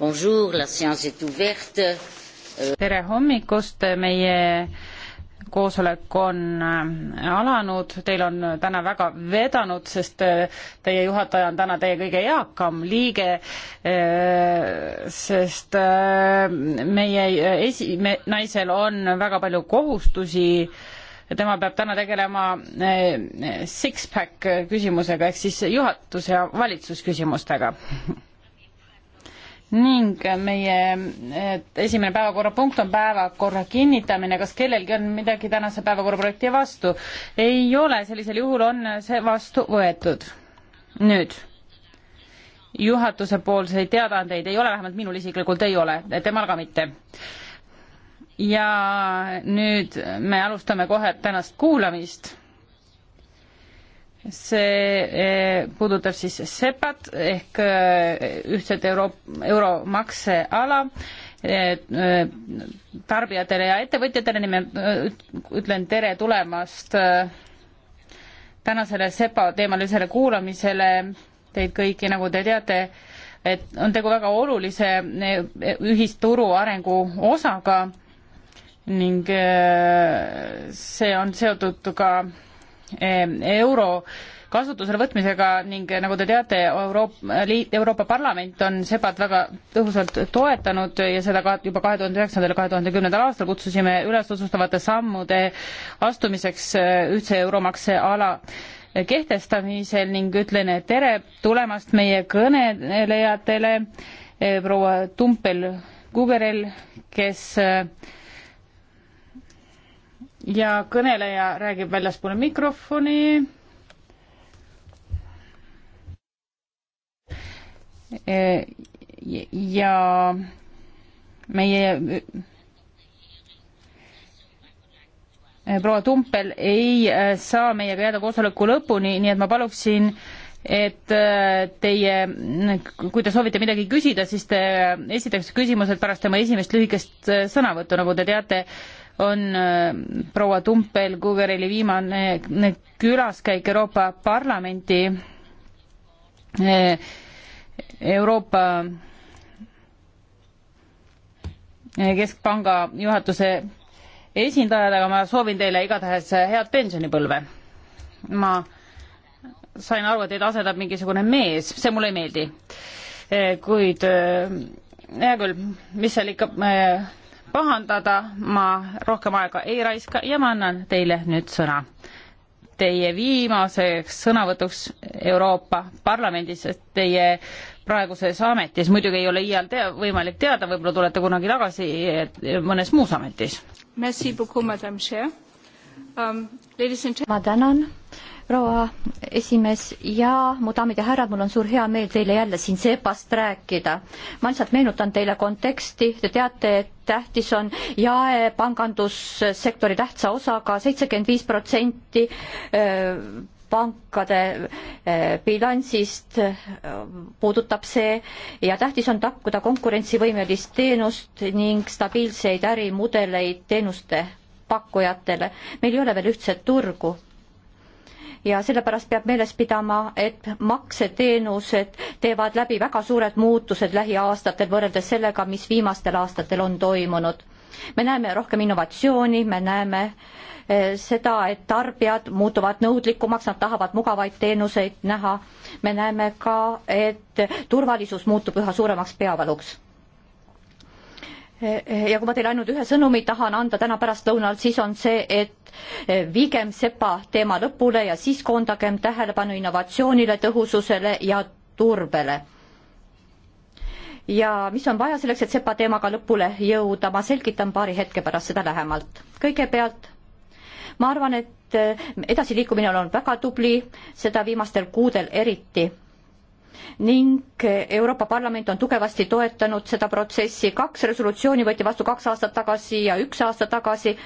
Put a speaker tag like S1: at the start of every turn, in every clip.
S1: Bonjour, la séance est ouverte. Euh, tere hommikust, meie koosolek on äh, alanud, teil on täna väga vedanud, sest äh, teie juhataja on täna teie kõige eakam liige, äh, sest meie esi-, me, naisel on väga palju kohustusi tema peab täna tegelema six-pack küsimusega ehk siis juhatuse ja valitsusküsimustega ning meie esimene päevakorrapunkt on päevakorra kinnitamine. kas kellelgi on midagi tänase päevakorra projekti vastu? ei ole, sellisel juhul on see vastu võetud. nüüd, juhatuse poolseid teadaandeid ei ole, vähemalt minul isiklikult ei ole, temal ka mitte. ja nüüd me alustame kohe tänast kuulamist see eh, puudutab siis SEPAt ehk eh, ühtset euro, euromakseala eh, tarbijatele ja ettevõtjatele, nimelt ütlen tere tulemast tänasele SEPA teemalisele kuulamisele teid kõiki, nagu te teate, et on tegu väga olulise ühisturu arengu osaga ning see on seotud ka Ehm, euro kasutusele võtmisega ning eh, nagu te teate, Euroopa Liit, Euroopa Parlament on SEPA-t väga tõhusalt toetanud ja seda ka juba kahe tuhande üheksandal ja kahe tuhande kümnendal aastal kutsusime üles otsustavate sammude astumiseks eh, ühtse euromakse ala kehtestamisel ning ütlen tere tulemast meie kõnelejatele eh, proua Tumpel Kugerel, kes ja kõneleja räägib väljaspool mikrofoni. E, ja meie proua Tumpel ei e, saa meiega jääda koosoleku lõpuni, nii et ma paluksin, et e, teie, kui te soovite midagi küsida, siis te esitaks küsimused pärast tema esimest lühikest sõnavõttu, nagu te teate, on äh, proua Tumpel-Kugereli viimane äh, külaskäik Euroopa Parlamenti äh, Euroopa Keskpanga juhatuse esindajad, aga ma soovin teile igatahes head pensionipõlve. ma sain aru, et teid asendab mingisugune mees, see mulle ei meeldi. kuid hea küll, mis seal ikka pahandada, ma rohkem aega ei raiska ja ma annan teile nüüd sõna. Teie viimaseks sõnavõtuks Euroopa Parlamendis, sest teie praeguses ametis muidugi ei ole iial te võimalik teada, võib-olla tulete kunagi tagasi mõnes muus ametis.
S2: Um, ma tänan proua esimees ja mu daamid ja härrad, mul on suur hea meel teile jälle siin sepast rääkida. ma lihtsalt meenutan teile konteksti, te teate, et tähtis on jaepangandussektori tähtsa osaga seitsekümmend viis protsenti pankade bilansist puudutab see ja tähtis on pakkuda konkurentsivõimelist teenust ning stabiilseid ärimudeleid teenuste pakkujatele. meil ei ole veel ühtset turgu ja sellepärast peab meeles pidama, et makseteenused teevad läbi väga suured muutused lähiaastatel võrreldes sellega, mis viimastel aastatel on toimunud. me näeme rohkem innovatsiooni, me näeme eh, seda, et tarbijad muutuvad nõudlikumaks, nad tahavad mugavaid teenuseid näha. me näeme ka, et turvalisus muutub üha suuremaks peavaluks Eh, ja kui ma teile ainult ühe sõnumi tahan anda täna pärastlõunal, siis on see, et eh, viigem sepa teema lõpule ja siis koondagem tähelepanu innovatsioonile, tõhususele ja turbele. ja mis on vaja selleks, et sepa teemaga lõpule jõuda, ma selgitan paari hetke pärast seda lähemalt. kõigepealt ma arvan, et eh, edasiliikumine on olnud väga tubli, seda viimastel kuudel eriti ning Euroopa Parlament on tugevasti toetanud seda protsessi. kaks resolutsiooni võeti vastu kaks aastat tagasi ja üks aasta tagasi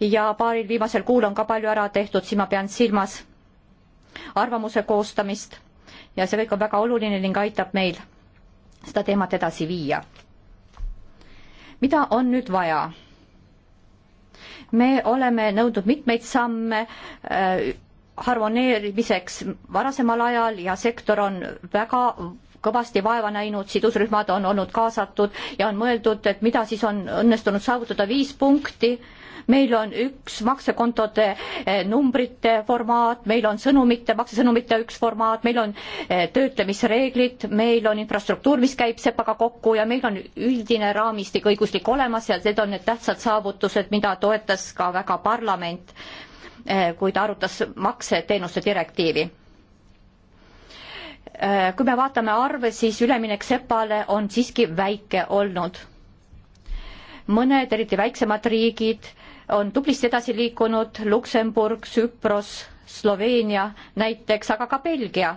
S2: ja paaril viimasel kuul on ka palju ära tehtud, siin ma pean silmas arvamuse koostamist ja see kõik on väga oluline ning aitab meil seda teemat edasi viia. mida on nüüd vaja? me oleme nõudnud mitmeid samme harmoneerimiseks varasemal ajal ja sektor on väga kõvasti vaeva näinud, sidusrühmad on olnud kaasatud ja on mõeldud, et mida siis on õnnestunud saavutada viis punkti. meil on üks maksekontode eh, numbrite formaat, meil on sõnumite, maksesõnumite üks formaat, meil on eh, töötlemisreeglid, meil on infrastruktuur, mis käib sepaga kokku ja meil on üldine raamistik õiguslik olemas ja need on need tähtsad saavutused, mida toetas ka väga parlament Eh, kui ta arutas makseteenuste direktiivi. Eh, kui me vaatame arve, siis üleminek SEPA-le on siiski väike olnud. mõned, eriti väiksemad riigid on tublisti edasi liikunud, Luksemburg, Süpros, Sloveenia näiteks, aga ka Belgia.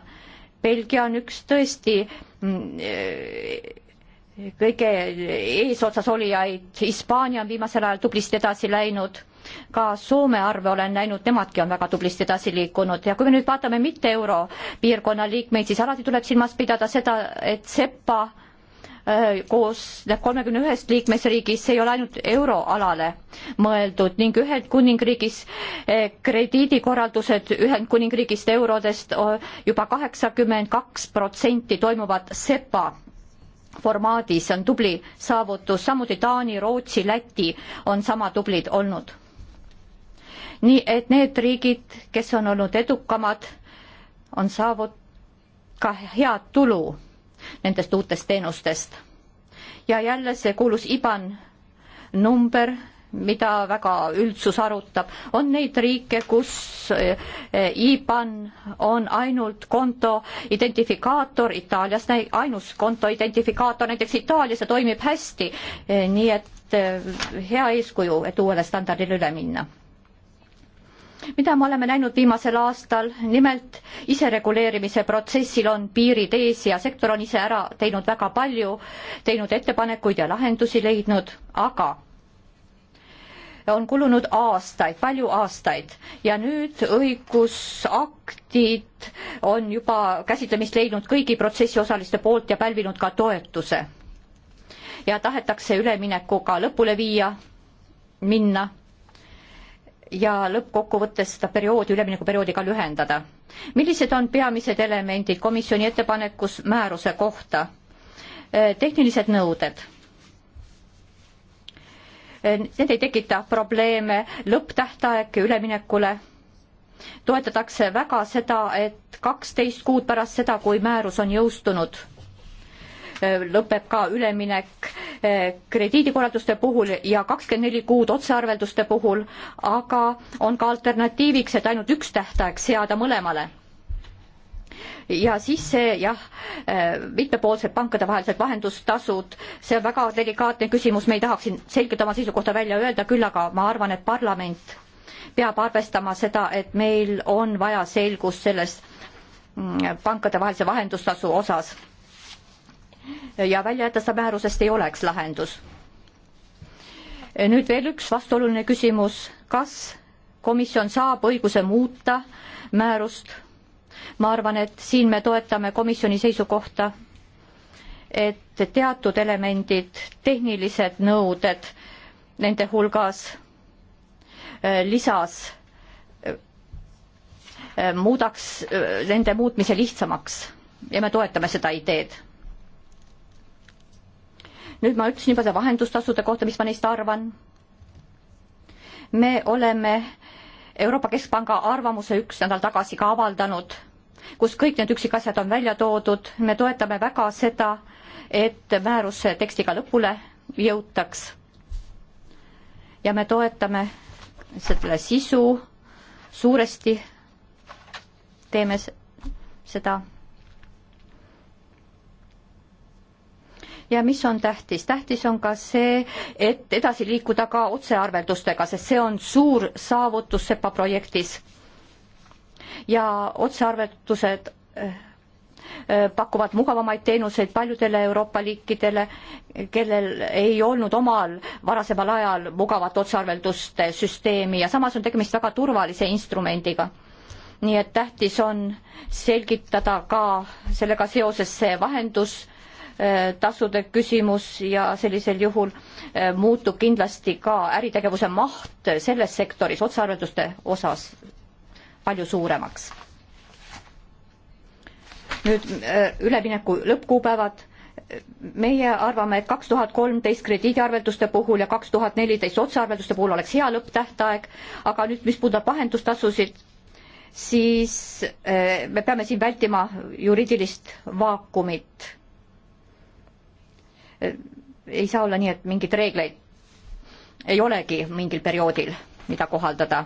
S2: Belgia on üks tõesti mm, eh, kõige eesotsas olijaid, Hispaania on viimasel ajal tublisti edasi läinud, ka Soome arve olen näinud, nemadki on väga tublisti edasi liikunud ja kui me nüüd vaatame mitte europiirkonna liikmeid, siis alati tuleb silmas pidada seda, et SEPA äh, koos kolmekümne ühest liikmesriigist, see ei ole ainult euroalale mõeldud ning Ühendkuningriigis äh, krediidikorraldused Ühendkuningriigist eurodest äh, juba kaheksakümmend kaks protsenti toimuvad SEPA formaadis, see on tubli saavutus, samuti Taani, Rootsi, Läti on sama tublid olnud. nii et need riigid, kes on olnud edukamad, on saavut-, ka head tulu nendest uutest teenustest. ja jälle see kuulus IBAN number mida väga üldsus arutab, on neid riike, kus eh, IBAN on ainult konto identifikaator, Itaalias ainus konto identifikaator, näiteks Itaalias see toimib hästi, eh, nii et eh, hea eeskuju, et uuele standardile üle minna mida me oleme näinud viimasel aastal, nimelt isereguleerimise protsessil on piirid ees ja sektor on ise ära teinud väga palju, teinud ettepanekuid ja lahendusi leidnud, aga on kulunud aastaid, palju aastaid ja nüüd õigusaktid on juba käsitlemist leidnud kõigi protsessi osaliste poolt ja pälvinud ka toetuse. ja tahetakse üleminekuga lõpule viia, minna ja lõppkokkuvõttes seda perioodi, üleminekuperioodi ka lühendada. millised on peamised elemendid komisjoni ettepanekus määruse kohta? tehnilised nõuded Äh, need ei tekita probleeme lõpptähtaeg üleminekule. toetatakse väga seda, et kaksteist kuud pärast seda, kui määrus on jõustunud, äh, lõpeb ka üleminek äh, krediidikorralduste puhul ja kakskümmend neli kuud otsearvelduste puhul, aga on ka alternatiiviks, et ainult üks tähtaeg seada mõlemale ja siis see jah, äh, mitmepoolsed pankadevahelised vahendustasud, see on väga delikaatne küsimus, me ei tahaks siin selgelt oma seisukohta välja öelda, küll aga ma arvan, et parlament peab arvestama seda, et meil on vaja selgust selles mm, pankadevahelise vahendustasu osas. ja välja jätta seda määrusest ei oleks lahendus. nüüd veel üks vastuoluline küsimus, kas komisjon saab õiguse muuta määrust ma arvan, et siin me toetame komisjoni seisukohta, et teatud elemendid, tehnilised nõuded nende hulgas äh, lisas äh, muudaks äh, nende muutmise lihtsamaks ja me toetame seda ideed. nüüd ma ütlesin juba seda vahendustasude kohta, mis ma neist arvan. me oleme Euroopa Keskpanga arvamuse üks nädal tagasi ka avaldanud kus kõik need üksikasjad on välja toodud. me toetame väga seda, et määruse tekstiga lõpule jõutaks. ja me toetame selle sisu suuresti, teeme seda ja mis on tähtis? tähtis on ka see, et edasi liikuda ka otsearveldustega, sest see on suur saavutus SEPA projektis ja otsearvetused eh, eh, pakuvad mugavamaid teenuseid paljudele Euroopa liikidele, kellel ei olnud omal varasemal ajal mugavat otsearvelduste süsteemi ja samas on tegemist väga turvalise instrumendiga. nii et tähtis on selgitada ka sellega seoses see vahendustasude eh, küsimus ja sellisel juhul muutub kindlasti ka äritegevuse maht selles sektoris otsearvelduste osas palju suuremaks. nüüd äh, ülemineku lõppkuupäevad meie arvame, et kaks tuhat kolmteist krediidiarvelduste puhul ja kaks tuhat neliteist otsearvelduste puhul oleks hea lõpptähtaeg, aga nüüd, mis puudutab vahendustasusid, siis äh, me peame siin vältima juriidilist vaakumit. Äh, ei saa olla nii, et mingeid reegleid ei olegi mingil perioodil mida kohaldada.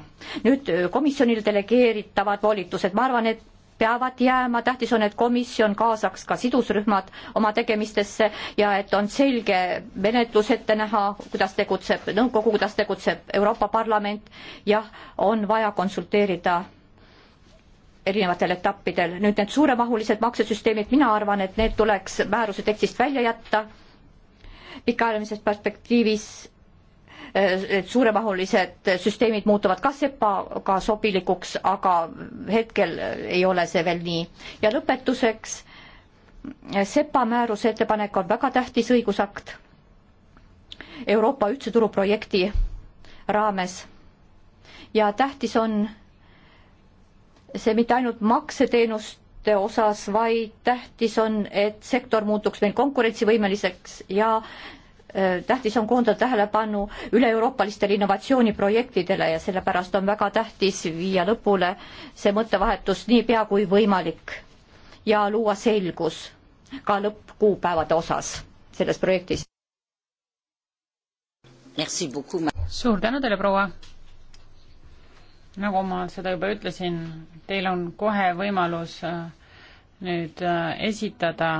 S2: nüüd äh, komisjonile delegeeritavad volitused, ma arvan, et peavad jääma, tähtis on, et komisjon kaasaks ka sidusrühmad oma tegemistesse ja et on selge menetlus ette näha, kuidas tegutseb nõukogu, kuidas tegutseb Euroopa Parlament, jah, on vaja konsulteerida erinevatel etappidel. nüüd need suuremahulised maksesüsteemid, mina arvan, et need tuleks määruse tekstist välja jätta pikaajalises perspektiivis Eh, et suuremahulised süsteemid muutuvad ka sepaga sobilikuks, aga hetkel eh, ei ole see veel nii. ja lõpetuseks, eh, sepa määruse ettepanek on väga tähtis õigusakt Euroopa ühtse turu projekti raames ja tähtis on see mitte ainult makseteenuste osas, vaid tähtis on, et sektor muutuks meil konkurentsivõimeliseks ja Äh, tähtis on koondada tähelepanu üle-euroopalistele innovatsiooniprojektidele ja sellepärast on väga tähtis viia lõpule see mõttevahetus niipea kui võimalik ja luua selgus ka lõppkuupäevade osas selles projektis.
S1: suur tänu teile, proua! nagu ma seda juba ütlesin, teil on kohe võimalus äh, nüüd äh, esitada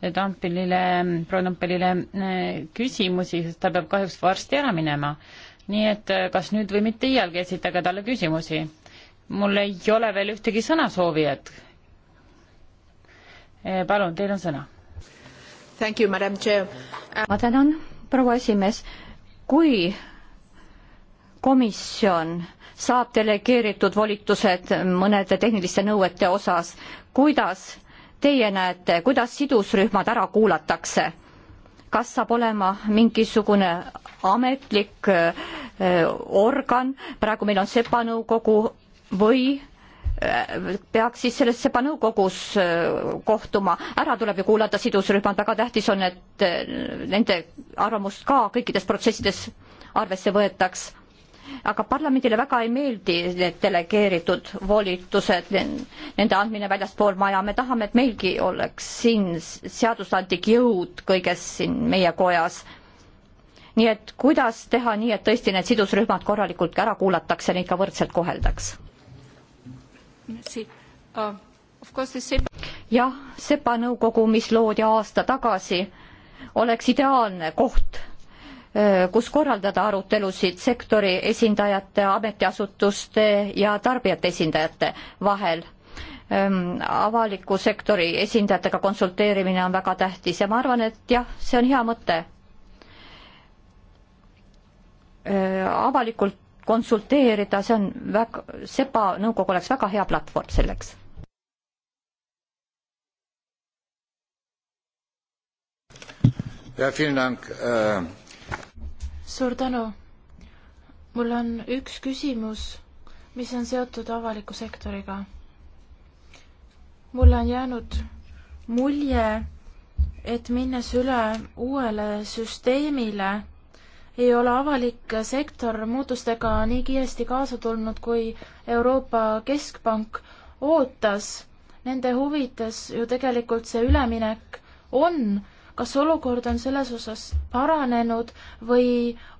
S1: Trumpile, Trumpile eh, küsimusi, sest ta peab kahjuks varsti ära minema. nii et eh, kas nüüd või mitte iialgi esitage talle küsimusi. mul ei ole veel ühtegi sõnasoovijat.
S2: Eh, palun, teil on sõna. ma tänan, proua esimees. kui komisjon saab delegeeritud volitused mõnede tehniliste nõuete osas, kuidas teie näete, kuidas sidusrühmad ära kuulatakse? kas saab olema mingisugune ametlik öö, äh, organ, praegu meil on SEPA nõukogu või äh, peaks siis selles SEPA nõukogus äh, kohtuma, ära tuleb ju kuulata sidusrühmad, väga tähtis on, et nende arvamust ka kõikides protsessides arvesse võetaks aga parlamendile väga ei meeldi need delegeeritud volitused, nende andmine väljaspool maja, me tahame, et meilgi oleks siin seadusandlik jõud kõiges siin meie kojas. nii et kuidas teha nii, et tõesti need sidusrühmad korralikult ära kuulatakse, neid ka võrdselt koheldaks? Uh, jah, SEPA nõukogu, mis loodi aasta tagasi, oleks ideaalne koht Äh, kus korraldada arutelusid sektori esindajate, ametiasutuste ja tarbijate esindajate vahel ähm, avaliku sektori esindajatega konsulteerimine on väga tähtis ja ma arvan, et jah, see on hea mõte. Äh, avalikult konsulteerida, see on väga, SEPA nõukogu oleks väga hea platvorm selleks. ja, vielen Dank äh,
S3: suur tänu. mul on üks küsimus, mis on seotud avaliku sektoriga. mulle on jäänud mulje, et minnes üle uuele süsteemile, ei ole avalik sektor muutustega nii kiiresti kaasa tulnud, kui Euroopa Keskpank ootas. Nende huvides ju tegelikult see üleminek on kas olukord on selles osas paranenud või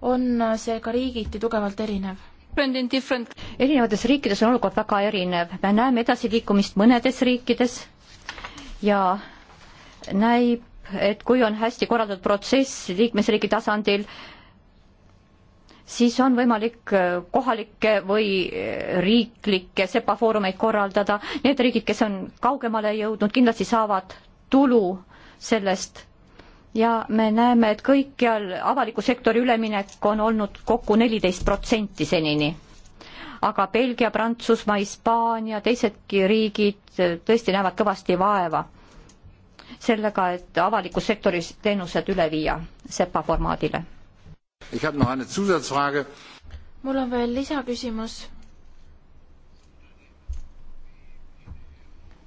S3: on see ka riigiti tugevalt erinev?
S2: erinevates riikides on olukord väga erinev, me näeme edasiliikumist mõnedes riikides ja näib, et kui on hästi korraldatud protsess liikmesriigi tasandil, siis on võimalik äh, kohalikke või äh, riiklikke SEPA foorumeid korraldada. Need riigid, kes on kaugemale jõudnud, kindlasti saavad tulu sellest ja me näeme, et kõikjal avaliku sektori üleminek on olnud kokku neliteist protsenti senini. aga Belgia, Prantsusmaa, Hispaania, teisedki riigid eh, tõesti näevad kõvasti vaeva sellega, et avalikus sektoris teenused üle viia SEPA formaadile. mul on veel
S3: lisaküsimus.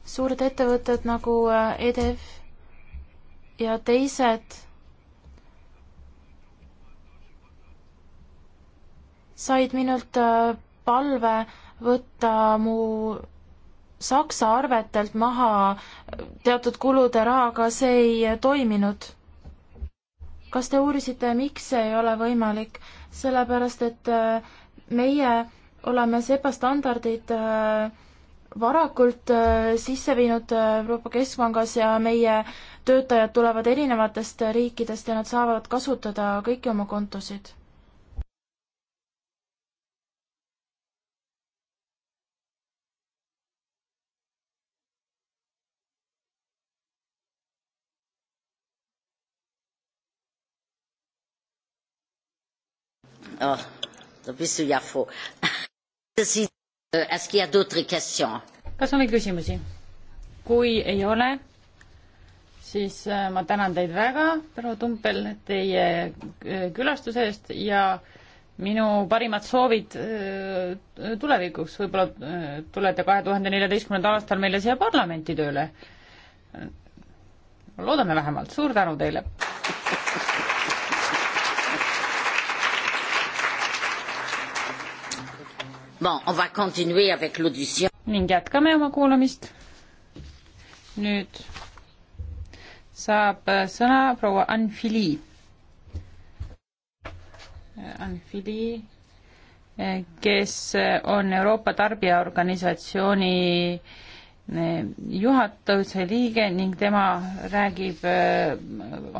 S3: suured ettevõtted nagu EDF eh, e ja teised said minult äh, palve võtta mu Saksa arvetelt maha äh, teatud kulude raha, aga see ei äh, toiminud. kas te uurisite, miks see ei ole võimalik? sellepärast, et meie oleme SEPA standardid äh, varakult äh, sisse viinud äh, Euroopa Keskpangas ja meie töötajad tulevad erinevatest riikidest ja nad saavad kasutada kõiki oma kontosid.
S2: Oh, ah, to bist du ja froh. Euh, kas
S1: on veel küsimusi? kui ei ole, siis äh, ma tänan teid väga, proua Tumpel, teie äh, külastuse eest ja minu parimad soovid äh, tulevikuks, võib-olla tulete kahe tuhande neljateistkümnendal aastal meile siia parlamenti tööle. loodame vähemalt, suur tänu teile! Bon, on va continuer avec l'audition. ning jätkame oma kuulamist. nüüd saab sõna proua Anfili. Anfili, kes on Euroopa Tarbijaorganisatsiooni eh, juhatuse liige ning tema räägib eh,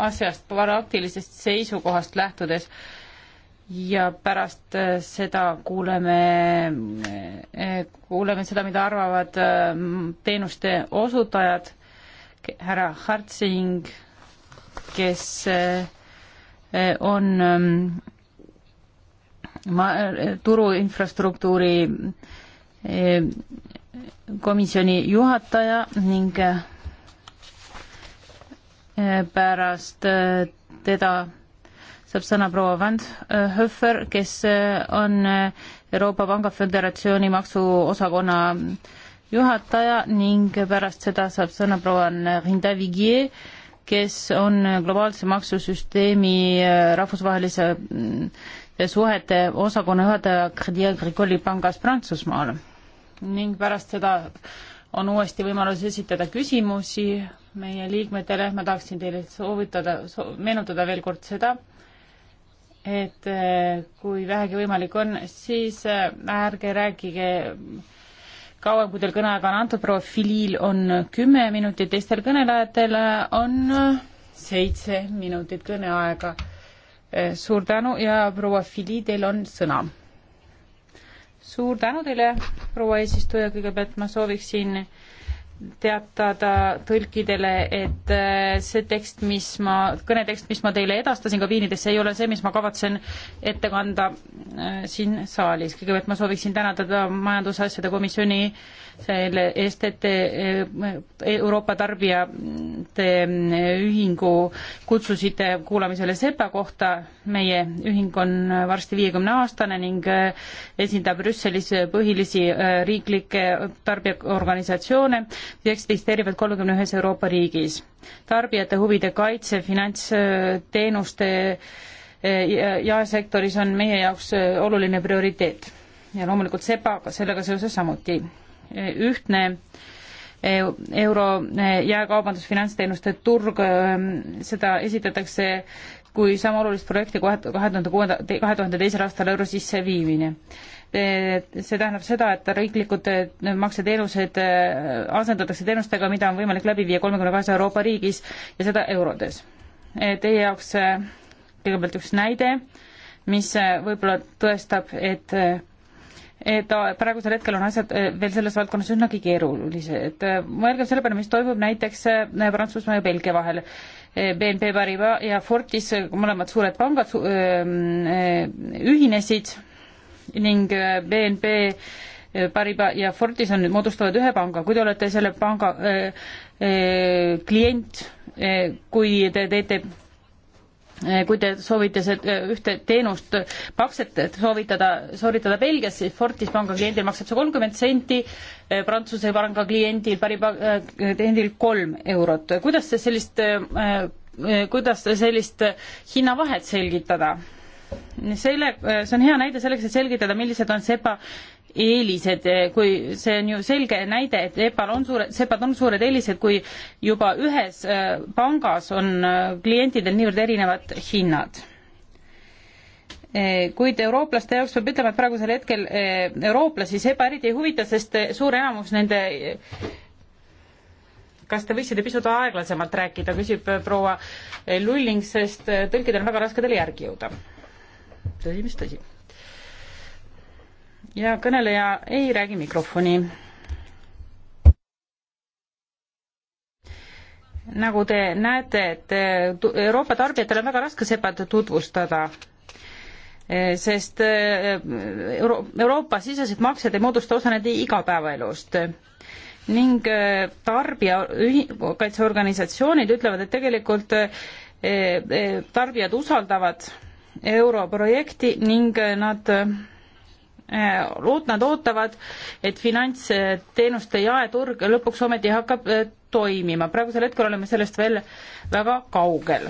S1: asjast praktilisest seisukohast lähtudes äh, ja pärast äh, seda kuuleme, äh, kuuleme seda, mida arvavad äh, teenuste osutajad, härra Hartsing, kes on ähm, ma-, turuinfrastruktuuri komisjoni juhataja ning pärast teda saab sõna proua Vandhöfer, kes äh, on äh, Euroopa Panga Föderatsiooni maksuosakonna äh, juhataja ning pärast seda saab sõna proua Rinda Vigier, kes on globaalse maksusüsteemi rahvusvahelise mm, suhete osakonna juhataja Credit Agricole'i pangas Prantsusmaal. ning pärast seda on uuesti võimalus esitada küsimusi meie liikmetele, ma tahaksin teile soovitada soo,, meenutada veel kord seda, et eh, kui vähegi võimalik on, siis eh, ärge rääkige kauem, kui teil kõneaega on antud, proua Filiil on kümme minutit, teistel kõnelejatel eh, on seitse minutit kõneaega. suur tänu ja proua Filiil, teil on sõna. suur tänu teile, proua eesistuja, kõigepealt ma sooviksin teatada tõlkidele, et äh, see tekst, mis ma, kõnetekst, mis ma teile edastasin kabiinidesse, ei ole see, mis ma kavatsen ette kanda äh, siin saalis. kõigepealt ma sooviksin tänada majandusasjade komisjoni äh, selle eest, et eh, Euroopa Tarbijate Ühingu kutsusite kuulamisele SEPA kohta. meie ühing on varsti viiekümne aastane ning eh, esindab Brüsselis põhilisi eh, riiklikke tarbijaorganisatsioone, eksisteerivad kolmekümne ühes Euroopa riigis. tarbijate huvide kaitse, finantsteenuste jaesektoris on meie jaoks oluline prioriteet ja loomulikult SEPA sellega seoses samuti ühtne euro eh, ja kaubandusfinantsteenuste turg, ehm, seda esitatakse kui sama olulist projekti kahe tuhande kuuenda, kahe tuhande teisel aastal euro sisseviimine. Eh, see tähendab seda, et riiklikud eh, makseteenused asendatakse teenustega, mida on võimalik läbi viia kolmekümne kaheksa Euroopa riigis ja seda eurodes. Teie jaoks kõigepealt üks näide, mis võib-olla tõestab, et et praegusel hetkel on asjad eh, veel selles valdkonnas üsnagi keerulised. mõelgem selle peale, mis toimub näiteks eh, Prantsusmaa ja Belgia vahel. Eh, BNP Paribas ja Fortis, mõlemad suured pangad ehm, ühinesid ning BNP Paribas ja Fortis on nüüd, moodustavad ühe panga, kui te olete selle panga äh, äh, klient äh,, kui te teete Eh, kui te soovite eh, ühte teenust eh, makset soovitada, sooritada Belgias, siis Fortis panga kliendil maksab see kolmkümmend senti, Prantsuse panga kliendil, Pariba kliendil kolm eurot. kuidas te sellist, kuidas te sellist hinnavahet selgitada? selle, see on hea näide selleks, et selgitada, millised on SEPA eelised, eh, kui see on ju selge näide, et EPA-l on suured, SEPA-d on suured eelised, kui juba ühes eh, pangas on eh, klientidel niivõrd erinevad hinnad. kuid eurooplaste jaoks peab ütlema, et praegusel hetkel eurooplasi SEPA eriti ei huvita, sest suur enamus nende kas te võiksite pisut aeglasemalt rääkida, küsib proua Lulling, sest tõlkidel on väga raske teile järgi jõuda. tõsi, mis tõsi ja kõneleja ei räägi mikrofoni. nagu te näete, et eh, Euroopa tarbijatel on väga raske sepad tutvustada, eh, sest eh, Euro-, Euroopa sisesed maksed ei moodusta osa nende igapäevaelust ning tarbijakaitseorganisatsioonid ütlevad, et tegelikult tarbijad usaldavad europrojekti ning nad Äh, nad ootavad, et finantsteenuste jaeturg lõpuks ometi hakkab äh, toimima. praegusel hetkel oleme sellest veel väga kaugel.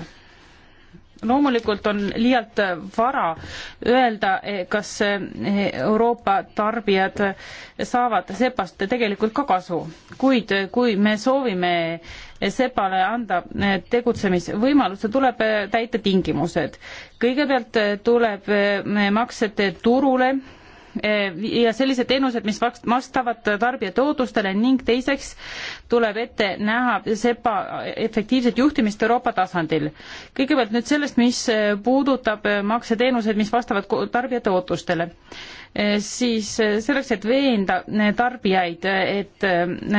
S1: loomulikult on liialt vara öelda, eh, kas eh, Euroopa tarbijad saavad sepast tegelikult ka kasu, kuid eh, kui me soovime sepale anda tegutsemisvõimaluse, tuleb täita tingimused. kõigepealt tuleb maksed turule Eh, ja sellised teenused, mis vastavad tarbijate ootustele ning teiseks tuleb ette näha SEPA efektiivset juhtimist Euroopa tasandil. kõigepealt nüüd sellest, mis eh, puudutab eh, makseteenuseid, mis vastavad tarbijate ootustele siis selleks, et veenda tarbijaid, et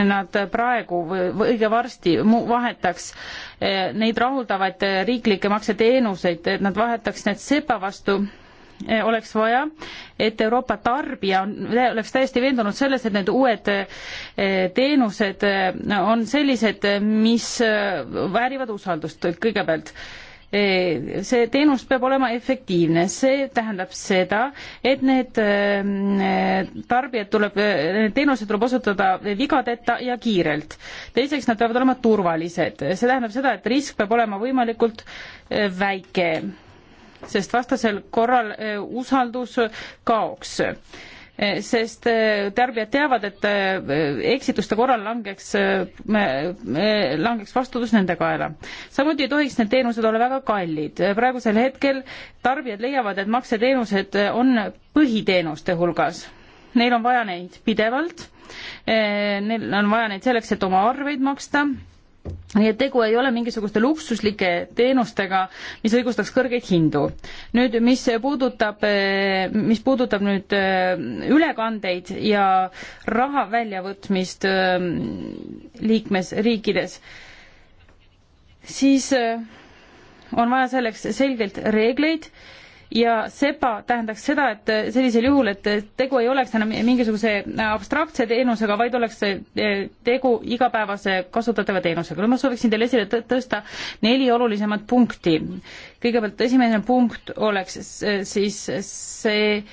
S1: nad praegu või õige varsti vahetaks neid rahuldavaid riiklikke makseteenuseid, et nad vahetaks need SEPA vastu Eh, oleks vaja, et Euroopa tarbija on, oleks täiesti veendunud selles, et need uued eh, teenused eh, on sellised, mis väärivad usaldust kõigepealt see teenus peab olema efektiivne, see tähendab seda, et need tarbijad tuleb, need teenused tuleb osutada vigadeta ja kiirelt. teiseks, nad peavad olema turvalised, see tähendab seda, et risk peab olema võimalikult väike sest vastasel korral eh, usaldus kaoks eh, sest eh, tarbijad teavad, et eksituste korral langeks, langeks vastutus nende kaela. samuti ei tohiks need teenused olla väga kallid. praegusel hetkel tarbijad leiavad, et makseteenused on põhiteenuste hulgas. Neil on vaja neid pidevalt, neil on vaja neid selleks, et oma arveid maksta nii et tegu ei ole mingisuguste luksuslike teenustega, mis õigustaks kõrgeid hindu. nüüd, mis puudutab, eh, mis puudutab nüüd eh, ülekandeid ja raha väljavõtmist eh, liikmesriikides, siis on vaja selleks selgelt reegleid ja SEPA tähendaks seda, et sellisel juhul, et tegu ei oleks enam mingisuguse abstraktse teenusega, vaid oleks eh, tegu igapäevase kasutatava teenusega. ma sooviksin teile esile tõsta neli olulisemat punkti. kõigepealt esimene punkt oleks siis see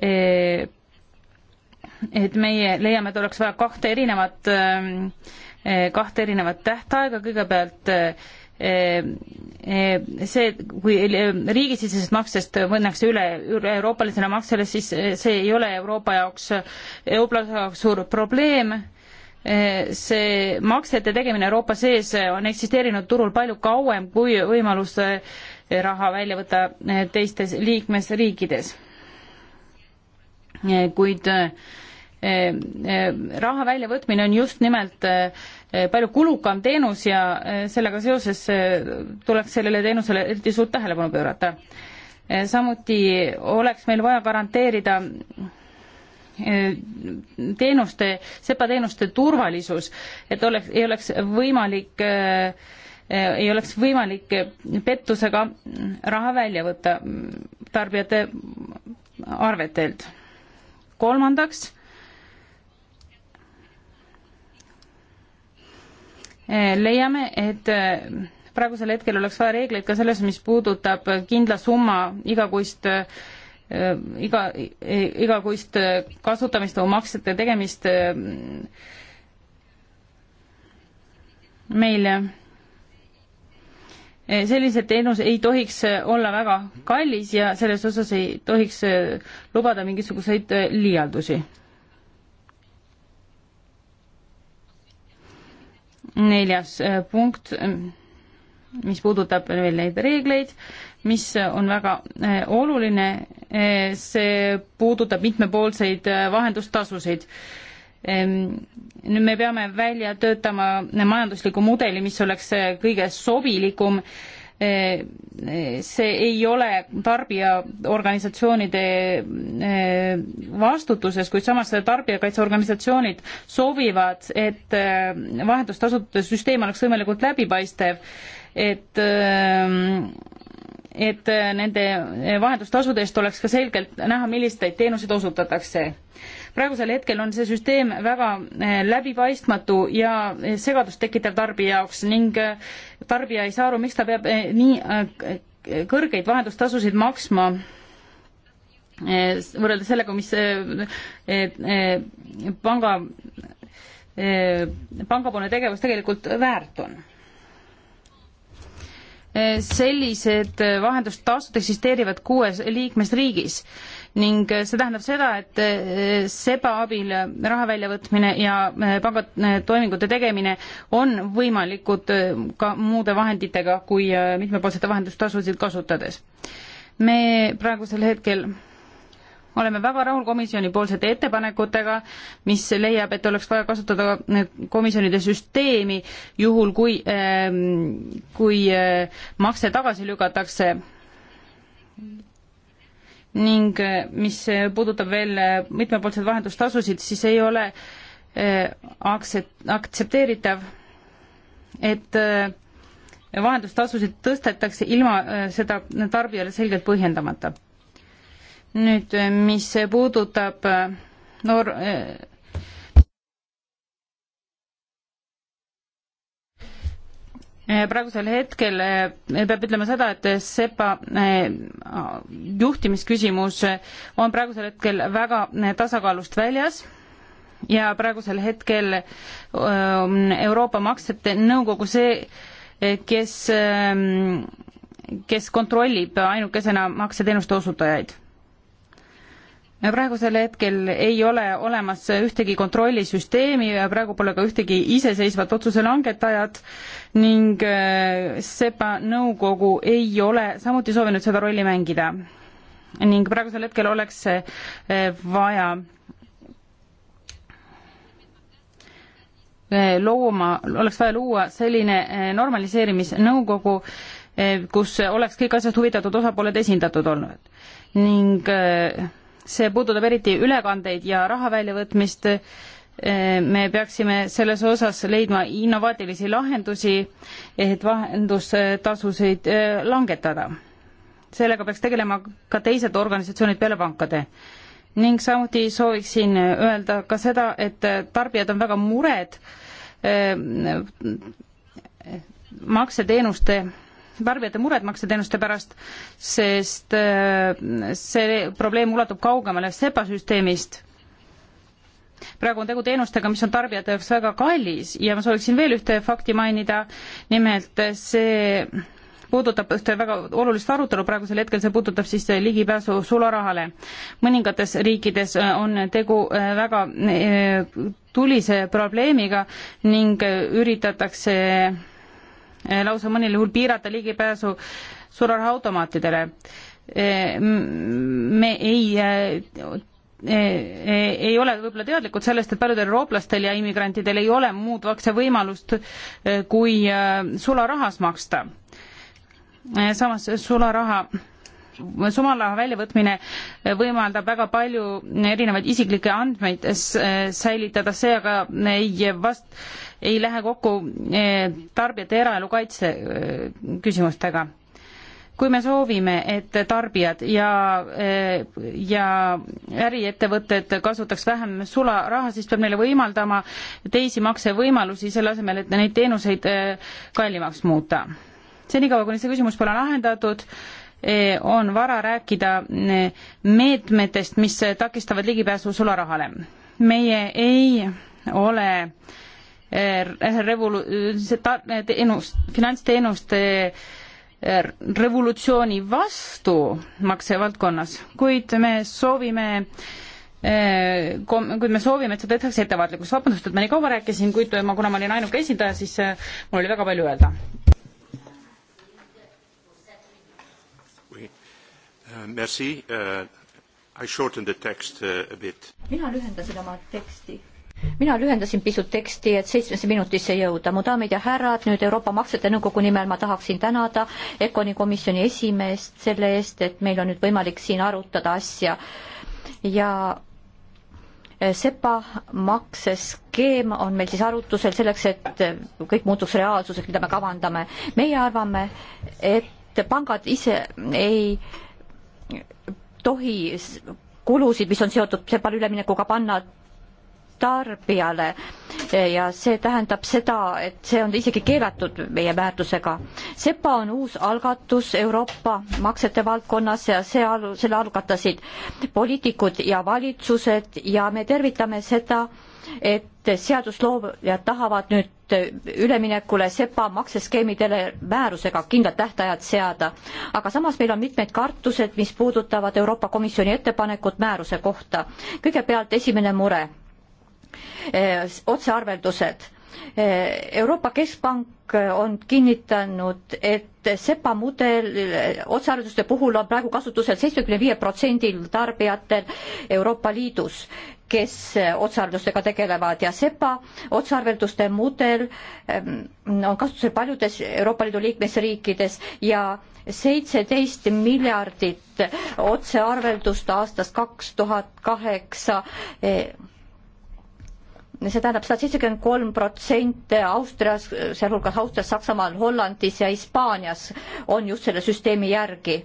S1: eh, et meie leiame, et oleks vaja kahte erinevat, eh, kahte erinevat tähtaega, kõigepealt äh, Äh, äh, see, kui äh, riigisisesest maksest minnakse üle üle-euroopalisele maksele, siis see ei ole Euroopa jaoks, eurooplaste jaoks suur probleem, see maksete tegemine Euroopa sees on eksisteerinud turul palju kauem kui võimalus raha välja võtta teistes liikmesriikides. kuid Eh, eh, raha väljavõtmine on just nimelt eh, palju kulukam teenus ja sellega seoses tuleks sellele teenusele eriti suurt tähelepanu pöörata. samuti oleks meil vaja garanteerida teenuste, sepateenuste turvalisus, et oleks, ei oleks võimalik ei oleks võimalik pettusega raha välja võtta tarbijate arvetelt. kolmandaks Eh, leiame, et eh, praegusel hetkel oleks vaja reegleid ka selles, mis puudutab kindla summa igakuist eh, iga, igakuist kasutamist või maksete tegemist meil sellised teenus ei tohiks olla väga kallis ja selles osas ei tohiks lubada mingisuguseid liialdusi. neljas äh, punkt, ähm, mis puudutab veel neid reegleid, mis on väga äh, oluline, äh, see puudutab mitmepoolseid vahendustasusid. Ähm, nüüd me peame välja töötama majandusliku mudeli, mis oleks kõige sobilikum äh, see ei ole tarbijaorganisatsioonide eh, vastutuses, kuid samas tarbijakaitseorganisatsioonid soovivad, et eh, vahendustasude süsteem oleks võimalikult läbipaistev, et eh, et nende vahendustasude eest oleks ka selgelt näha, milliseid teenuseid osutatakse praegusel hetkel on see süsteem väga eh, läbipaistmatu ja eh, segadust tekitav tarbija jaoks ning eh, tarbija ei saa aru, miks ta peab nii kõrgeid vahendustasusid maksma võrreldes sellega, mis panga, pangapoolne tegevus tegelikult väärt on sellised vahendustasud eksisteerivad kuues liikmesriigis ning see tähendab seda, et eh, seba abil raha väljavõtmine ja eh, pangatoimingute eh, tegemine on võimalikud ka muude vahenditega kui mitmepoolsete vahendustasusid kasutades. me praegusel hetkel oleme väga rahul komisjoni poolsete ettepanekutega, mis leiab, et oleks vaja kasutada komisjonide süsteemi juhul, kui, kui makse tagasi lükatakse ning äh, mis äh, puudutab veel äh, mitmepoolseid vahendustasusid, siis ei ole aktsept-, aktsepteeritav, et vahendustasusid tõstetakse ilma seda tarbijale selgelt põhjendamata. nüüd, mis puudutab noor, Eh, praegusel hetkel eh, peab ütlema seda, et SEPA eh, juhtimisküsimus on praegusel hetkel väga tasakaalust väljas ja praegusel hetkel on Euroopa Maksete Nõukogu see, kes, kes kontrollib ainukesena makseteenuste osutajaid praegusel hetkel ei ole olemas ühtegi kontrollisüsteemi ja praegu pole ka ühtegi iseseisvat otsuse langetajat ning äh, SEPA nõukogu ei ole samuti soovinud seda rolli mängida. ning praegusel hetkel oleks äh, vaja äh, looma, oleks vaja luua selline normaliseerimisnõukogu, kus oleks kõik asjast huvitatud osapooled esindatud olnud ning äh, see puudutab eriti ülekandeid ja raha väljavõtmist, äh, me peaksime selles osas leidma innovaatilisi lahendusi, et vahendustasusid äh, langetada. sellega peaks tegelema ka teised organisatsioonid peale pankade. ning samuti sooviksin öelda ka seda, et tarbijad on väga mured äh, makseteenuste tarbijate mured makseteenuste pärast, sest äh, see probleem ulatub kaugemale SEPA süsteemist. praegu on tegu teenustega, mis on tarbijate jaoks väga kallis ja ma sooviksin veel ühte fakti mainida, nimelt see puudutab ühte väga olulist arutelu praegusel hetkel, see puudutab siis ligipääsu sularahale. mõningates riikides on tegu äh, väga äh, tulise probleemiga ning üritatakse Eh, lausa mõnel juhul piirata ligipääsu sularahaautomaatidele. Eh, me ei eh, ei ole võib-olla teadlikud sellest, et paljudel eurooplastel ja immigrantidel ei ole muud maksevõimalust kui sularahas maksta. samas sularaha sumalaha väljavõtmine võimaldab väga palju erinevaid isiklikke andmeid säilitada, see aga ei vast-, ei lähe kokku eh, tarbijate eraelu kaitse eh, küsimustega. kui me soovime, et tarbijad ja, eh, ja äriettevõtted kasutaks vähem sularaha, siis peab neile võimaldama teisi maksevõimalusi, selle asemel, et neid teenuseid kallimaks muuta senikaua, kuni see küsimus pole lahendatud, E, on vara rääkida e, meetmetest, mis takistavad ligipääsu sularahale. meie ei ole e, revolu-, teenust, finantsteenuste revolutsiooni vastu maksevaldkonnas, kuid me soovime kom-, kuid me soovime, et seda tehtakse ettevaatlikuks. vabandust, et ma nii kaua rääkisin, kuid ma, kuna ma olin ainuke esindaja, siis
S2: mul oli väga palju öelda. Uh, merci uh,. I shortened the text uh, a bit. mina lühendasin oma teksti mina lühendasin pisut teksti, et seitsmesse minutisse jõuda. mu daamid ja härrad, nüüd Euroopa Maksete Nõukogu nimel ma tahaksin tänada ECONi komisjoni esimeest selle eest, et meil on nüüd võimalik siin arutada asja ja eh, SEPA makseskeem on meil siis arutusel selleks, et eh, kõik muutuks reaalsuseks, mida me kavandame. meie arvame, et pangad ise ei äh, tohi kulusid, mis on seotud sepale üleminekuga, panna tarbijale ja see tähendab seda, et see on isegi keelatud meie väärtusega. SEPA on uus algatus Euroopa maksete valdkonnas ja see, selle algatasid poliitikud ja valitsused ja me tervitame seda äh, et seadusloojad tahavad nüüd üleminekule SEPA makseskeemidele määrusega kindlad tähtajad seada. aga samas meil on mitmed kartused, mis puudutavad Euroopa Komisjoni ettepanekut määruse kohta. kõigepealt esimene mure, otsearveldused Euroopa Keskpank on kinnitanud, et SEPA mudel otsearvelduste puhul on praegu kasutusel seitsmekümne viie protsendil tarbijatel Euroopa Liidus kes eh, otsearveldustega tegelevad ja SEPA otsearvelduste mudel ehm, on kasutusel paljudes Euroopa Liidu liikmesriikides ja seitseteist miljardit otsearveldust aastast kaks tuhat kaheksa eh, see tähendab sada seitsekümmend kolm protsenti Austrias, sealhulgas Austrias, Saksamaal, Hollandis ja Hispaanias on just selle süsteemi järgi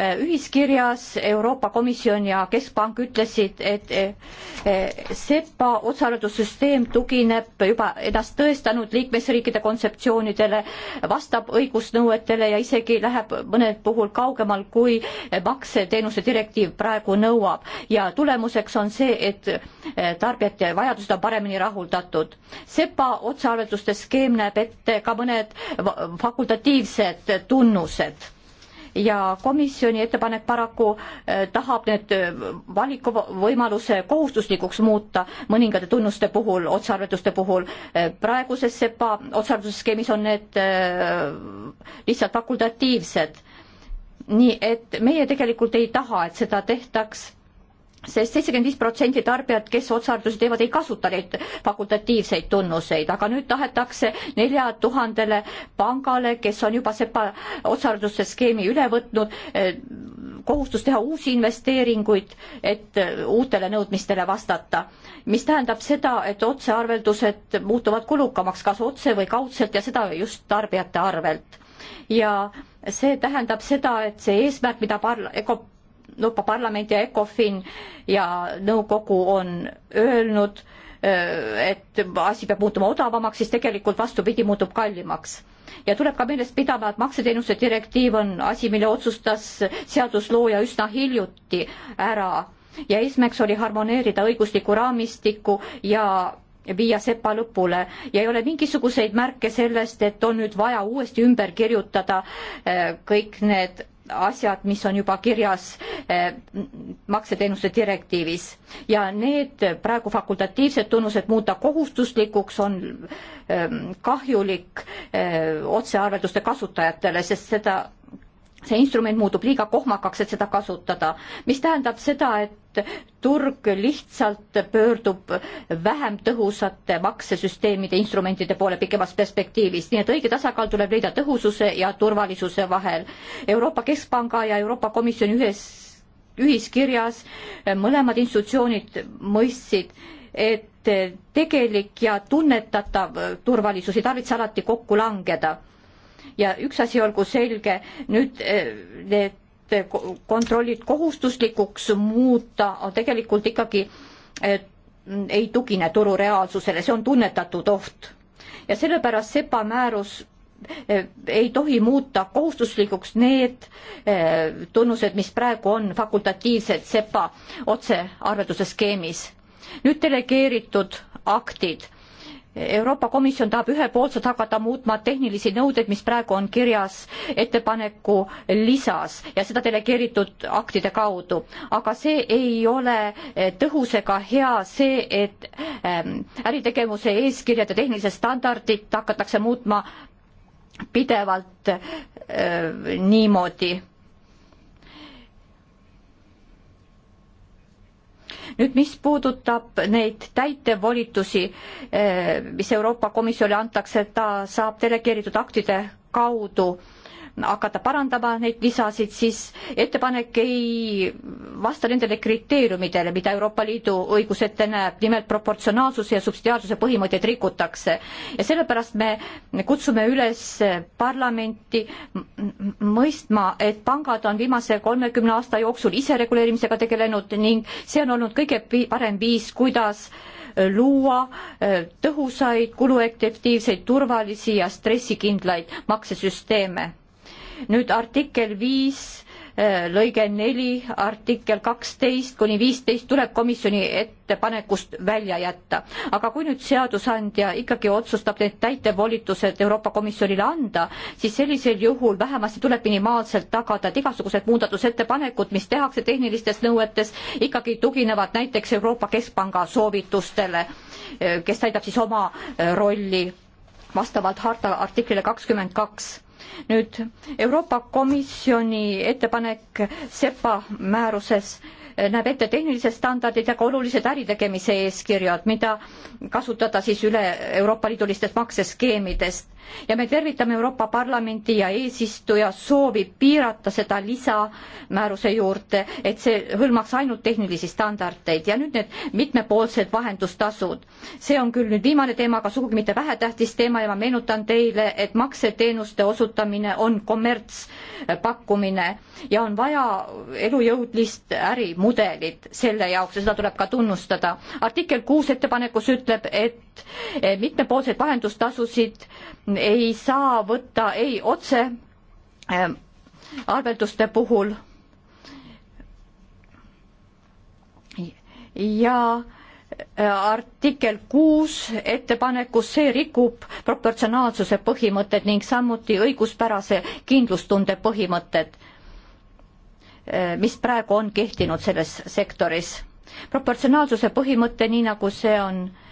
S2: Äh, ühiskirjas Euroopa Komisjon ja Keskpank ütlesid, et äh, äh, SEPA otsaarveldussüsteem tugineb juba ennast tõestanud liikmesriikide kontseptsioonidele, vastab õigusnõuetele ja isegi läheb mõnel puhul kaugemal, kui makseteenuse direktiiv praegu nõuab ja tulemuseks on see, et tarbijate vajadused on paremini rahuldatud. SEPA otsaarvelduste skeem näeb ette ka mõned fakultatiivsed tunnused ja komisjoni ettepanek paraku eh, tahab need eh, valikuvõimaluse kohustuslikuks muuta mõningate tunnuste puhul, otsearvetuste puhul. Eh, praeguses SEPA otsearvetusskeemis on need lihtsalt fakultatiivsed. nii et meie tegelikult ei taha, et seda tehtaks sest seitsekümmend viis protsenti tarbijad, kes otsearvutusi teevad, ei kasuta neid fakultatiivseid tunnuseid, aga nüüd tahetakse nelja tuhandele pangale, kes on juba sepa otsearvutuste skeemi üle võtnud, eh, kohustus teha uusi investeeringuid, et eh, uutele nõudmistele vastata. mis tähendab seda, et otsearveldused muutuvad kulukamaks kas otse või kaudselt ja seda just tarbijate arvelt. ja see tähendab seda, et see eesmärk, mida parla-, Euroopa Parlament ja ECOFIN ja nõukogu on öelnud, äh, et asi peab muutuma odavamaks, siis tegelikult vastupidi, muutub kallimaks. ja tuleb ka meeles pidama, et makseteenuste direktiiv on asi, mille otsustas seaduslooja üsna hiljuti ära ja eesmärks oli harmoneerida õiguslikku raamistikku ja viia sepa lõpule ja ei ole mingisuguseid märke sellest, et on nüüd vaja uuesti ümber kirjutada äh, kõik need asjad, mis on juba kirjas eh, makseteenuste direktiivis ja need praegu fakultatiivsed tunnused muuta kohustuslikuks on eh, kahjulik eh, otsearvelduste kasutajatele, sest seda see instrument muutub liiga kohmakaks, et seda kasutada, mis tähendab seda, et turg lihtsalt pöördub vähem tõhusate maksesüsteemide instrumentide poole pikemas perspektiivis, nii et õige tasakaal tuleb leida tõhususe ja turvalisuse vahel. Euroopa Keskpanga ja Euroopa Komisjoni ühes, ühiskirjas mõlemad institutsioonid mõistsid, et tegelik ja tunnetatav turvalisus ei tarvitse alati kokku langeda ja üks asi olgu selge, nüüd e, need kontrollid kohustuslikuks muuta on tegelikult ikkagi e, ei tugine turu reaalsusele, see on tunnetatud oht. ja sellepärast SEPA määrus e, ei tohi muuta kohustuslikuks need tunnused, mis praegu on fakultatiivsed SEPA otsearvelduse skeemis. nüüd delegeeritud aktid Euroopa Komisjon tahab ühepoolselt hakata muutma tehnilisi nõudeid, mis praegu on kirjas ettepaneku lisas ja seda delegeeritud aktide kaudu. aga see ei ole eh, tõhus ega hea see, et ehm, äritegevuse eeskirjade tehnilised standardid hakatakse muutma pidevalt äh, niimoodi nüüd, mis puudutab neid täitevolitusi, eh, mis Euroopa Komisjonile antakse, ta saab delegeeritud aktide kaudu äh, hakata parandama neid visasid, siis ettepanek ei vasta nendele kriteeriumidele, mida Euroopa Liidu õigus ette näeb, nimelt proportsionaalsuse ja subsidiaarsuse põhimõtteid rikutakse. ja sellepärast me kutsume üles parlamenti mõistma, et pangad on viimase kolmekümne aasta jooksul isereguleerimisega tegelenud ning see on olnud kõige parem viis, kuidas luua äh, tõhusaid, kuluefektiivseid, turvalisi ja stressikindlaid maksesüsteeme nüüd artikkel viis äh, lõige neli, artikkel kaksteist kuni viisteist tuleb komisjoni ettepanekust välja jätta. aga kui nüüd seadusandja ikkagi otsustab need täitevvolitused Euroopa Komisjonile anda, siis sellisel juhul vähemasti tuleb minimaalselt tagada, et igasugused muudatusettepanekud, mis tehakse tehnilistes nõuetes, ikkagi tuginevad näiteks Euroopa Keskpanga soovitustele, äh, kes täidab siis oma äh, rolli vastavalt harta artiklile kakskümmend kaks nüüd Euroopa Komisjoni ettepanek SEPA määruses näeb ette tehnilised standardid ja ka olulised äritegemise eeskirjad, mida kasutada siis üle Euroopa Liidulistes makseskeemidest ja me tervitame Euroopa Parlamenti ja eesistuja soovi piirata seda lisamääruse juurde, et see hõlmaks ainult tehnilisi standardeid ja nüüd need mitmepoolsed vahendustasud. see on küll nüüd viimane teema, aga sugugi mitte vähetähtis teema ja ma meenutan teile, et makseteenuste osutamine on kommertspakkumine ja on vaja elujõudlist ärimudelit selle jaoks ja seda tuleb ka tunnustada. artikkel kuus ettepanekus ütleb, et mitmepoolseid vahendustasusid ei saa võtta ei otse ähm, arvelduste puhul ja äh, artikkel kuus ettepanekus, see rikub proportsionaalsuse põhimõtted ning samuti õiguspärase kindlustunde põhimõtted, äh, mis praegu on kehtinud selles sektoris. proportsionaalsuse põhimõte, nii nagu see on äh,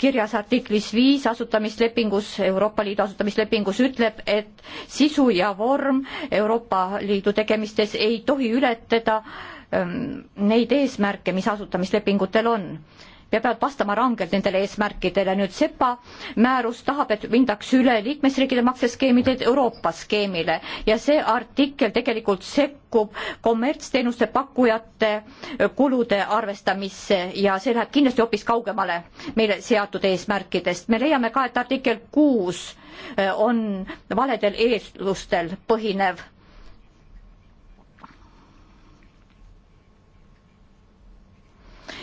S2: kirjas artiklis viis asutamislepingus, Euroopa Liidu asutamislepingus ütleb, et sisu ja vorm Euroopa Liidu tegemistes ei tohi ületada ähm, neid eesmärke, mis asutamislepingutel on ja peavad vastama rangelt nendele eesmärkidele. nüüd SEPA määrus tahab, et mindaks üle liikmesriikide makseskeemide Euroopa skeemile ja see artikkel tegelikult sekkub kommertsteenuste pakkujate kulude arvestamisse ja see läheb kindlasti hoopis kaugemale meile seatud eesmärkidest. me leiame ka, et artikkel kuus äh, on valedel eeslustel põhinev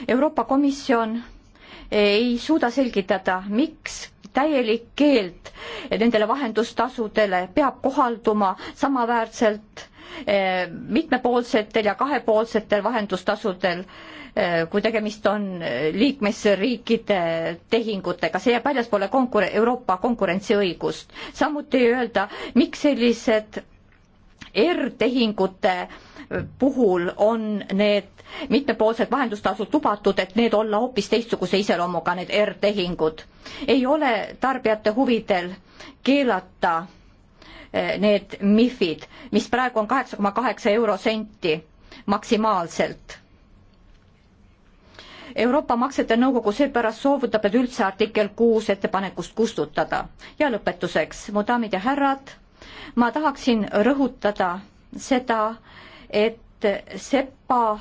S2: Euroopa Komisjon ei suuda selgitada, miks täielik keeld nendele vahendustasudele peab kohalduma samaväärselt eh, mitmepoolsetel ja kahepoolsetel vahendustasudel, eh, kui tegemist on eh, liikmesriikide tehingutega, see jääb väljaspoole konkure-, Euroopa konkurentsiõigust. samuti ei öelda, miks sellised R-tehingute er puhul on need mitmepoolsed vahendustasud lubatud, et need olla hoopis teistsuguse iseloomuga, need R-tehingud. ei ole tarbijate huvidel keelata eh, need MIF-id, mis praegu on kaheksa koma kaheksa eurosenti maksimaalselt Euroopa Maksete Nõukogu seepärast soovitab, et üldse artikkel kuus ettepanekust kustutada. ja lõpetuseks, mu daamid ja härrad, ma tahaksin rõhutada seda, et SEPA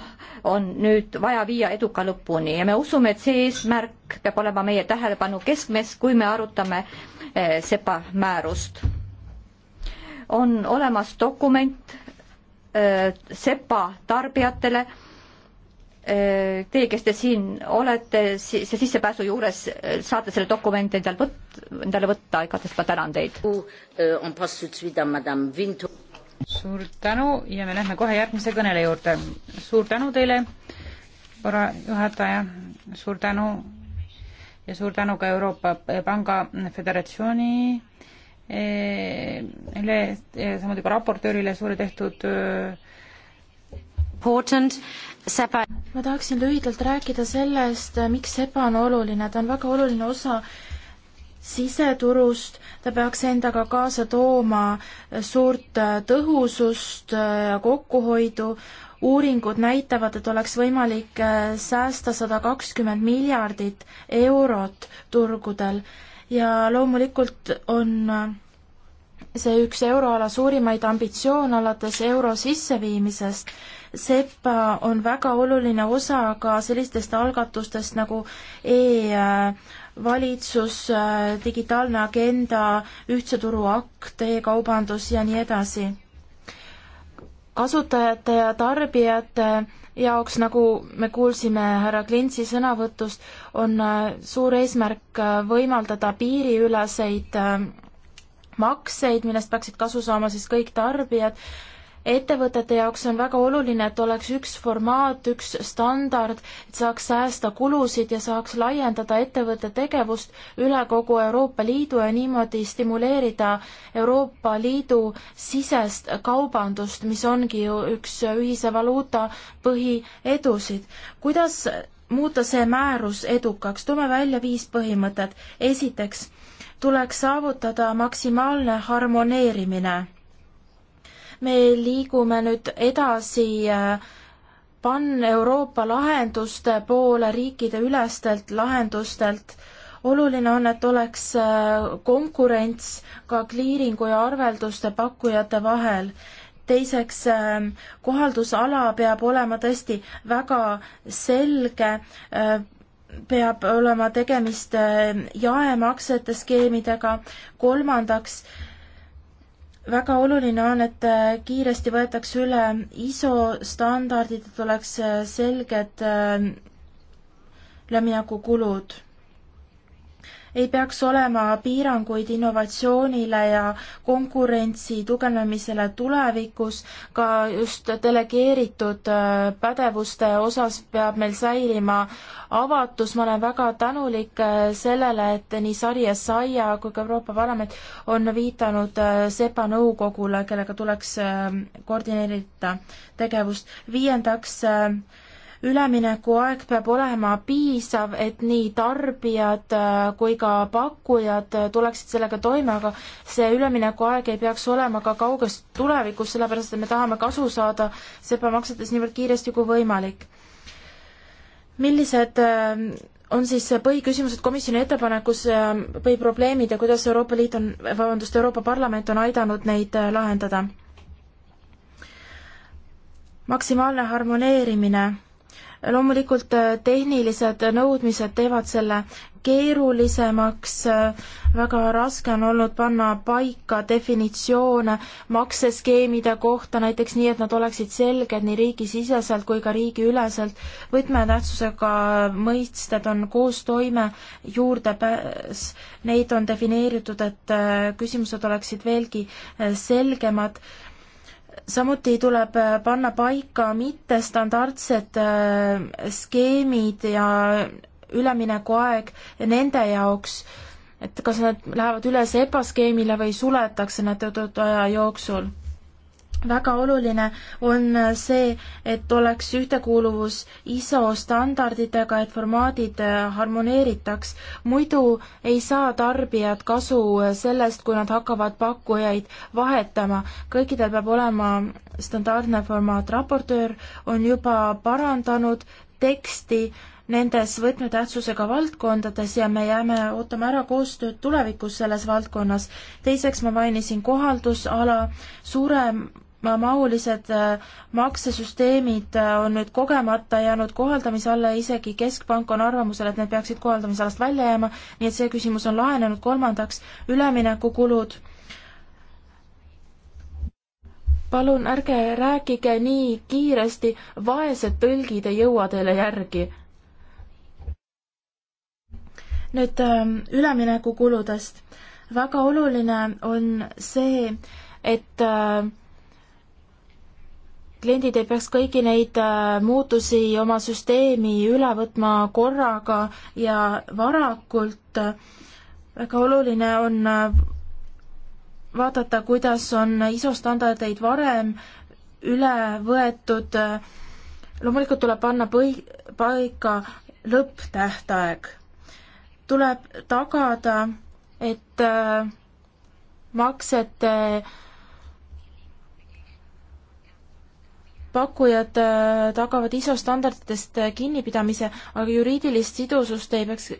S2: on nüüd vaja viia eduka lõpuni ja me usume, et see eesmärk peab olema meie tähelepanu keskmes, kui me arutame eh, SEPA määrust. on olemas dokument eh, SEPA tarbijatele eh, teie, kes te siin olete, see sissepääsu juures saate selle dokumendi endal võt-, endale võtta, igatahes ma tänan teid
S1: suur tänu ja me lähme kohe järgmise kõnele juurde. suur tänu teile, härra juhataja, suur tänu ja suur tänu ka Euroopa Panga Föderatsiooni
S3: üle, eh, eh, samuti ka raportöörile suure tehtud eh, ma tahaksin lühidalt rääkida sellest, miks SEPA on oluline, ta on väga oluline osa siseturust, ta peaks endaga kaasa tooma suurt äh, tõhusust äh, ja kokkuhoidu. uuringud näitavad, et oleks võimalik äh, säästa sada kakskümmend miljardit eurot turgudel ja loomulikult on see üks euroala suurimaid ambitsioone alates euro sisseviimisest. SEPA on väga oluline osa ka sellistest algatustest nagu e- valitsus, äh, digitaalne agenda, ühtse turu akt e, e-kaubandus ja nii edasi. kasutajate ja tarbijate jaoks, nagu me kuulsime härra Klintsi sõnavõtust, on äh, suur eesmärk äh, võimaldada piiriüleseid makseid, millest peaksid kasu saama siis kõik tarbijad ettevõtete jaoks on väga oluline, et oleks üks formaat, üks standard, et saaks säästa kulusid ja saaks laiendada ettevõtte tegevust üle kogu Euroopa Liidu ja niimoodi stimuleerida Euroopa Liidu sisest kaubandust, mis ongi ju üks ühise valuuta põhiedusid. kuidas muuta see määrus edukaks, toome välja viis põhimõtet. esiteks tuleks saavutada maksimaalne harmoneerimine me liigume nüüd edasi äh, pan-Euroopa lahenduste poole riikideülestelt lahendustelt oluline on, et oleks äh, konkurents ka kliiringu ja arvelduste pakkujate vahel. teiseks, ähm, kohaldusala peab olema tõesti väga selge, äh, peab olema tegemist jaemaksete skeemidega, kolmandaks väga oluline on, et äh, kiiresti võetakse üle ISO standardid, et oleks äh, selged üleminekukulud äh, ei peaks olema piiranguid innovatsioonile ja konkurentsi tugevnemisele tulevikus, ka just delegeeritud äh, pädevuste osas peab meil säilima avatus, ma olen väga tänulik äh, sellele, et nii Sari Essaia kui ka Euroopa Parlament on viidanud äh, SEPA nõukogule, kellega tuleks koordineerida tegevust. viiendaks, üleminekuaeg peab olema piisav, et nii tarbijad äh, kui ka pakkujad äh, tuleksid sellega toime, aga see üleminekuaeg ei peaks olema ka kauges tulevikus, sellepärast et me tahame kasu saada sepamaksetes niivõrd kiiresti kui võimalik. millised äh, on siis põhiküsimused komisjoni ettepanekus või probleemid ja kuidas Euroopa Liit on, vabandust, Euroopa Parlament on aidanud neid lahendada? maksimaalne harmoneerimine loomulikult äh, tehnilised nõudmised teevad selle keerulisemaks, äh, väga raske on olnud panna paika definitsioone makseskeemide kohta, näiteks nii, et nad oleksid selged nii riigisiseselt kui ka riigiüleselt. võtmetähtsusega mõisted on koostoime, juurdepääs, neid on defineeritud, et äh, küsimused oleksid veelgi selgemad samuti tuleb äh, panna paika mittestandardsed äh, skeemid ja üleminekuaeg nende jaoks, et kas nad lähevad üle SEPA skeemile või suletakse nad teatud aja jooksul väga oluline on see, et oleks ühtekuuluvus ISO standarditega, et formaadid äh, harmoneeritaks. muidu ei saa tarbijad kasu äh, sellest, kui nad hakkavad pakkujaid vahetama. kõikidel peab olema standardne formaat. raportöör on juba parandanud teksti nendes võtmetähtsusega valdkondades ja me jääme ootama ära koostööd tulevikus selles valdkonnas. teiseks ma mainisin kohaldusala, suurem mahulised äh, maksesüsteemid äh, on nüüd kogemata jäänud kohaldamise alla ja isegi Keskpank on arvamusel, et need peaksid kohaldamisalast välja jääma, nii et see küsimus on lahenenud, kolmandaks üleminekukulud. palun ärge rääkige nii kiiresti, vaesed tõlgid ei jõua teile järgi. nüüd ähm, ülemineku kuludest. väga oluline on see, et äh, kliendid ei peaks kõiki neid äh, muutusi oma süsteemi üle võtma korraga ja varakult. väga oluline on äh, vaadata, kuidas on ISO standardeid varem üle võetud. loomulikult tuleb panna põi-, paika lõpptähtaeg. tuleb tagada, et äh, maksete äh, pakkujad äh, tagavad ISO standarditest äh, kinnipidamise, aga juriidilist sidusust ei peaks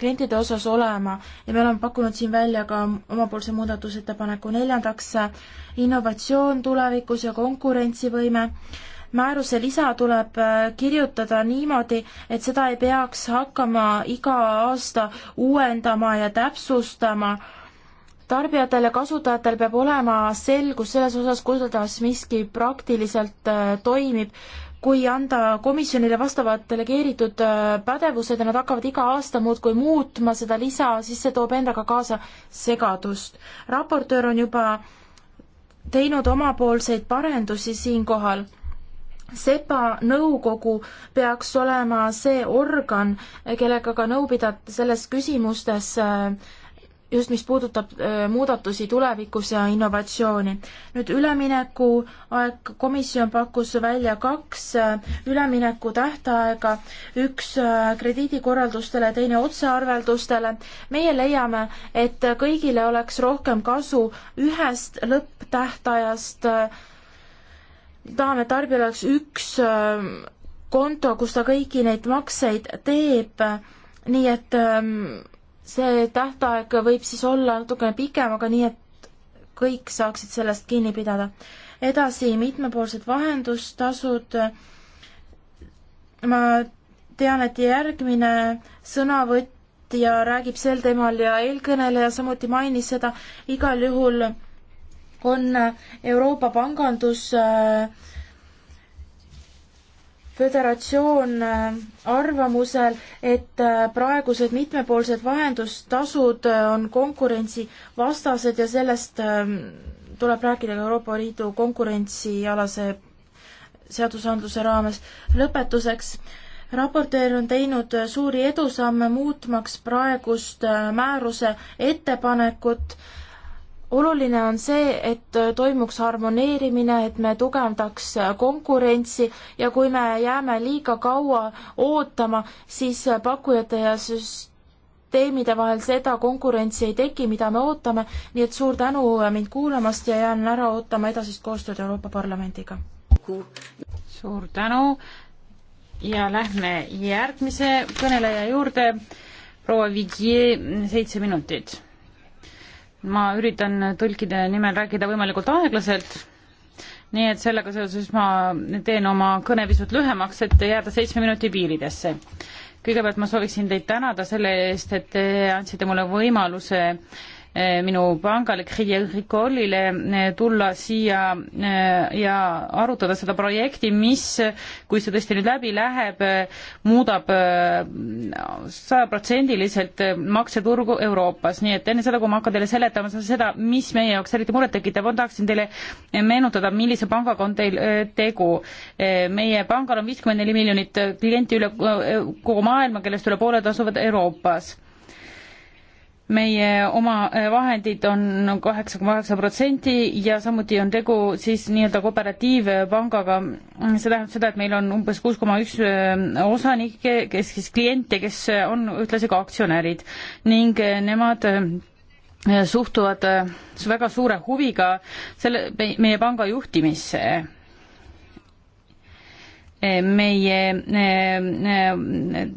S3: klientide osas olema ja me oleme pakkunud siin välja ka omapoolse muudatusettepaneku neljandaks, äh, innovatsioon tulevikus ja konkurentsivõime. määruse lisa tuleb kirjutada niimoodi, et seda ei peaks hakkama iga aasta uuendama ja täpsustama tarbijatel ja kasutajatel peab olema selgus selles osas, kuidas miski praktiliselt äh, toimib, kui anda komisjonile vastavad delegeeritud äh, pädevused ja nad hakkavad iga aasta muudkui muutma seda lisa, siis see toob endaga kaasa segadust. raportöör on juba teinud omapoolseid parendusi siinkohal. SEPA nõukogu peaks olema see organ, kellega ka nõu pidada selles küsimustes äh, just mis puudutab äh, muudatusi tulevikus ja innovatsiooni. nüüd ülemineku aeg, komisjon pakkus välja kaks äh, ülemineku tähtaega, üks äh, krediidikorraldustele, teine otsearveldustele. meie leiame, et kõigile oleks rohkem kasu ühest lõpptähtajast, tahame, et tarbijal oleks üks konto, kus ta kõiki neid makseid teeb, nii et ähm, see tähtaeg võib siis olla natukene pikem, aga nii, et kõik saaksid sellest kinni pidada. edasi, mitmepoolsed vahendustasud. ma tean, et järgmine sõnavõtja räägib sel teemal ja eelkõneleja samuti mainis seda, igal juhul on Euroopa pangandus äh, föderatsioon äh, arvamusel, et äh, praegused mitmepoolsed vahendustasud äh, on konkurentsivastased ja sellest ähm, tuleb rääkida ka Euroopa Liidu konkurentsialase seadusandluse raames. lõpetuseks, raportöör on teinud suuri edusamme muutmaks praegust määruse ettepanekut äh, oluline on see, et toimuks harmoneerimine, et me tugevdaks konkurentsi ja kui me jääme liiga kaua ootama, siis pakkujate ja süsteemide vahel seda konkurentsi ei teki, mida me ootame, nii et suur tänu mind kuulamast ja jään ära ootama edasist koostööd Euroopa Parlamendiga. suur
S1: tänu ja lähme järgmise kõneleja juurde, proua Vigier, seitse minutit ma üritan tõlkide nimel rääkida võimalikult aeglaselt, nii et sellega seoses ma teen oma kõne pisut lühemaks, et jääda seitsme minuti piiridesse. kõigepealt ma sooviksin teid tänada selle eest, et te andsite mulle võimaluse äh, Eh, minu pangale Cricolile eh, tulla siia eh, ja arutada seda projekti, mis, kui see tõesti nüüd läbi läheb muudab, muudab sajaprotsendiliselt makseturgu Euroopas, nii et enne seda, kui ma hakkan teile seletama seda, mis meie jaoks eriti muret tekitab, on, tahaksin teile meenutada, millise pangaga on teil tegu. meie pangal on viiskümmend neli miljonit klienti üle kogu maailma, kellest üle pooled asuvad Euroopas meie oma äh, vahendid on kaheksa koma kaheksa protsenti ja samuti on tegu siis nii-öelda kooperatiivpangaga, see tähendab seda, et meil on umbes kuus koma üks äh, osanikke, kes siis kliente, kes äh, on ühtlasi ka aktsionärid ning nemad suhtuvad väga suure huviga selle, meie panga juhtimisse meie, meie,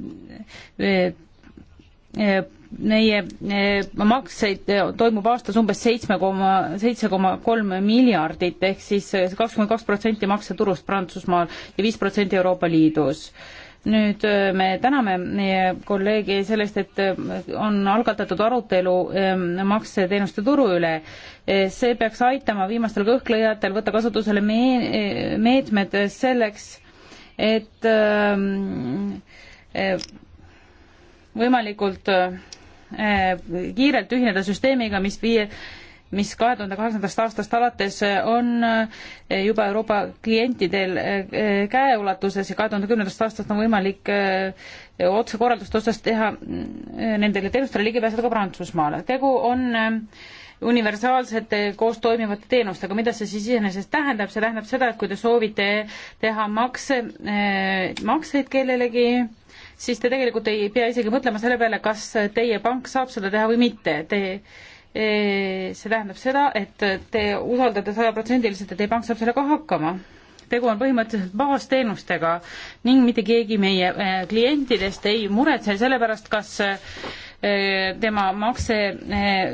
S1: meie meie eh, makseid eh, toimub aastas umbes seitsme koma, seitse koma kolm miljardit ehk siis kakskümmend kaks protsenti makseturust Prantsusmaal ja viis protsenti Euroopa Liidus. nüüd eh, me täname meie kolleegi sellest, et on algatatud arutelu makseteenuste turu üle. see peaks aitama viimastel kõhklejatel võtta kasutusele mee-, meetmed selleks, et võimalikult Äh, kiirelt ühineda süsteemiga, mis viie, mis kahe tuhande kaheksandast aastast alates äh, on äh, juba Euroopa klientidel käeulatuses ja kahe tuhande kümnendast aastast on võimalik otsekorraldust otsast teha nendele teenustele ligi pääseda ka Prantsusmaale. tegu on universaalsete koos toimivate teenustega, mida see siis iseenesest tähendab, see tähendab seda, et kui te soovite teha makse, makseid kellelegi, siis te tegelikult ei pea isegi mõtlema selle peale, kas teie pank saab seda teha või mitte. Te, e, see tähendab seda, et te usaldate sajaprotsendiliselt, et teie pank saab sellega hakkama. tegu on põhimõtteliselt baasteenustega ning mitte keegi meie e, klientidest ei muretse selle pärast, kas e, tema makse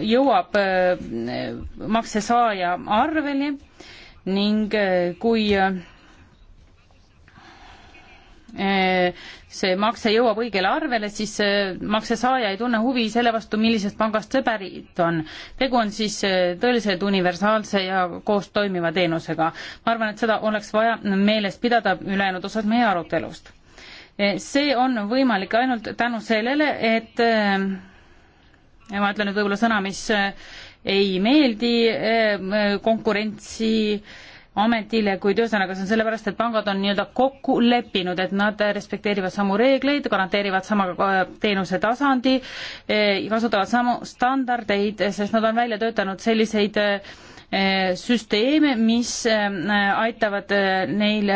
S1: jõuab maksesaaja arveli ning kui see makse jõuab õigele arvele, siis maksesaaja ei tunne huvi selle vastu, millisest pangast see pärit on. tegu on siis eh, tõeliselt universaalse ja koos toimiva teenusega. ma arvan, et seda oleks vaja meeles pidada ülejäänud osas meie arutelust. Eh, see on võimalik ainult tänu sellele, et eh, ma ütlen nüüd võib-olla sõna, mis ei meeldi konkurentsi äh, ametile, kuid ühesõnaga see on sellepärast, et pangad on nii-öelda kokku leppinud, et nad respekteerivad samu reegleid, garanteerivad sama äh, teenuse tasandi, äh, kasutavad samu standardeid, sest nad on välja töötanud selliseid äh, süsteeme, mis aitavad neil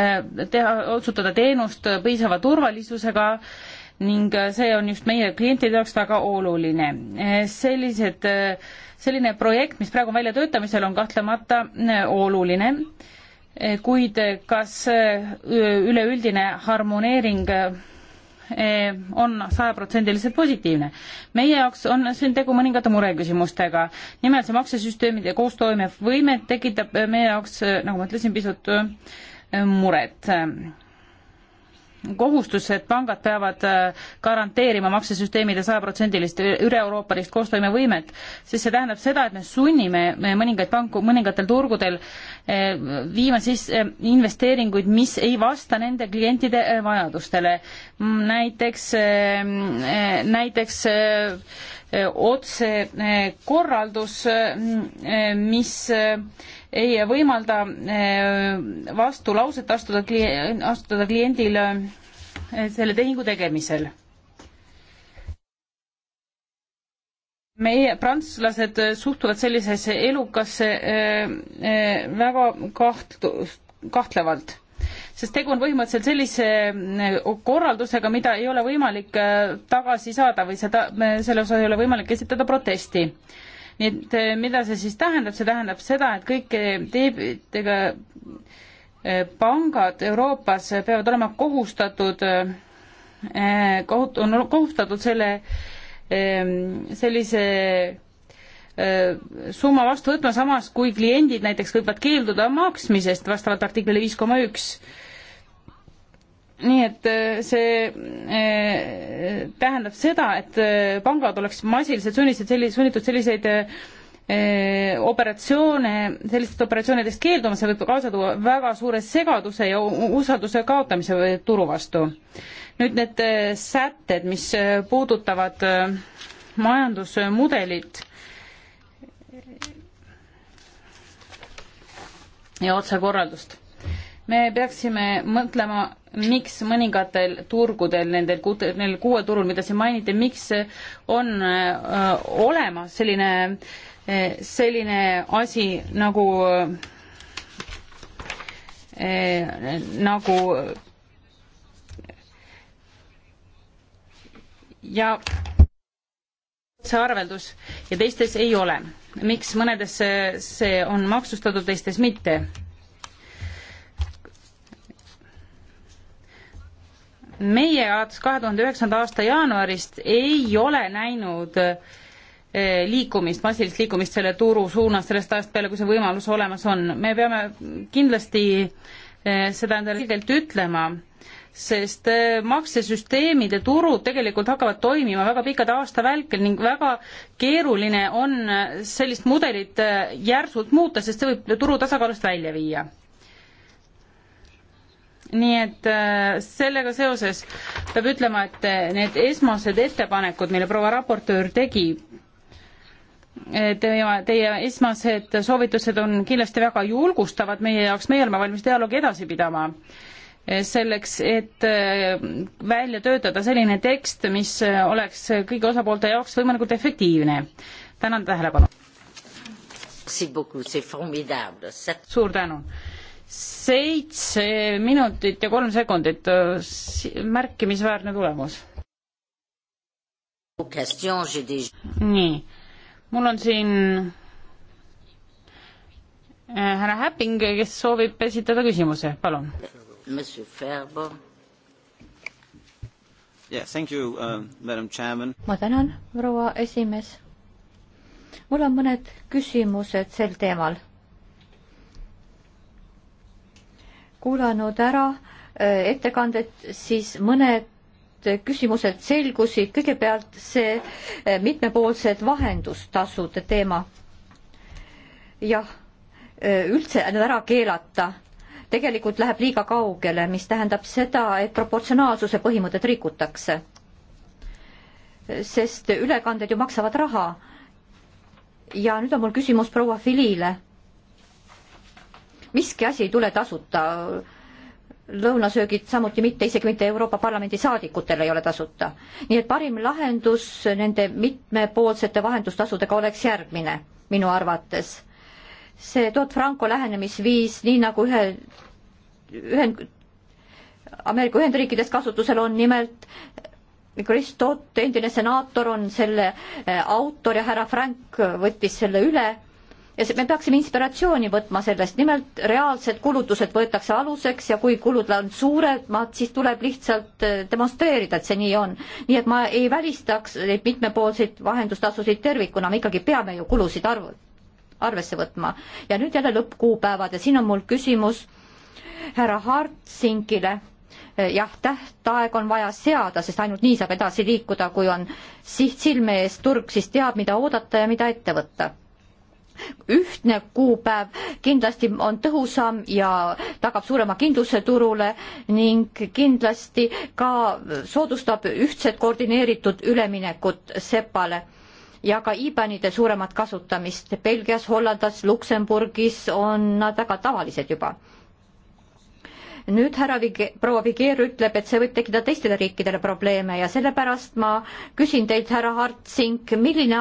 S1: teha, otsustada teenust piisava turvalisusega ning see on just meie klientide jaoks väga oluline. sellised äh, selline projekt, mis praegu on väljatöötamisel, on kahtlemata äh, oluline, äh, kuid äh, kas üleüldine harmoneering on sajaprotsendiliselt positiivne. meie jaoks on siin tegu mõningate mureküsimustega. nimelt see maksesüsteemide koostoimev võime tekitab meie jaoks, nagu ma ütlesin, pisut muret kohustus, et pangad peavad äh, garanteerima maksesüsteemide sajaprotsendilist üle-euroopalist koostoimevõimet, siis see tähendab seda, et me sunnime äh, mõningaid panku mõningatel turgudel äh, viima siis investeeringuid, mis ei vasta nende klientide vajadustele. Mm, näiteks, näiteks otsekorraldus, eh, eh, mis eh, ei võimalda vastulauset astuda klient, astuda kliendile selle tehingu tegemisel. meie prantslased suhtuvad sellisesse elukasse väga kaht-, kahtlevalt sest tegu on põhimõtteliselt sellise mm, korraldusega, mida ei ole võimalik äh, tagasi saada või seda, selle osas ei ole võimalik esitada protesti. nii et äh, mida see siis tähendab, see tähendab seda, et kõik äh, teebidega pangad Euroopas peavad olema kohustatud, kohut-, on kohustatud selle, sellise Äh, summa vastu võtma, samas kui kliendid näiteks võivad keelduda maksmisest vastavalt artiklile viis koma üks. nii et äh, see äh, tähendab seda, et pangad oleks massiliselt sunnitud selli-, sunnitud selliseid operatsioone, sellistest operatsioonidest keelduma, see võib kaasa tuua väga suure segaduse ja usalduse kaotamise turu vastu. nüüd need sätted, mis puudutavad majandusmudelit ja otsekorraldust. me peaksime mõtlema, miks mõningatel turgudel, nendel, neil kuuel turul, mida siin mainiti, miks on öö, äh, olemas selline, äh, selline asi nagu öö, äh, nagu ja see arveldus ja teistes ei ole miks mõnedes see on maksustatud, teistes mitte. meie alates kahe tuhande üheksanda aasta jaanuarist ei ole näinud eh, liikumist, massilist liikumist selle turu suunas sellest ajast peale, kui see võimalus olemas on. me peame kindlasti eh, seda endale selgelt ütlema sest äh, maksesüsteemid ja turud tegelikult hakkavad toimima väga pikkade aasta vältel ning väga keeruline on äh, sellist mudelit äh, järsult muuta, sest see võib turu tasakaalust välja viia. nii et sellega seoses peab ütlema, et need esmased ettepanekud, mille proua raportöör tegi, Teie, teie esmased soovitused on kindlasti väga julgustavad meie jaoks, meie oleme valmis dialoogi edasi pidama selleks, et äh, välja töötada selline tekst, mis äh, oleks kõigi osapoolte jaoks võimalikult efektiivne. tänan tähelepanu. suur tänu. seitse minutit ja kolm sekundit, märkimisväärne tulemus. nii, mul on siin äh, härra Häpping, kes soovib esitada küsimuse, palun
S3: Monsieur Ferber.
S1: Yeah, thank you, uh, Madam Chairman.
S2: ma tänan, proua esimees. mul on mõned küsimused sel teemal. kuulanud ära äh, ettekandet, siis mõned küsimused selgusid. kõigepealt see äh, mitmepoolsed vahendustasude teema. jah, äh, üldse ära keelata tegelikult läheb liiga kaugele, mis tähendab seda, et proportsionaalsuse põhimõtet rikutakse. sest ülekanded ju maksavad raha. ja nüüd on mul küsimus proua Filile. miski asi ei tule tasuta, lõunasöögid samuti mitte, isegi mitte Euroopa Parlamendi saadikutel ei ole tasuta. nii et parim lahendus nende mitmepoolsete vahendustasudega oleks järgmine minu arvates see Todd Franco lähenemisviis, nii nagu ühe, ühend-, Ameerika Ühendriikides kasutusel on, nimelt Chris Todd, endine senaator, on selle äh, autor ja härra Frank võttis selle üle ja me peaksime inspiratsiooni võtma sellest, nimelt reaalsed kulutused võetakse aluseks ja kui kulud on suuremad, siis tuleb lihtsalt äh, demonstreerida, et see nii on. nii et ma ei välistaks neid mitmepoolseid vahendustasusid tervikuna, me ikkagi peame ju kulusid arv-, arvesse võtma. ja nüüd jälle lõppkuupäevad ja siin on mul küsimus härra Hartsingile. Eh, jah, tähtaeg on vaja seada, sest ainult nii saab edasi liikuda, kui on siht silme ees, turg siis teab, mida oodata ja mida ette võtta ühtne kuupäev kindlasti on tõhusam ja tagab suurema kindluse turule ning kindlasti ka soodustab ühtset koordineeritud üleminekut sepale ja ka IBANide suuremat kasutamist. Belgias, Hollandis, Luksemburgis on nad väga tavalised juba. nüüd härra Vige-, proua Vigeer ütleb, et see võib tekkida teistele riikidele probleeme ja sellepärast ma küsin teilt, härra Hartsing, milline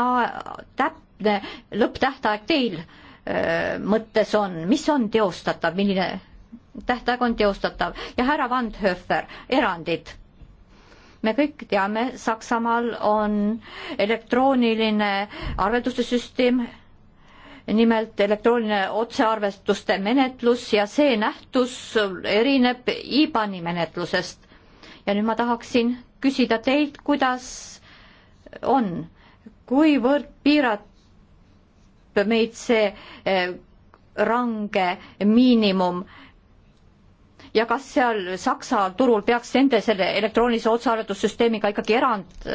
S2: täpne lõpptähtaeg teil öö, mõttes on, mis on teostatav, milline tähtaeg on teostatav ja härra Vandhöfer, erandid me kõik teame, Saksamaal on elektrooniline arvelduste süsteem, nimelt elektrooniline otsearvestuste menetlus ja see nähtus erineb IBAN-i menetlusest. ja nüüd ma tahaksin küsida teilt, kuidas on, kuivõrd piirab meid see eh, range miinimum ja kas seal Saksa turul peaks nende selle elektroonilise otsearvutussüsteemiga ikkagi erand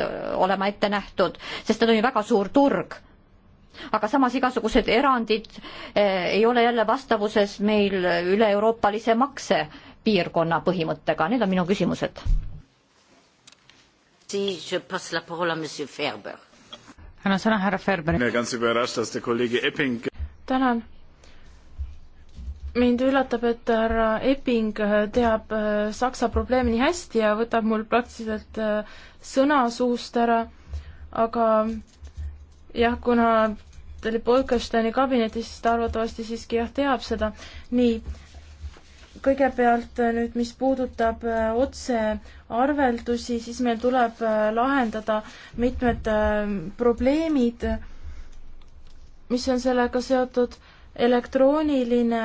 S2: olema ette nähtud, sest nad on ju väga suur turg. aga samas igasugused erandid eh, ei ole jälle vastavuses meil üle-euroopalise maksepiirkonna põhimõttega, need on minu küsimused.
S1: annan sõna härra Ferberile.
S2: tänan
S3: mind üllatab, et härra Epping äh, teab äh, Saksa probleemi nii hästi ja võtab mul praktiliselt äh, sõna suust ära, aga jah, kuna ta oli Bolkesteini kabinetis, siis ta arvatavasti siiski jah, teab seda. nii, kõigepealt nüüd, mis puudutab otsearveldusi, siis meil tuleb lahendada mitmed probleemid, mis on sellega seotud elektrooniline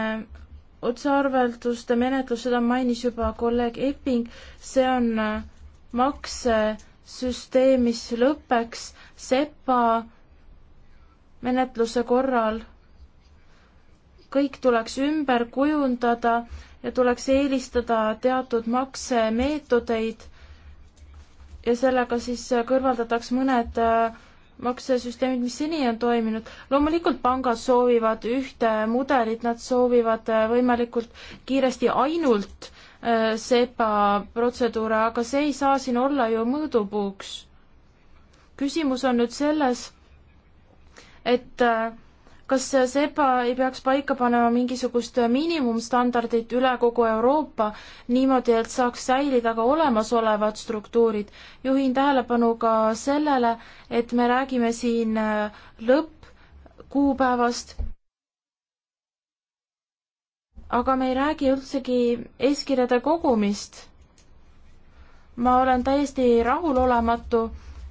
S3: otsearvelduste menetlus, seda mainis juba kolleeg Epping, see on äh, maksesüsteem, mis lõpeks SEPA menetluse korral. kõik tuleks ümber kujundada ja tuleks eelistada teatud maksemeetodeid ja sellega siis kõrvaldataks mõned äh, maksesüsteemid, mis seni on toiminud. loomulikult pangad soovivad ühte mudelit, nad soovivad äh, võimalikult kiiresti ainult äh, SEPA protseduure, aga see ei saa siin olla ju mõõdupuuks. küsimus on nüüd selles, et äh, kas SEPA ei peaks paika panema mingisugust miinimumstandardit üle kogu Euroopa niimoodi, et saaks säilida ka olemasolevad struktuurid? juhin tähelepanu ka sellele, et me räägime siin äh, lõppkuupäevast, aga me ei räägi üldsegi eeskirjade kogumist. ma olen täiesti rahulolematu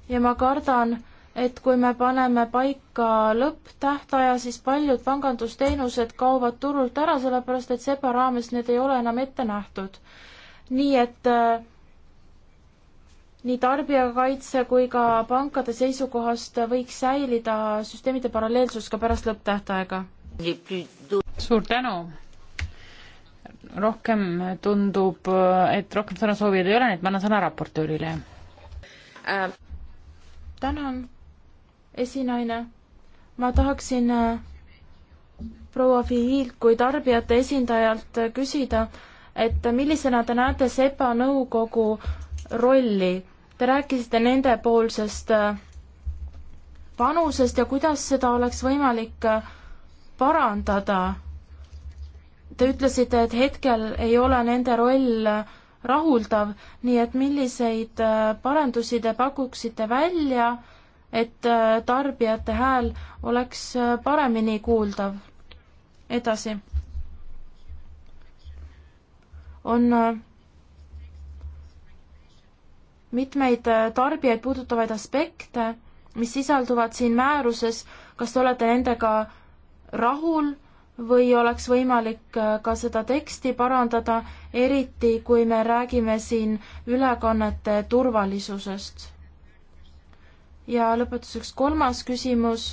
S3: ja ma kardan, et kui me paneme paika lõpptähtaja, siis paljud pangandusteenused kaovad turult ära, sellepärast et SEPA raames need ei ole enam ette nähtud. nii et äh, nii tarbijakaitse kui ka pankade seisukohast võiks säilida süsteemide paralleelsus ka pärast lõpptähtaega. suur tänu!
S1: rohkem tundub, et rohkem sõnasoovijaid ei ole, nii et ma annan sõna raportöörile
S3: äh.. tänan esinaine, ma tahaksin äh, proua Fihilt kui tarbijate esindajalt äh, küsida, et millisena te näete SEPA nõukogu rolli? Te rääkisite nendepoolsest äh, panusest ja kuidas seda oleks võimalik parandada. Te ütlesite, et hetkel ei ole nende roll rahuldav, nii et milliseid parendusi te pakuksite välja et äh, tarbijate hääl oleks äh, paremini kuuldav. edasi. on äh, mitmeid tarbijaid puudutavaid aspekte, mis sisalduvad siin määruses, kas te olete nendega rahul või oleks võimalik ka seda teksti parandada, eriti kui me räägime siin ülekannete turvalisusest ja lõpetuseks kolmas küsimus.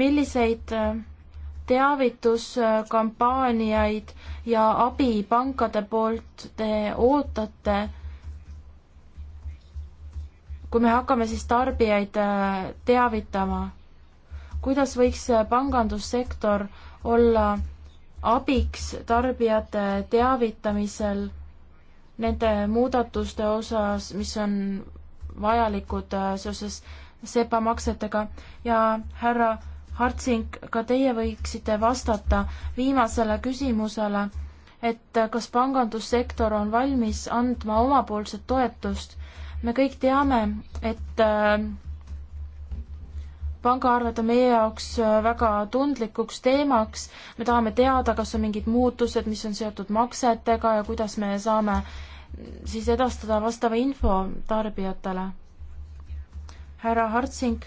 S3: milliseid äh, teavituskampaaniaid ja abi pankade poolt te ootate, kui me hakkame siis tarbijaid äh, teavitama? kuidas võiks äh, pangandussektor olla abiks tarbijate teavitamisel nende muudatuste osas, mis on vajalikud äh, seoses SEPA maksetega ja härra Hartsing, ka teie võiksite vastata viimasele küsimusele, et kas pangandussektor on valmis andma omapoolset toetust. me kõik teame, et äh, pangaarved on meie jaoks äh, väga tundlikuks teemaks, me tahame teada, kas on mingid muutused, mis on seotud maksetega ja kuidas me saame mm, siis edastada vastava info tarbijatele. härra Hartsing,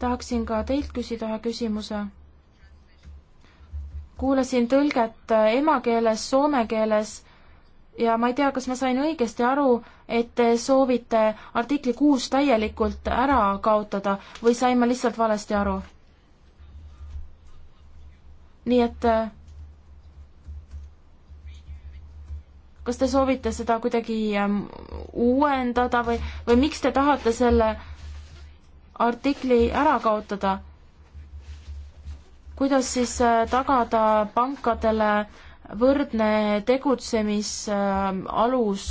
S3: tahaksin ka teilt küsida ühe küsimuse. kuulasin tõlget äh, emakeeles soome keeles ja ma ei tea, kas ma sain õigesti aru, et te soovite artikli kuus täielikult ära kaotada või sain ma lihtsalt valesti aru? nii et äh, kas te soovite seda kuidagi ähm, uuendada või, või miks te tahate selle artikli ära kaotada? kuidas siis äh, tagada pankadele äh, võrdne tegutsemisalus,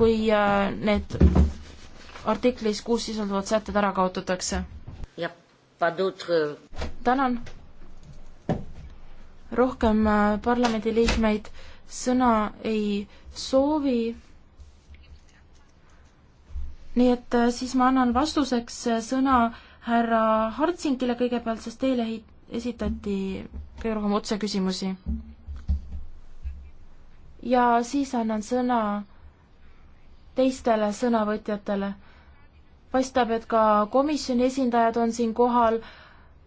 S3: kui äh, need artiklis kuus sisalduvad sätted ära kaotatakse. tänan. rohkem äh, parlamendiliikmeid sõna ei soovi. nii et äh, siis ma annan vastuseks sõna härra Hartsingile kõigepealt, sest teile esitati kõige rohkem otseküsimusi ja siis annan sõna teistele sõnavõtjatele. paistab, et ka komisjoni esindajad on siin kohal.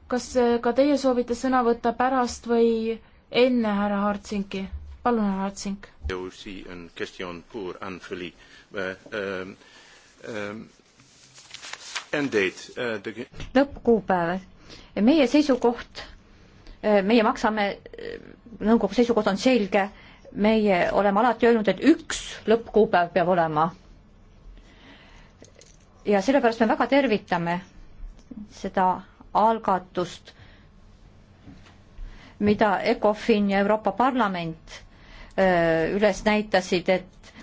S3: kas ka teie soovite sõna võtta pärast või enne härra Hartsinki? palun, härra Hartsink.
S2: lõppkuupäev. meie seisukoht, meie maksame, nõukogu seisukoht on selge meie oleme alati öelnud, et üks lõppkuupäev peab olema. ja sellepärast me väga tervitame seda algatust, mida ECOFIN ja Euroopa Parlament öö, äh, üles näitasid, et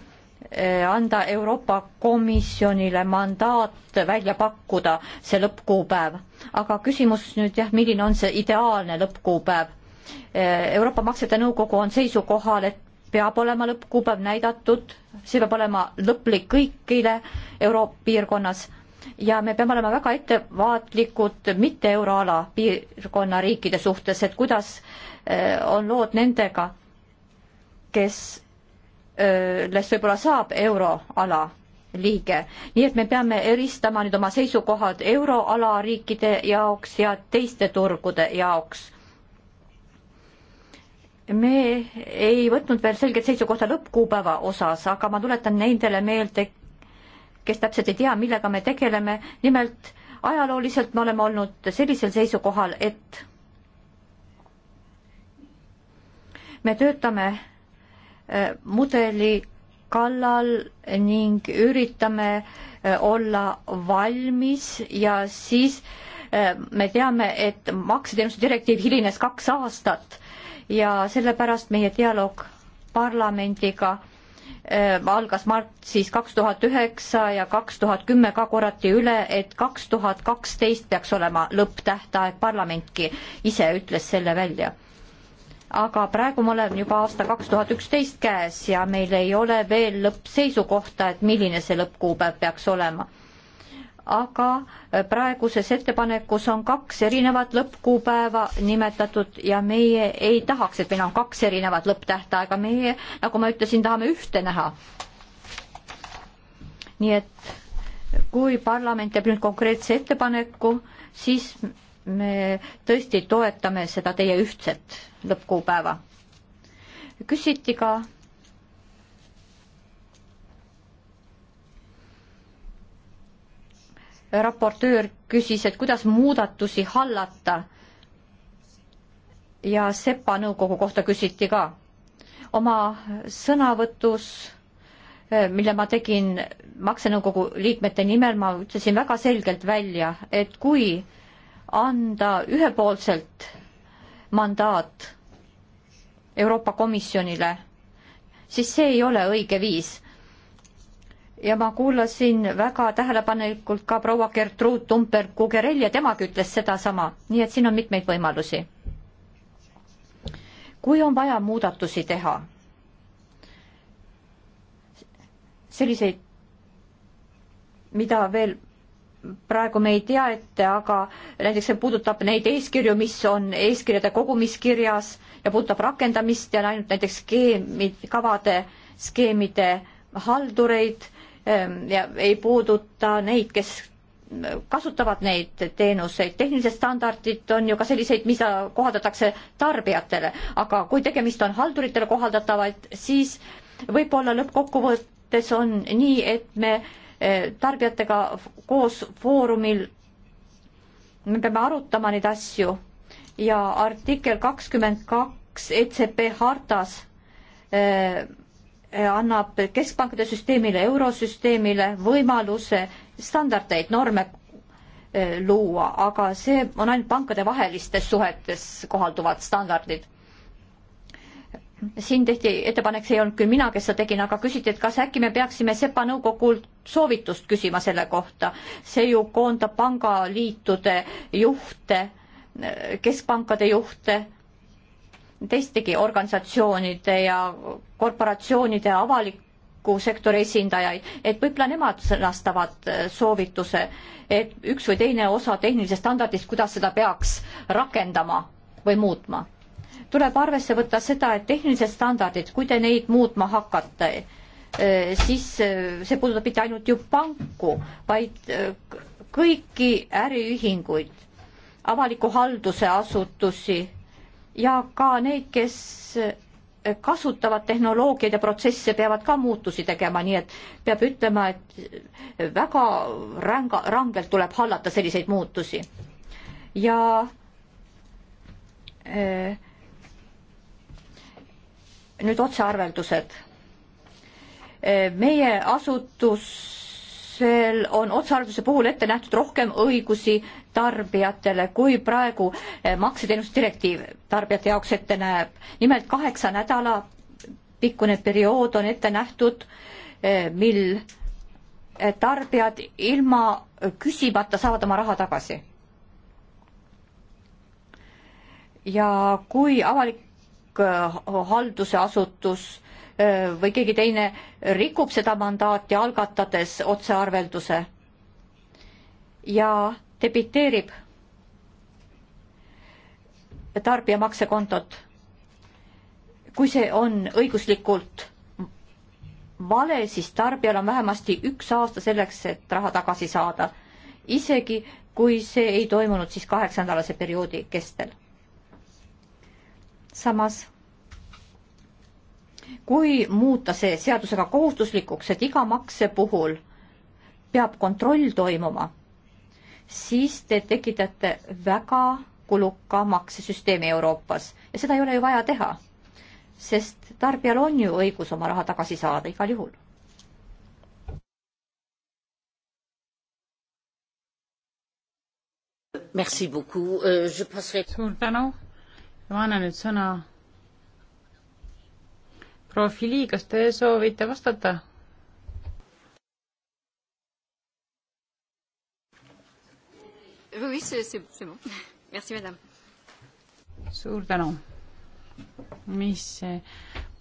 S2: öö, äh, anda Euroopa Komisjonile mandaat välja pakkuda see lõppkuupäev. aga küsimus nüüd jah, milline on see ideaalne lõppkuupäev Euroopa Maksjate Nõukogu on seisukohal, et peab olema lõppkuupäev näidatud, see peab olema lõplik kõigile Euroopa piirkonnas ja me peame olema väga ettevaatlikud mitte euroala piirkonna riikide suhtes, et kuidas eh, on lood nendega, kes, kes eh, võib-olla saab euroala liige, nii et me peame eristama nüüd oma seisukohad euroala riikide jaoks ja teiste turgude jaoks me ei võtnud veel selget seisukohta lõppkuupäeva osas, aga ma tuletan nendele meelde, kes täpselt ei tea, millega me tegeleme, nimelt ajalooliselt me oleme olnud sellisel seisukohal, et me töötame äh, mudeli kallal ning üritame äh, olla valmis ja siis äh, me teame, et makseteenuste direktiiv hilines kaks aastat ja sellepärast meie dialoog parlamendiga äh, algas märtsis kaks tuhat üheksa ja kaks tuhat kümme ka korrati üle, et kaks tuhat kaksteist peaks olema lõpptähtaeg, parlamentki ise ütles selle välja. aga praegu me oleme juba aasta kaks tuhat üksteist käes ja meil ei ole veel lõppseisukohta, et milline see lõppkuupäev peaks olema aga äh, praeguses ettepanekus on kaks erinevat lõppkuupäeva nimetatud ja meie ei tahaks, et meil on kaks erinevat lõpptähtaega, meie, nagu ma ütlesin, tahame ühte näha. nii et kui parlament teeb nüüd konkreetse ettepaneku, siis me tõesti toetame seda teie ühtset lõppkuupäeva. küsiti ka raportöör küsis, et kuidas muudatusi hallata. ja SEPA nõukogu kohta küsiti ka. oma sõnavõtus, mille ma tegin maksenõukogu liikmete nimel, ma ütlesin väga selgelt välja, et kui anda ühepoolselt mandaat Euroopa Komisjonile, siis see ei ole õige viis ja ma kuulasin väga tähelepanelikult ka proua Gertruud Tumper-Kugerell ja temagi ütles sedasama, nii et siin on mitmeid võimalusi. kui on vaja muudatusi teha, selliseid, mida veel praegu me ei tea ette, aga näiteks see puudutab neid eeskirju, mis on eeskirjade kogumiskirjas ja puudutab rakendamist ja ainult näiteks skeemid, kavade, skeemide haldureid Ehm, ja ei puuduta neid, kes kasutavad neid teenuseid, tehnilised standardid on ju ka selliseid, mida kohaldatakse tarbijatele, aga kui tegemist on halduritele kohaldatavaid, siis võib-olla lõppkokkuvõttes on nii, et me eh, tarbijatega koos foorumil, me peame arutama neid asju ja artikkel kakskümmend kaks ECP hartas eh, annab keskpankade süsteemile, eurosüsteemile võimaluse standardeid, norme eh, luua, aga see on ainult pankadevahelistes suhetes kohalduvad standardid. siin tehti ettepanek, see ei olnud küll mina, kes seda tegin, aga küsiti, et kas äkki me peaksime SEPA nõukogult soovitust küsima selle kohta. see ju koondab pangaliitude juhte, eh, keskpankade juhte teistegi organisatsioonide ja korporatsioonide avaliku sektori esindajaid, et võib-olla nemad sõnastavad äh, soovituse, et üks või teine osa tehnilisest standardist, kuidas seda peaks rakendama või muutma. tuleb arvesse võtta seda, et tehnilised standardid, kui te neid muutma hakkate, äh, siis äh, see puudutab mitte ainult ju panku, vaid kõiki äriühinguid, avaliku halduse asutusi ja ka need, kes kasutavad tehnoloogiaid ja protsesse, peavad ka muutusi tegema, nii et peab ütlema, et väga ränga, rangelt tuleb hallata selliseid muutusi. ja äh, nüüd otsearveldused. Äh, meie asutus määrusel on otsearvutuse puhul ette nähtud rohkem õigusi tarbijatele, kui praegu eh, makseteenuste direktiiv tarbijate jaoks ette näeb. nimelt kaheksa nädala pikkune periood on ette nähtud, eh, mil eh, tarbijad ilma küsimata saavad oma raha tagasi. ja kui avalik halduse asutus või keegi teine rikub seda mandaati, algatades otsearvelduse ja debiteerib tarbija maksekontot, kui see on õiguslikult vale, siis tarbijal on vähemasti üks aasta selleks, et raha tagasi saada. isegi kui see ei toimunud siis kaheksa nädalase perioodi kestel. samas kui muuta see seadusega kohustuslikuks, et iga makse puhul peab kontroll toimuma, siis te tekitate väga kuluka maksesüsteemi Euroopas ja seda ei ole ju vaja teha, sest tarbijal on ju õigus oma raha tagasi saada igal juhul. Euh,
S1: suur tänu ja ma annan nüüd sõna proua Fili, kas te soovite vastata? suur tänu. mis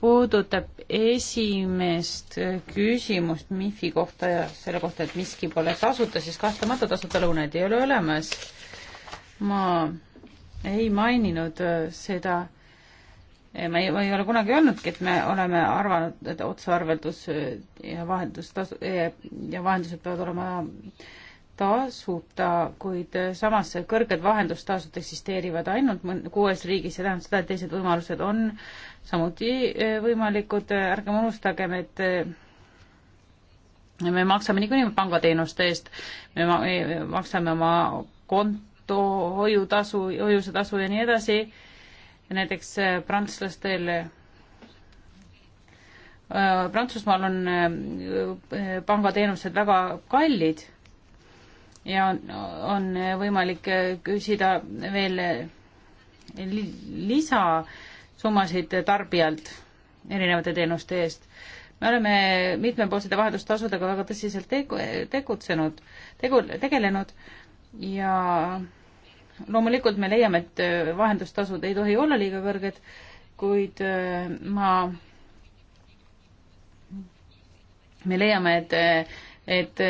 S1: puudutab esimest küsimust MIFi kohta ja selle kohta, et miski pole tasuta, siis kahtlemata tasuta lõunaid ei ole olemas. ma ei maininud seda Eh, ma ei, ma ei ole kunagi öelnudki, et me oleme arvanud, et otsearveldus eh, ja vahendustasu eh, ja vahendused peavad olema tasuta, kuid samas kõrged vahendustasud eksisteerivad ainult kuues riigis, see tähendab seda, et teised võimalused on samuti võimalikud, ärgem unustagem, et me maksame niikuinii pangateenuste eest, me maksame oma konto hoiutasu, hoiusetasu ja nii edasi näiteks äh, prantslastel äh, Prantsusmaal on äh, pangateenused väga kallid ja on, on võimalik küsida veel lisasummasid tarbijalt erinevate teenuste eest. me oleme mitmepoolsete vahetustasudega väga tõsiselt tegu, tegutsenud, tegu, tegelenud ja loomulikult me leiame, et äh, vahendustasud ei tohi olla liiga kõrged, kuid äh, ma, me leiame, et, äh, et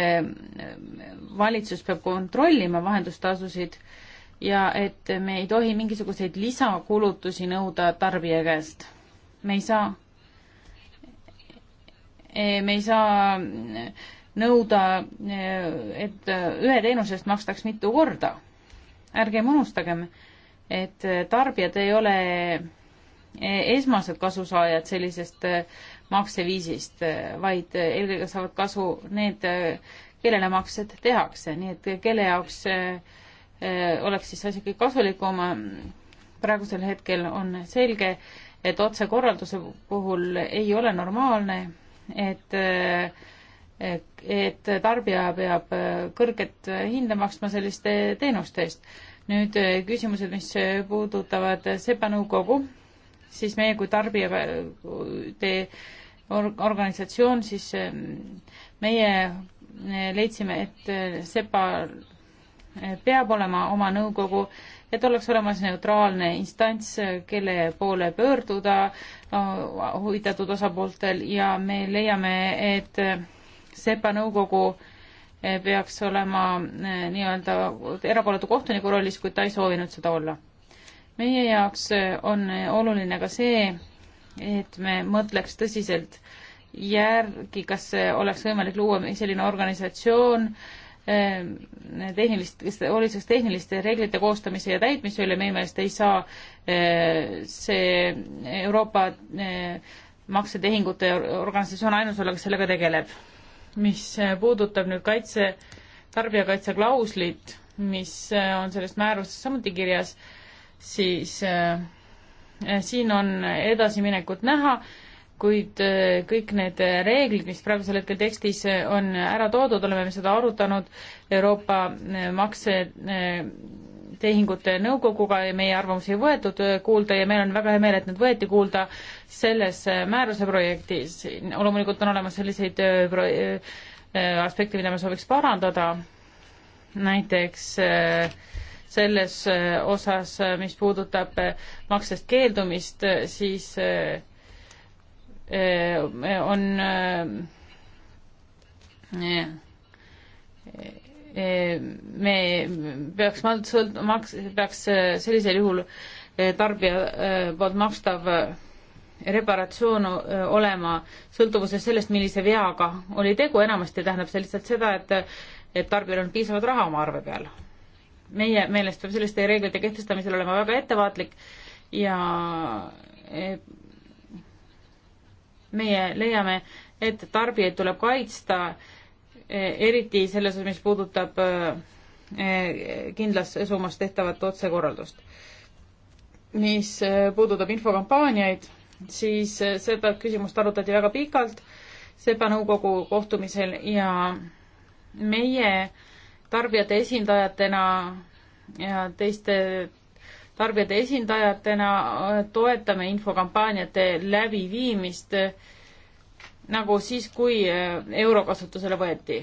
S1: valitsus peab kontrollima vahendustasusid ja et me ei tohi mingisuguseid lisakulutusi nõuda tarbija käest. me ei saa, eh, me ei saa nõuda, eh, et ühe teenuse eest makstaks mitu korda ärgem unustagem, et äh, tarbijad ei ole e, esmased kasusaajad sellisest äh, makseviisist, äh, vaid eelkõige saavad kasu need, kellele maksed tehakse, nii et kelle jaoks oleks siis asi kõige kasulikum. praegusel hetkel on selge, et otsekorralduse puhul ei ole normaalne, et äh, et tarbija peab äh, kõrget hinda maksma selliste teenuste eest. nüüd äh, küsimused, mis äh, puudutavad SEPA nõukogu, siis meie kui tarbija tee organisatsioon, siis ähm, meie leidsime, et SEPA peab olema oma nõukogu, et oleks olemas neutraalne instants, kelle poole pöörduda huvitatud osapooltel ja me leiame, et SEPA nõukogu eh, peaks olema eh, nii-öelda erapooletu kohtuniku rollis, kuid ta ei soovinud seda olla. meie jaoks eh, on oluline ka see, et me mõtleks tõsiselt järgi, kas oleks võimalik luua selline organisatsioon, tehnilist, oluliseks tehniliste reeglite koostamise ja täitmise üle, meie meelest ei saa see Euroopa maksetehingute organisatsioon ainus olla, kes sellega tegeleb mis puudutab nüüd kaitse, tarbijakaitse klauslit, mis äh, on selles määruses samuti kirjas, siis äh, äh, siin on edasiminekut näha, kuid äh, kõik need reeglid, mis praegusel hetkel tekstis äh, on ära toodud, oleme me seda arutanud Euroopa makse äh, tehingute nõukoguga ja meie arvamusi ei võetud kuulda ja meil on väga hea meel, et need võeti kuulda selles määruse projektis. loomulikult on olemas selliseid äh, äh, aspekte, mida me sooviks parandada, näiteks äh, selles osas, mis puudutab maksest keeldumist, siis on me peaks sõlt-, maks-, peaks äh, sellisel juhul äh, tarbija äh, poolt makstav reparatsioon olema sõltuvuses sellest, millise veaga oli tegu, enamasti tähendab see lihtsalt seda, et, et tarbijal on piisavalt raha oma arve peal. meie meelest peab selliste reeglite kehtestamisel olema väga ettevaatlik ja meie leiame, et tarbijaid tuleb kaitsta äh, E, eriti selles, mis puudutab e, e, kindlas summas tehtavat otsekorraldust. mis puudutab infokampaaniaid, siis seda küsimust arutati väga pikalt SEPA nõukogu kohtumisel ja meie tarbijate esindajatena ja teiste tarbijate esindajatena toetame infokampaaniate läbiviimist nagu siis, kui äh, euro kasutusele võeti.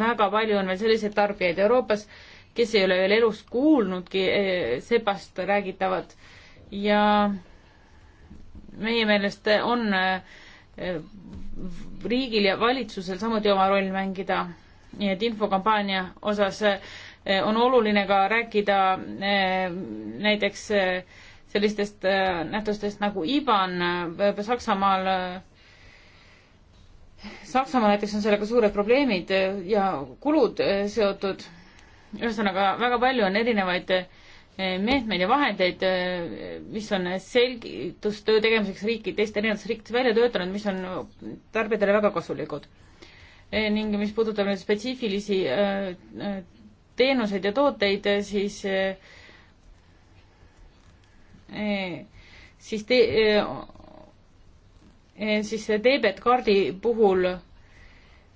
S1: väga palju on veel selliseid tarbijaid Euroopas, kes ei ole veel elus kuulnudki äh, sepast räägitavat ja meie meelest on äh, riigil ja valitsusel samuti oma roll mängida, nii et infokampaania osas on oluline ka rääkida näiteks sellistest nähtustest nagu IBAN Saksamaal Saksamaa näiteks on sellega suured probleemid eh, ja kulud eh, seotud. ühesõnaga, väga palju on erinevaid eh, meetmeid ja vahendeid, mis on selgitustöö tegemiseks riiki, teiste erinevates riikides välja töötanud, mis on tarbijatele väga kasulikud. ning mis puudutab nüüd spetsiifilisi teenuseid ja tooteid, siis siis te, Eh, siis debetkaardi puhul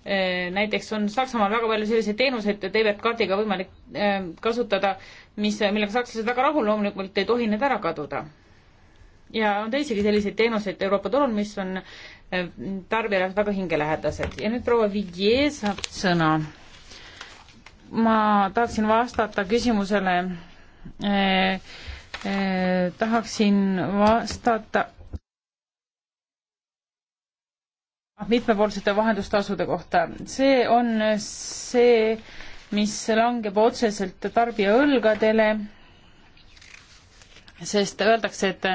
S1: eh, näiteks on Saksamaal väga palju selliseid teenuseid debetkaardiga võimalik eh, kasutada, mis, millega sakslased väga rahuloomulikult ei tohi need ära kaduda. ja on teisigi selliseid teenuseid Euroopa turul, mis on tarbijale väga hingelähedased ja nüüd proua Vigier saab sõna. ma tahaksin vastata küsimusele eh,, eh, tahaksin vastata mitmepoolsete vahendustasude kohta. see on see, mis langeb otseselt tarbija õlgadele, sest öeldakse, et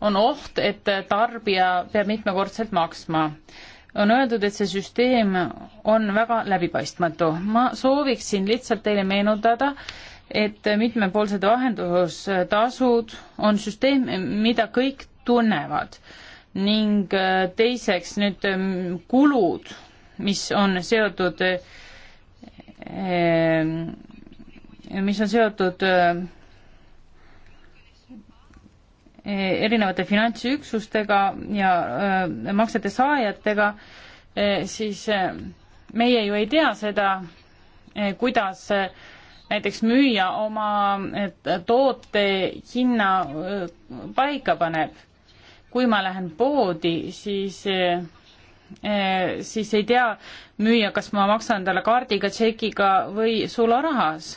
S1: on oht, et tarbija peab mitmekordselt maksma. on öeldud, et see süsteem on väga läbipaistmatu. ma sooviksin lihtsalt teile meenutada, et mitmepoolsed vahendustasud on süsteem, mida kõik tunnevad ning äh, teiseks nüüd ähm, kulud, mis on seotud, äh, ähm, mis on seotud äh, erinevate finantsüksustega ja maksete saajatega, siis meie ju ei tea seda, kuidas näiteks müüja oma toote hinna paika paneb kui ma lähen poodi, siis eh, siis ei tea müüja, kas ma maksan talle kaardiga, tšekiga või sularahas.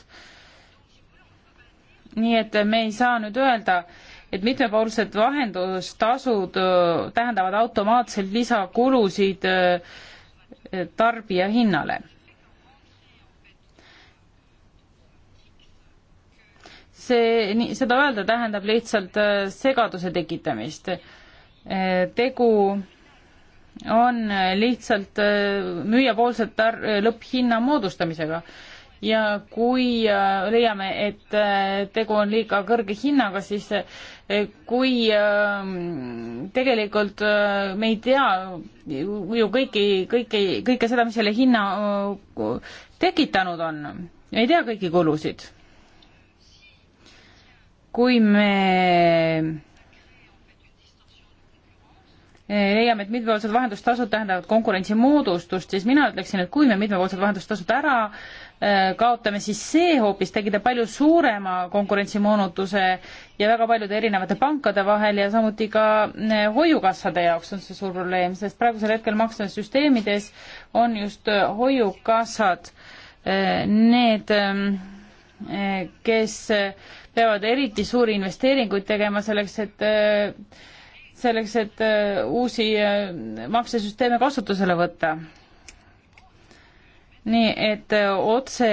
S1: nii et me ei saa nüüd öelda, et mitmepoolsed vahendustasud eh, tähendavad automaatselt lisakulusid eh, tarbija hinnale. see, nii, seda öelda tähendab lihtsalt segaduse tekitamist Eh, tegu on lihtsalt eh, müüjapoolset tar-, eh, lõpphinna moodustamisega. ja kui leiame, et tegu on liiga kõrge hinnaga, siis kui tegelikult me ei tea ju kõiki, kõiki, kõike seda, mis selle hinna tekitanud on, ei tea kõiki kulusid. kui me Eh, leiame, et mitmepoolsed vahendustasud tähendavad konkurentsimoodustust, siis mina ütleksin, et kui me mitmepoolsed vahendustasud ära eh, kaotame, siis see hoopis tekitab palju suurema konkurentsimoonutuse ja väga paljude erinevate pankade vahel ja samuti ka eh, hoiukassade jaoks on see suur probleem, sest praegusel hetkel maksesüsteemides on just hoiukassad need, ehm, kes peavad eriti suuri investeeringuid tegema selleks, et selleks, et äh, uusi äh, maksesüsteeme kasutusele võtta. nii et äh, otse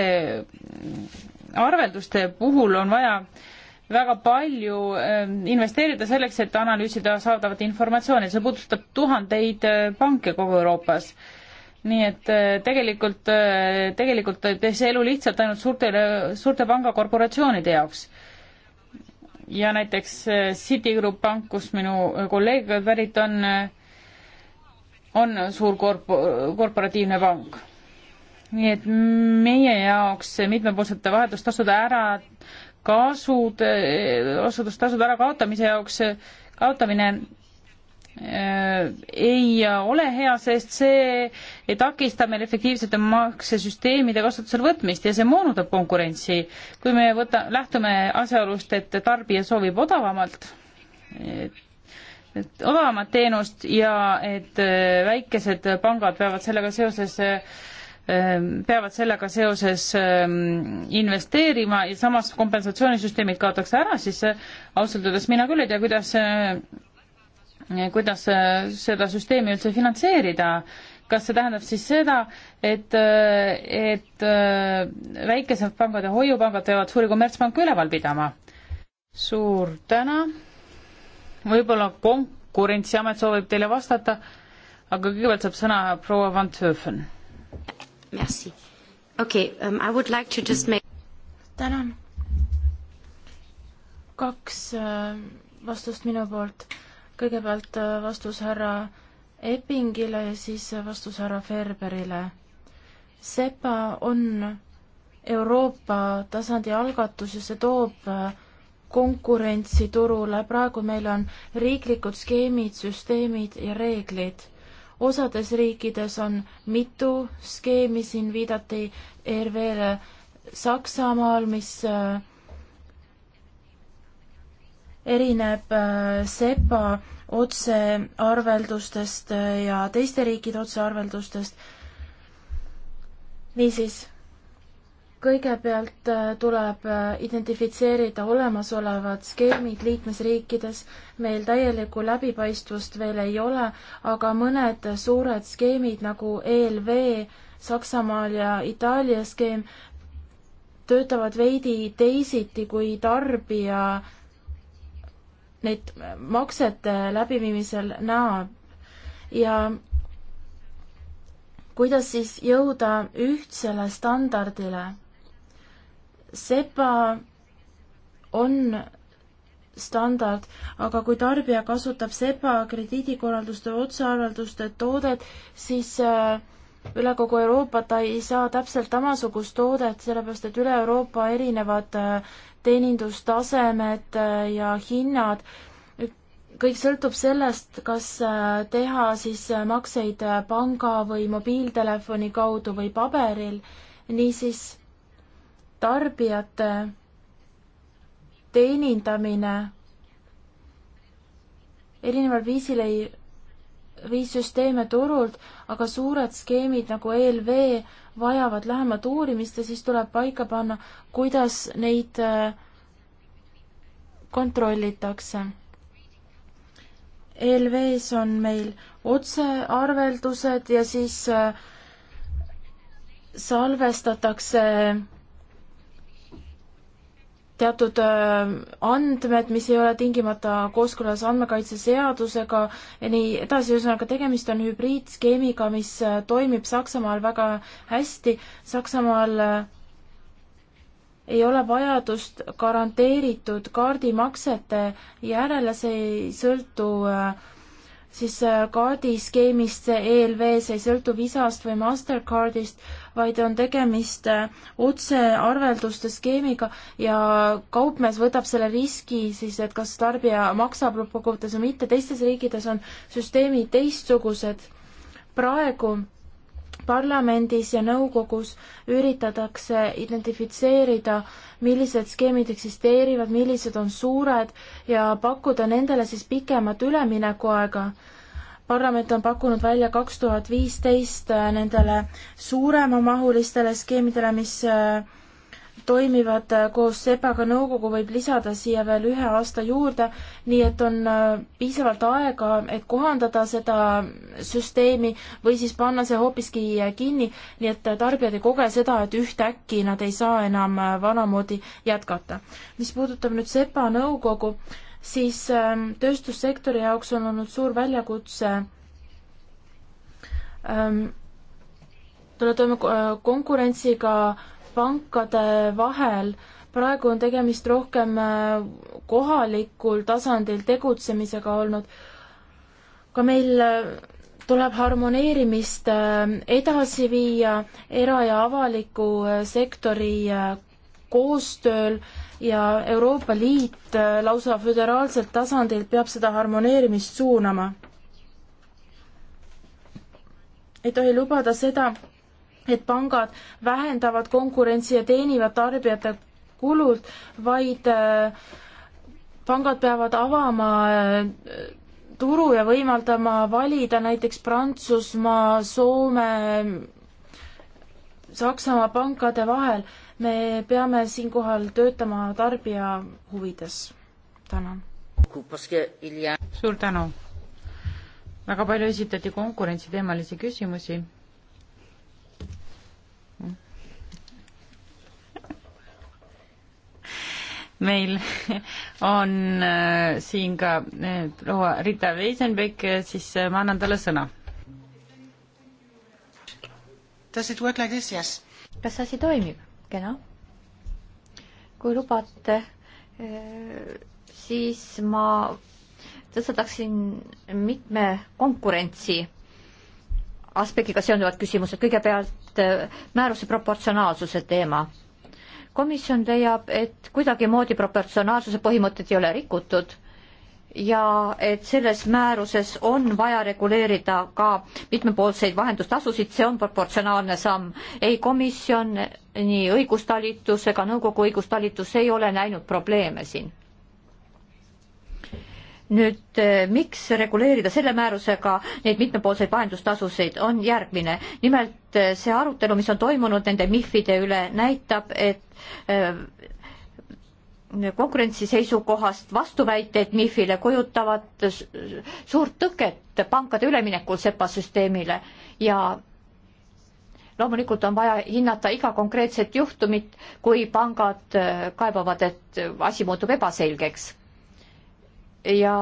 S1: arvelduste puhul on vaja väga palju investeerida selleks, et analüüsida saadavat informatsiooni, see puudutab tuhandeid panke kogu Euroopas. nii et tegelikult, tegelikult teeb see elu lihtsalt ainult suurtele, suurte pangakorporatsioonide jaoks ja näiteks äh, Citigroup pank, kus minu äh, kolleeg pärit on, äh, on suur korp-, korporatiivne pank. nii et meie jaoks mitmepoolsete vahetustasude ära kasud, osutustasud ära kaotamise jaoks, kaotamine Äh, ei ole hea, sest see takistab meil efektiivsete maksesüsteemide kasutusele võtmist ja see moonutab konkurentsi. kui me võta, lähtume asjaolust, et tarbija soovib odavamalt, et odavamat teenust ja et äh, väikesed pangad peavad sellega seoses äh, peavad sellega seoses ähm, investeerima ja samas kompensatsioonisüsteemid kaotakse ära, siis ausalt öeldes mina küll ei tea, kuidas kuidas äh, seda süsteemi üldse finantseerida, kas see tähendab siis seda, et, äh, et äh, väikesed pangad ja hoiupangad peavad suuri kommertspanku üleval pidama? suur tänu, võib-olla Konkurentsiamet soovib teile vastata, aga kõigepealt saab sõna proua Van Töfen. Merci.
S3: Okay, um, I would like to just make tänan. kaks äh, vastust minu poolt kõigepealt äh, vastus härra Eppingile ja siis äh, vastus härra Ferberile. SEPA on Euroopa tasandi algatus ja see toob äh, konkurentsi turule, praegu meil on riiklikud skeemid, süsteemid ja reeglid. osades riikides on mitu skeemi, siin viidati ERV-le Saksamaal, mis äh, erineb äh, SEPA otsearveldustest äh, ja teiste riikide otsearveldustest. niisiis, kõigepealt äh, tuleb identifitseerida olemasolevad skeemid liikmesriikides. meil täielikku läbipaistvust veel ei ole, aga mõned suured skeemid nagu ELV, Saksamaal ja Itaalia skeem töötavad veidi teisiti kui tarbija neid maksete äh, läbiviimisel näeb ja kuidas siis jõuda ühtsele standardile. SEPA on standard, aga kui tarbija kasutab SEPA krediidikorralduste otsearvelduste toodet, siis äh, üle kogu Euroopa ta ei saa täpselt samasugust toodet, sellepärast et üle Euroopa erinevad äh, teenindustasemed äh, ja hinnad, kõik sõltub sellest, kas äh, teha siis äh, makseid panga või mobiiltelefoni kaudu või paberil, niisiis tarbijate teenindamine erineval viisil ei, viis süsteeme turult, aga suured skeemid nagu ELV vajavad lähemat uurimist ja siis tuleb paika panna, kuidas neid äh, kontrollitakse. ELV-s on meil otsearveldused ja siis äh, salvestatakse teatud äh, andmed, mis ei ole tingimata kooskõlas andmekaitseseadusega ja nii edasi, ühesõnaga tegemist on hübriidskeemiga, mis äh, toimib Saksamaal väga hästi. Saksamaal äh, ei ole vajadust garanteeritud kaardimaksete järele, see ei sõltu äh, siis äh, kaardiskeemist see ELV-s ei sõltu Visast või Mastercardist, vaid on tegemist äh, otsearvelduste skeemiga ja kaupmees võtab selle riski siis, et kas tarbija maksab lõppkokkuvõttes või mitte, teistes riikides on süsteemid teistsugused. praegu parlamendis ja nõukogus üritatakse identifitseerida, millised skeemid eksisteerivad, millised on suured ja pakkuda nendele siis pikemat üleminekuaega. parlament on pakkunud välja kaks tuhat viisteist äh, nendele suuremamahulistele skeemidele, mis äh, toimivad äh, koos SEPAga nõukogu võib lisada siia veel ühe aasta juurde, nii et on äh, piisavalt aega, et kohandada seda süsteemi või siis panna see hoopiski äh, kinni, nii et tarbijad ei koge seda, et ühtäkki nad ei saa enam vanamoodi jätkata. mis puudutab nüüd SEPA nõukogu, siis ähm, tööstussektori jaoks on olnud suur väljakutse ähm, tulla toime konkurentsiga äh, pankade vahel. praegu on tegemist rohkem äh, kohalikul tasandil tegutsemisega olnud. ka meil äh, tuleb harmoneerimist äh, edasi viia era- ja avaliku sektori koostööl ja Euroopa Liit lausa föderaalselt tasandilt peab seda harmoneerimist suunama. ei tohi lubada seda, et pangad vähendavad konkurentsi ja teenivad tarbijate kulult, vaid äh, pangad peavad avama äh, turu ja võimaldama valida näiteks Prantsusmaa, Soome, Saksamaa pankade vahel. me peame siinkohal töötama tarbija huvides. tänan.
S1: suur tänu. väga palju esitati konkurentsiteemalisi küsimusi meil on äh, siin ka äh, proua Rita Weisenbeck, äh, siis ma annan talle sõna.
S2: Like yes. kas asi toimib? kena. kui lubate, siis ma tõstataksin mitme konkurentsi aspektiga seonduvad küsimused. kõigepealt määruse proportsionaalsuse teema komisjon leiab, et kuidagimoodi proportsionaalsuse põhimõtted ei ole rikutud ja et selles määruses on vaja reguleerida ka mitmepoolseid vahendustasusid, see on proportsionaalne samm. ei komisjon, nii õigustalitus ega nõukogu õigustalitus ei ole näinud probleeme siin. nüüd eh, miks reguleerida selle määrusega neid mitmepoolseid vahendustasusid, on järgmine. nimelt eh, see arutelu, mis on toimunud nende MIF-ide üle, näitab, et Äh, konkurentsi seisukohast vastuväiteid MIFile kujutavad suurt tõket pankade üleminekul SEPA süsteemile ja loomulikult on vaja hinnata iga konkreetset juhtumit, kui pangad äh, kaebavad, et asi muutub ebaselgeks. ja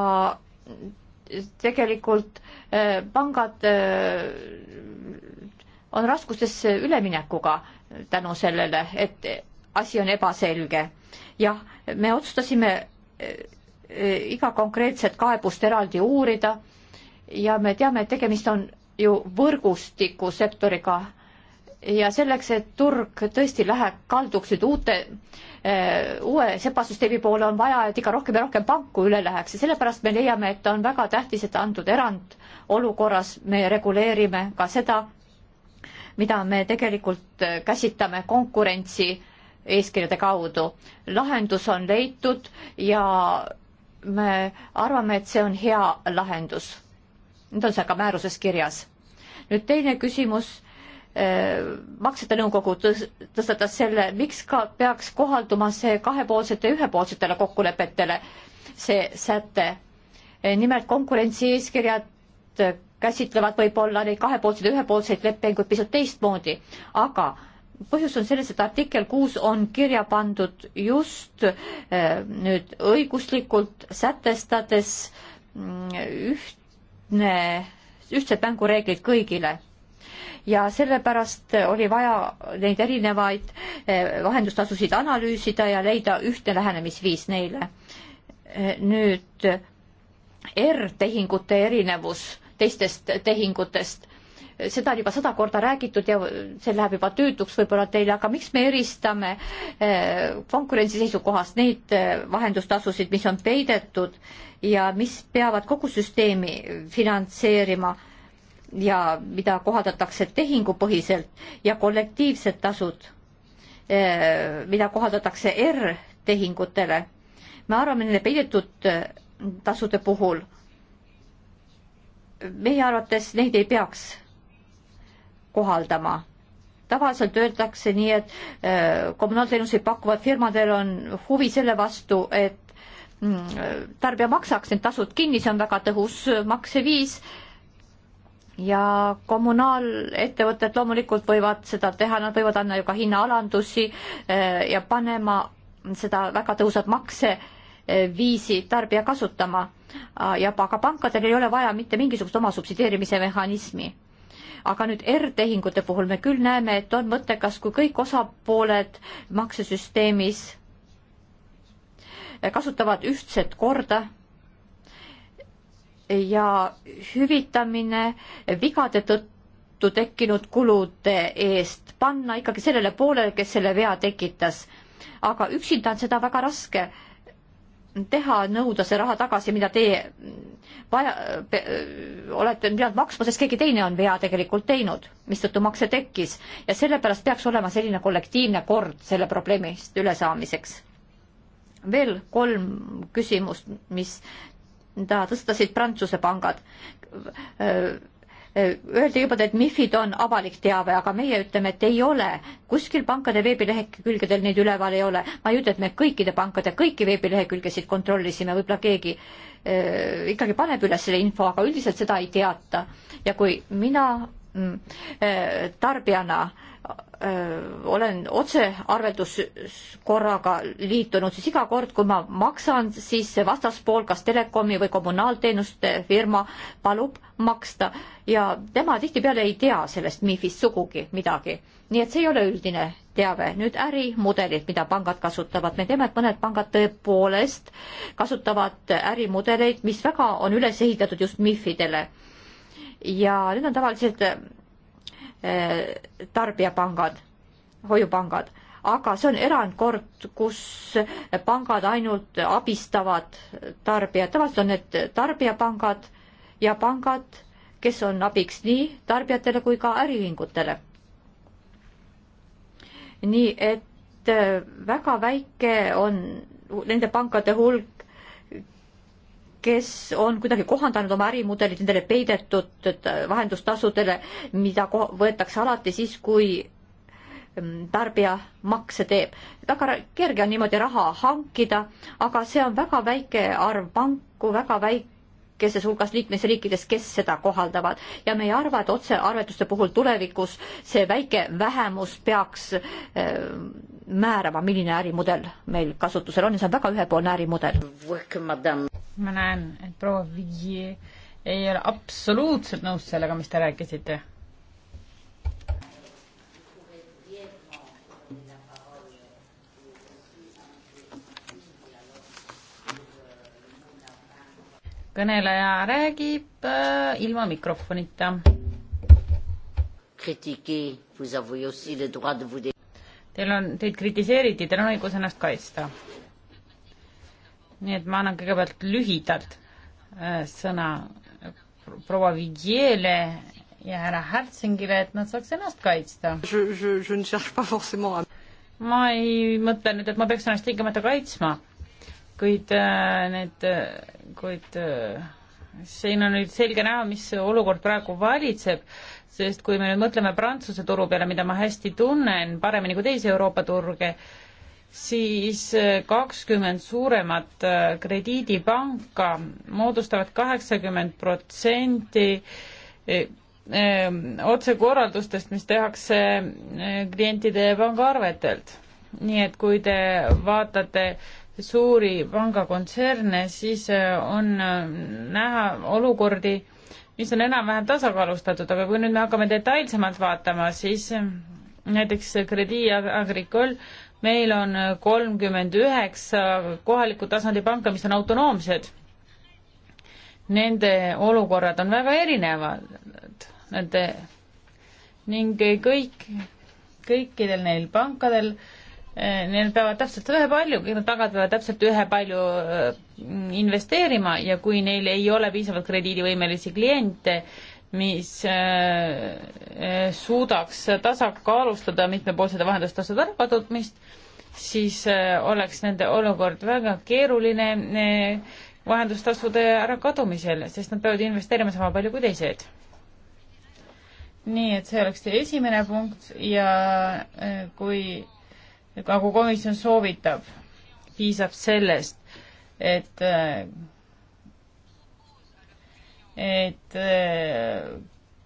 S2: tegelikult äh, pangad on raskustesse üleminekuga tänu sellele, et asi on ebaselge. jah, me otsustasime e, e, iga konkreetset kaebust eraldi uurida ja me teame, et tegemist on ju võrgustiku sektoriga ja selleks, et turg tõesti läheb, kalduks nüüd uute, e, uue sepasüsteemi poole, on vaja, et ikka rohkem ja rohkem panku üle läheks ja sellepärast me leiame, et on väga tähtis, et antud erand olukorras me reguleerime ka seda, mida me tegelikult käsitame konkurentsi eeskirjade kaudu. lahendus on leitud ja me arvame, et see on hea lahendus. nüüd on see ka määruses kirjas. nüüd teine küsimus äh, maksete nõukogu tõs-, tõstatas selle, miks ka peaks kohalduma see kahepoolsete ja ühepoolsetele kokkulepetele see säte. Äh, nimelt konkurentsieeskirjad äh, käsitlevad võib-olla neid kahepoolseid ja ühepoolseid lepinguid pisut teistmoodi, aga põhjus on selles, et artikkel kuus on kirja pandud just eh, nüüd õiguslikult sätestades mm, ühtne, ühtsed mängureeglid kõigile ja sellepärast oli vaja neid erinevaid eh, vahendustasusid analüüsida ja leida ühtne lähenemisviis neile. Eh, nüüd R-tehingute erinevus teistest tehingutest seda on juba sada korda räägitud ja see läheb juba tüütuks võib-olla teile, aga miks me eristame eh, konkurentsi seisukohast neid eh, vahendustasusid, mis on peidetud ja mis peavad kogu süsteemi finantseerima ja mida kohaldatakse tehingupõhiselt ja kollektiivsed tasud, eh, mida kohaldatakse R-tehingutele. me arvame nende peidetud tasude puhul meie arvates neid ei peaks kohaldama. tavaliselt öeldakse nii, et äh, kommunaalteenuseid pakkuvad firmadel on huvi selle vastu, et mm, tarbija maksaks need tasud kinni, see on väga tõhus makseviis ja kommunaalettevõtted loomulikult võivad seda teha, nad võivad anda ju ka hinnaalandusi äh, ja panema seda väga tõhusat makseviisi äh, tarbija kasutama. ja aga pankadel ei ole vaja mitte mingisugust oma subsideerimise mehhanismi aga nüüd R-tehingute puhul me küll näeme, et on mõttekas, kui kõik osapooled maksesüsteemis kasutavad ühtset korda ja hüvitamine vigade tõttu tekkinud kulude eest panna ikkagi sellele poolele, kes selle vea tekitas. aga üksinda on seda väga raske teha, nõuda see raha tagasi, mida teie vaja, olete pidanud maksma, sest keegi teine on vea tegelikult teinud, mistõttu makse tekkis ja sellepärast peaks olema selline kollektiivne kord selle probleemist ülesaamiseks. veel kolm küsimust, mis ta tõstasid Prantsuse pangad. Äh, Öeldi juba, et MIFID on avalik teave, aga meie ütleme, et ei ole. kuskil pankade veebilehekülgedel neid üleval ei ole. ma ei ütle, et me kõikide pankade kõiki veebilehekülgesid kontrollisime, võib-olla keegi äh, ikkagi paneb üles selle info, aga üldiselt seda ei teata. ja kui mina mm, äh, tarbijana äh, olen otse arvelduskorraga liitunud, siis iga kord, kui ma maksan, siis see vastaspool, kas telekomi või kommunaalteenuste firma, palub maksta ja tema tihtipeale ei tea sellest MIFist sugugi midagi. nii et see ei ole üldine teave. nüüd ärimudelid, mida pangad kasutavad, me teame, et mõned pangad tõepoolest kasutavad ärimudeleid, mis väga on üles ehitatud just MIFidele. ja need on tavaliselt Eh, tarbijapangad, hoiupangad, aga see on erandkord, kus pangad ainult abistavad tarbijat, tavaliselt on need tarbijapangad ja pangad, kes on abiks nii tarbijatele kui ka äriühingutele. nii et eh, väga väike on nende pankade hulk, kes on kuidagi kohandanud oma ärimudelid nendele peidetud äh, vahendustasudele, mida võetakse alati siis, kui mm, tarbija makse teeb. väga kerge on niimoodi raha hankida, aga see on väga väike arv panku, väga väike väikeses hulgas liikmesriikides, kes seda kohaldavad ja me ei arva, et otsearvetuste puhul tulevikus see väike vähemus peaks äh, määrama, milline ärimudel meil kasutusel on ja see on väga ühepoolne ärimudel.
S1: ma näen, et proua Vigi ei ole absoluutselt nõus sellega, mis te rääkisite kõneleja räägib äh, ilma mikrofonita. Teil on, teid kritiseeriti, teil on õigus ennast kaitsta. nii et ma annan kõigepealt lühidalt äh, sõna proua Vigiele ja härra Härtsingile, et nad saaks ennast kaitsta. ma ei mõtle nüüd, et ma peaks ennast tingimata kaitsma kuid äh, need, äh, kuid äh, siin on nüüd selge näha, mis olukord praegu valitseb, sest kui me nüüd mõtleme Prantsuse turu peale, mida ma hästi tunnen paremini kui teisi Euroopa turge, siis kakskümmend suuremat krediidipanka moodustavad kaheksakümmend protsenti otsekorraldustest, mis tehakse klientide pangaarvetelt. nii et kui te vaatate äh, suuri pangakontserne, siis äh, on äh, näha olukordi, mis on enam-vähem tasakaalustatud, aga kui nüüd me hakkame detailsemalt vaatama, siis äh, näiteks Credit Agricole, meil on kolmkümmend üheksa kohaliku tasandi panka, mis on autonoomsed. Nende olukorrad on väga erinevad, nende ning kõik, kõikidel neil pankadel äh, Eh, neil peavad täpselt ühe palju, kõik need pangad peavad täpselt ühe palju eh, investeerima ja kui neil ei ole piisavalt krediidivõimelisi kliente, mis eh, suudaks tasakaalustada mitmepoolsete vahendustasude ärakadumist, siis oleks nende olukord väga keeruline vahendustasude ärakadumisel, sest nad peavad investeerima sama palju kui teised. nii et see oleks see esimene punkt ja kui nagu komisjon soovitab, piisab sellest, et, et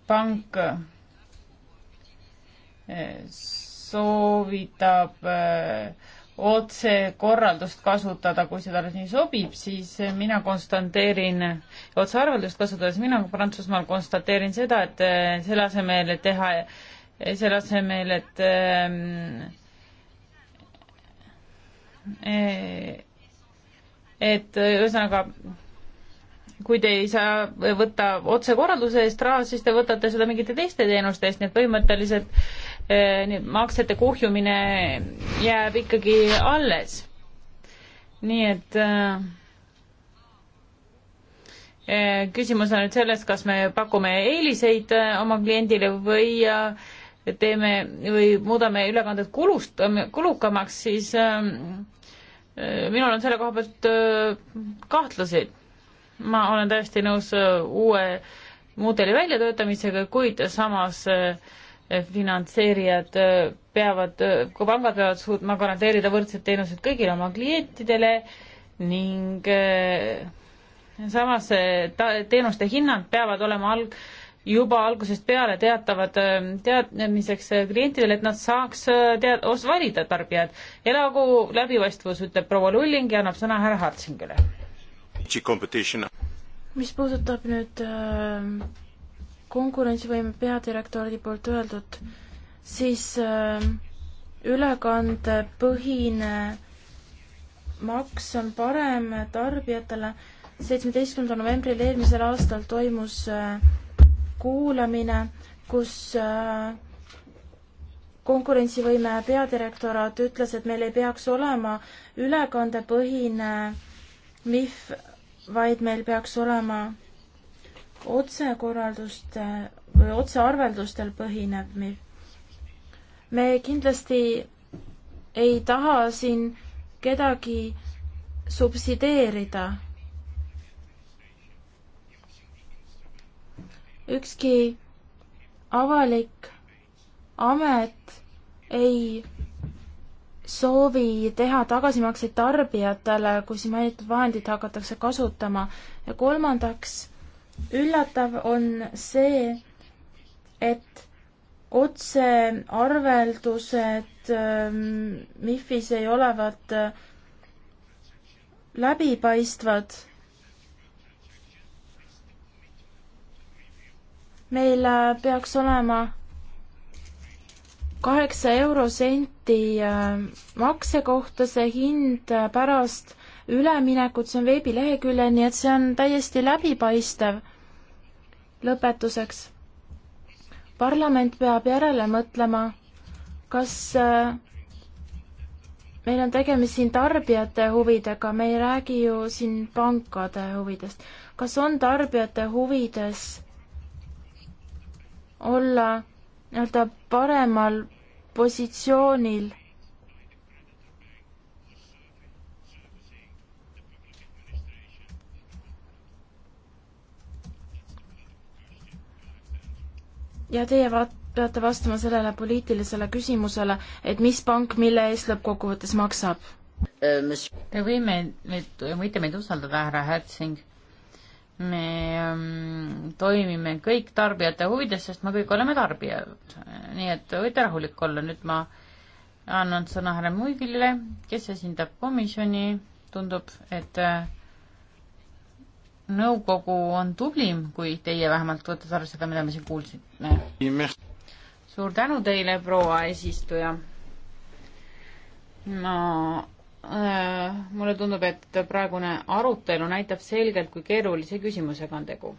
S1: pank soovitab äh, otsekorraldust kasutada, kui seda nii sobib, siis mina konstanteerin, otsearveldust kasutades mina Prantsusmaal konstateerin seda, et äh, selle asemel, et teha, selle asemel, et ähm, Eh, et eh, ühesõnaga, kui te ei saa võtta otsekorralduse eest raha, siis te võtate seda mingite teiste teenuste eest, nii et põhimõtteliselt eh, need maksete kuhjumine jääb ikkagi alles. nii et äh, küsimus on nüüd selles, kas me pakume eeliseid oma kliendile või teeme või muudame ülekanded kulust, kulukamaks, siis Äh, minul on selle koha pealt äh, kahtlusi. ma olen täiesti nõus äh, uue mudeli väljatöötamisega, kuid samas finantseerijad peavad, kui pangad peavad suutma garanteerida võrdsed teenused kõigile oma klientidele ning samas ta-, teenuste hinnad peavad olema alg-, juba algusest peale teatavad äh, teadmiseks äh, klientidele, et nad saaks äh, tead-, valida tarbijad. elagu läbipaistvus, ütleb proua Lulling ja annab sõna härra Hartsingile.
S3: mis puudutab nüüd äh, konkurentsivõime peadirektori poolt öeldud, siis äh, ülekandepõhine maks on parem tarbijatele. seitsmeteistkümnendal novembril eelmisel aastal toimus äh, kuulamine, kus äh, konkurentsivõime peadirektoraat ütles, et meil ei peaks olema ülekandepõhine MIF, vaid meil peaks olema otsekorralduste või otsearveldustel põhinev MIF. me kindlasti ei taha siin kedagi subsideerida ükski avalik amet ei soovi teha tagasimakseid tarbijatele, kui siin mainitud vahendid hakatakse kasutama. ja kolmandaks, üllatav on see, et otsearveldused ähm, MIFis ei olevat läbipaistvad meil äh, peaks olema kaheksa eurosenti äh, makse kohta see hind äh, pärast üleminekut, see on veebileheküljel, nii et see on täiesti läbipaistev. lõpetuseks. parlament peab järele mõtlema, kas meil on tegemist siin tarbijate huvidega, me ei räägi ju siin pankade huvidest. kas on tarbijate huvides olla nii-öelda paremal positsioonil. ja teie vaat-, peate vastama sellele poliitilisele küsimusele, et mis pank mille eest lõppkokkuvõttes maksab? Äh, Te võime nüüd, võite meid
S1: usaldada, härra Hätsing me ähm, toimime kõik tarbijate huvides, sest me kõik oleme tarbijad. nii et võite rahulik olla, nüüd ma annan sõna härra Muigile, kes esindab komisjoni, tundub, et äh, nõukogu on tublim, kui teie vähemalt võttes arvestada, mida me siin kuulsime. suur tänu teile, proua eesistuja. ma Äh, mulle tundub, et praegune arutelu näitab selgelt, kui keerulise küsimusega on tegu.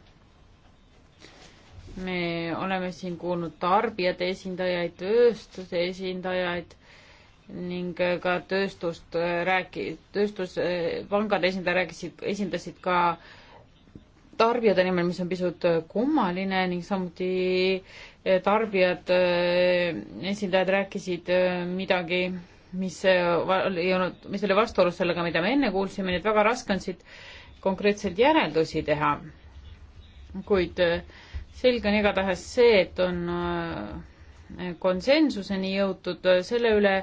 S1: me oleme siin kuulnud tarbijate esindajaid, tööstuse esindajaid ning ka tööstust rääki-, tööstuspangade esindaja rääkisid, esindasid ka tarbijate nimel, mis on pisut kummaline ning samuti tarbijad, esindajad rääkisid midagi mis ei äh, olnud, mis oli vastuolus sellega, mida me enne kuulsime, nii et väga raske on siit konkreetseid järeldusi teha. kuid äh, selge on igatahes see, et on äh, konsensuseni jõutud selle üle,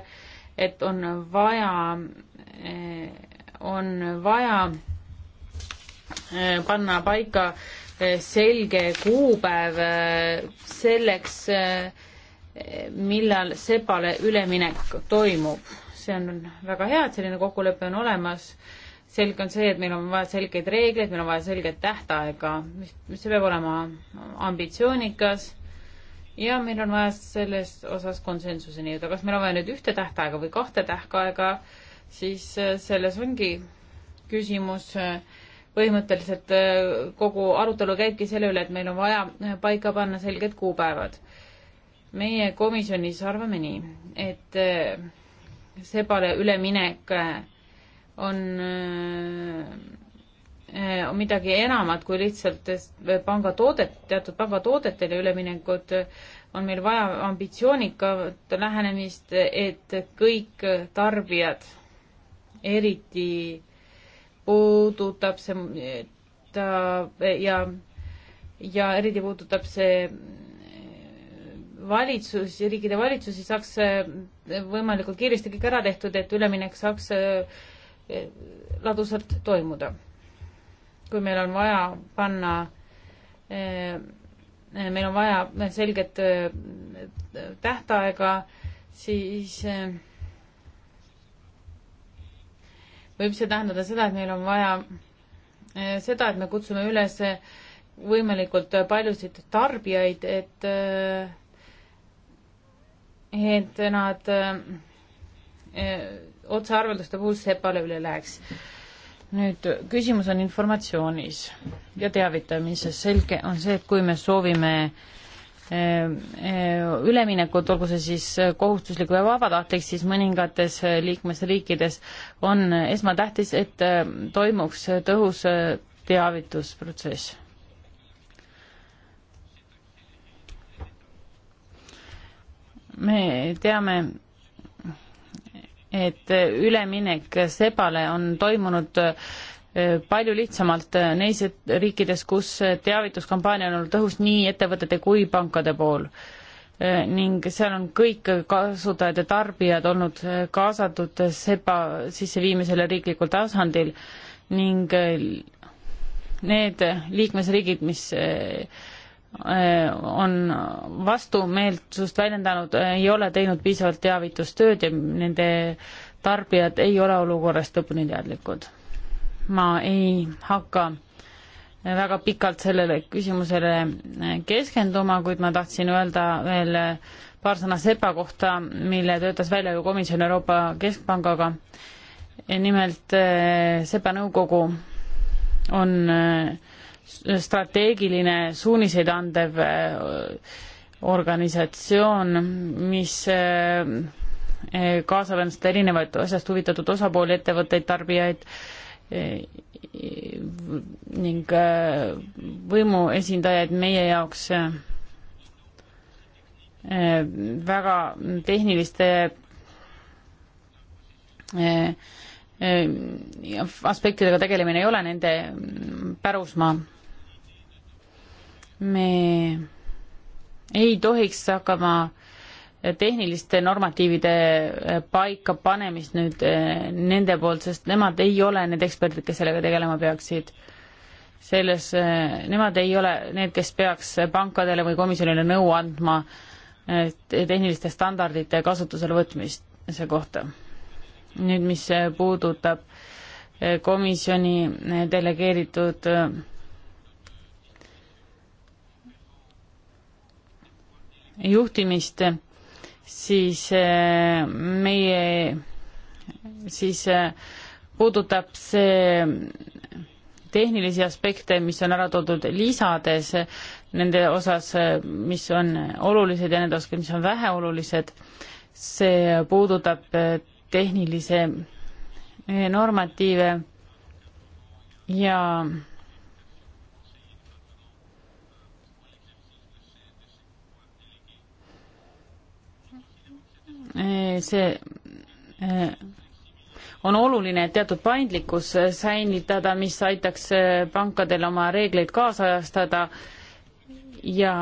S1: et on vaja, on vaja panna paika selge kuupäev selleks, millal sepale üleminek toimub. see on väga hea, et selline kokkulepe on olemas. selge on see, et meil on vaja selgeid reegleid, meil on vaja selget tähtaega, mis, mis peab olema ambitsioonikas ja meil on vaja selles osas konsensuseni jõuda. kas meil on vaja nüüd ühte tähtaega või kahte tähtaega, siis äh, selles ongi küsimus äh, põhimõtteliselt äh, kogu arutelu käibki selle üle, et meil on vaja paika panna selged kuupäevad meie komisjonis arvame nii, et äh, sebale üleminek äh, on äh, on midagi enamat kui lihtsalt pangatoodet, teatud pangatoodetele üleminekut, on meil vaja ambitsioonikat lähenemist, et kõik tarbijad, eriti puudutab see ta ja, ja eriti puudutab see valitsus, riikide valitsusi saaks eh, võimalikult kiiresti kõik ära tehtud, et üleminek saaks eh, ladusalt toimuda. kui meil on vaja panna, eh, meil on vaja selget tähtaega, siis võib see tähendada seda, et meil on vaja seda, et me kutsume üles võimalikult paljusid tarbijaid, et et nad eh, eh, otsearvelduste puhul sepale üle läheks. nüüd küsimus on informatsioonis ja teavitamises. selge on see, et kui me soovime eh, üleminekut, olgu see siis kohustuslik või vabatahtlik, siis mõningates liikmesriikides on esmatähtis, et toimuks tõhus teavitusprotsess. me teame, et üleminek sebale on toimunud e, palju lihtsamalt neis riikides, kus teavituskampaania on olnud tõhus nii ettevõtete kui pankade pool. E, ning seal on kõik kasutajad ja tarbijad olnud kaasatud seba sisseviimisele riiklikul tasandil ning e, need liikmesriigid, mis Äh, on vastumeelsust väljendanud, ei ole teinud piisavalt teavitustööd ja nende tarbijad ei ole olukorrast lõpuni teadlikud. ma ei hakka väga pikalt sellele küsimusele äh, keskenduma, kuid ma tahtsin öelda veel paar sõna SEPA kohta, mille töötas välja ju komisjon Euroopa Keskpangaga. nimelt äh, SEPA nõukogu on strateegiline suuniseid andev äh, organisatsioon, mis äh, äh, kaasab ennast erinevaid asjast huvitatud osapooli, ettevõtteid, tarbijaid ning võimu esindajaid meie jaoks väga tehniliste Ehm, aspektidega tegelemine ei ole nende mm, pärusmaa. me ei tohiks hakkama tehniliste normatiivide eh, paikapanemist nüüd eh, nende poolt, sest nemad ei ole need eksperdid, kes sellega tegelema peaksid. selles, eh, nemad ei ole need, kes peaks pankadele või komisjonile nõu andma tehniliste standardite kasutusele võtmise kohta nüüd, mis puudutab eh, komisjoni eh, delegeeritud eh, juhtimist, siis meie, siis puudutab see tehnilisi aspekte, mis on ära toodud lisades nende osas, mis on olulised ja need osad, mis on väheolulised, see puudutab tehnilise eh, normatiive ja eh, see eh, on oluline teatud paindlikkus säilitada, mis aitaks pankadel oma reegleid kaasajastada ja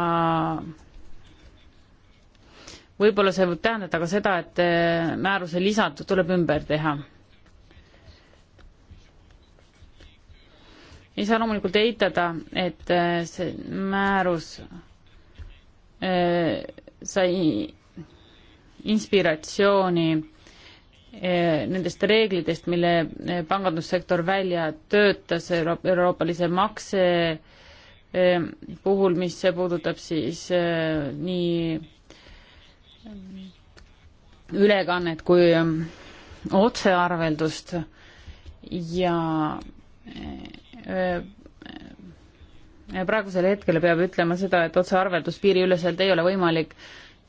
S1: võib-olla see võib tähendada ka seda, et äh, määruse lisad tuleb ümber teha. ei saa loomulikult eitada, et äh, see määrus äh, sai inspiratsiooni nendest reeglidest, mille pangandussektor välja töötas euroopalise makse puhul, mis puudutab siis nii ülekannet kui ähm, otsearveldust ja äh, äh, praegusel hetkel peab ütlema seda, et otsearveldus piiriüleselt ei ole võimalik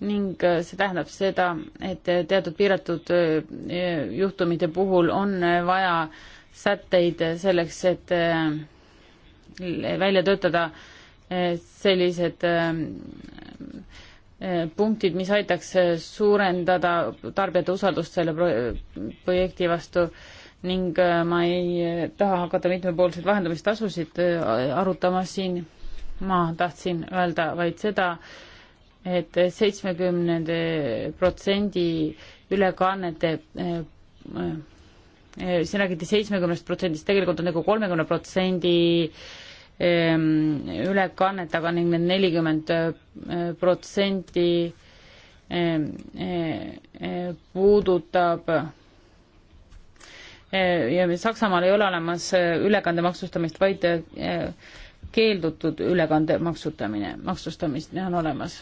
S1: ning äh, see tähendab seda, et teatud piiratud juhtumite puhul on vaja sätteid selleks, et välja töötada sellised Eh, punktid, mis aitaks suurendada tarbijate usaldust selle projekti vastu ning eh, ma ei eh, taha hakata mitmepoolseid vahendamistasusid arutama siin, ma tahtsin öelda vaid seda, et seitsmekümnende protsendi ülekannete siin räägiti seitsmekümnest protsendist, tegelikult on tegu kolmekümne protsendi Ehm, ülekannet, aga ning need nelikümmend äh, protsenti ehm, eh, eh, puudutab eh, ja Saksamaal ei ole olemas äh, ülekande maksustamist, vaid äh, keeldutud ülekande maksutamine, maksustamist on olemas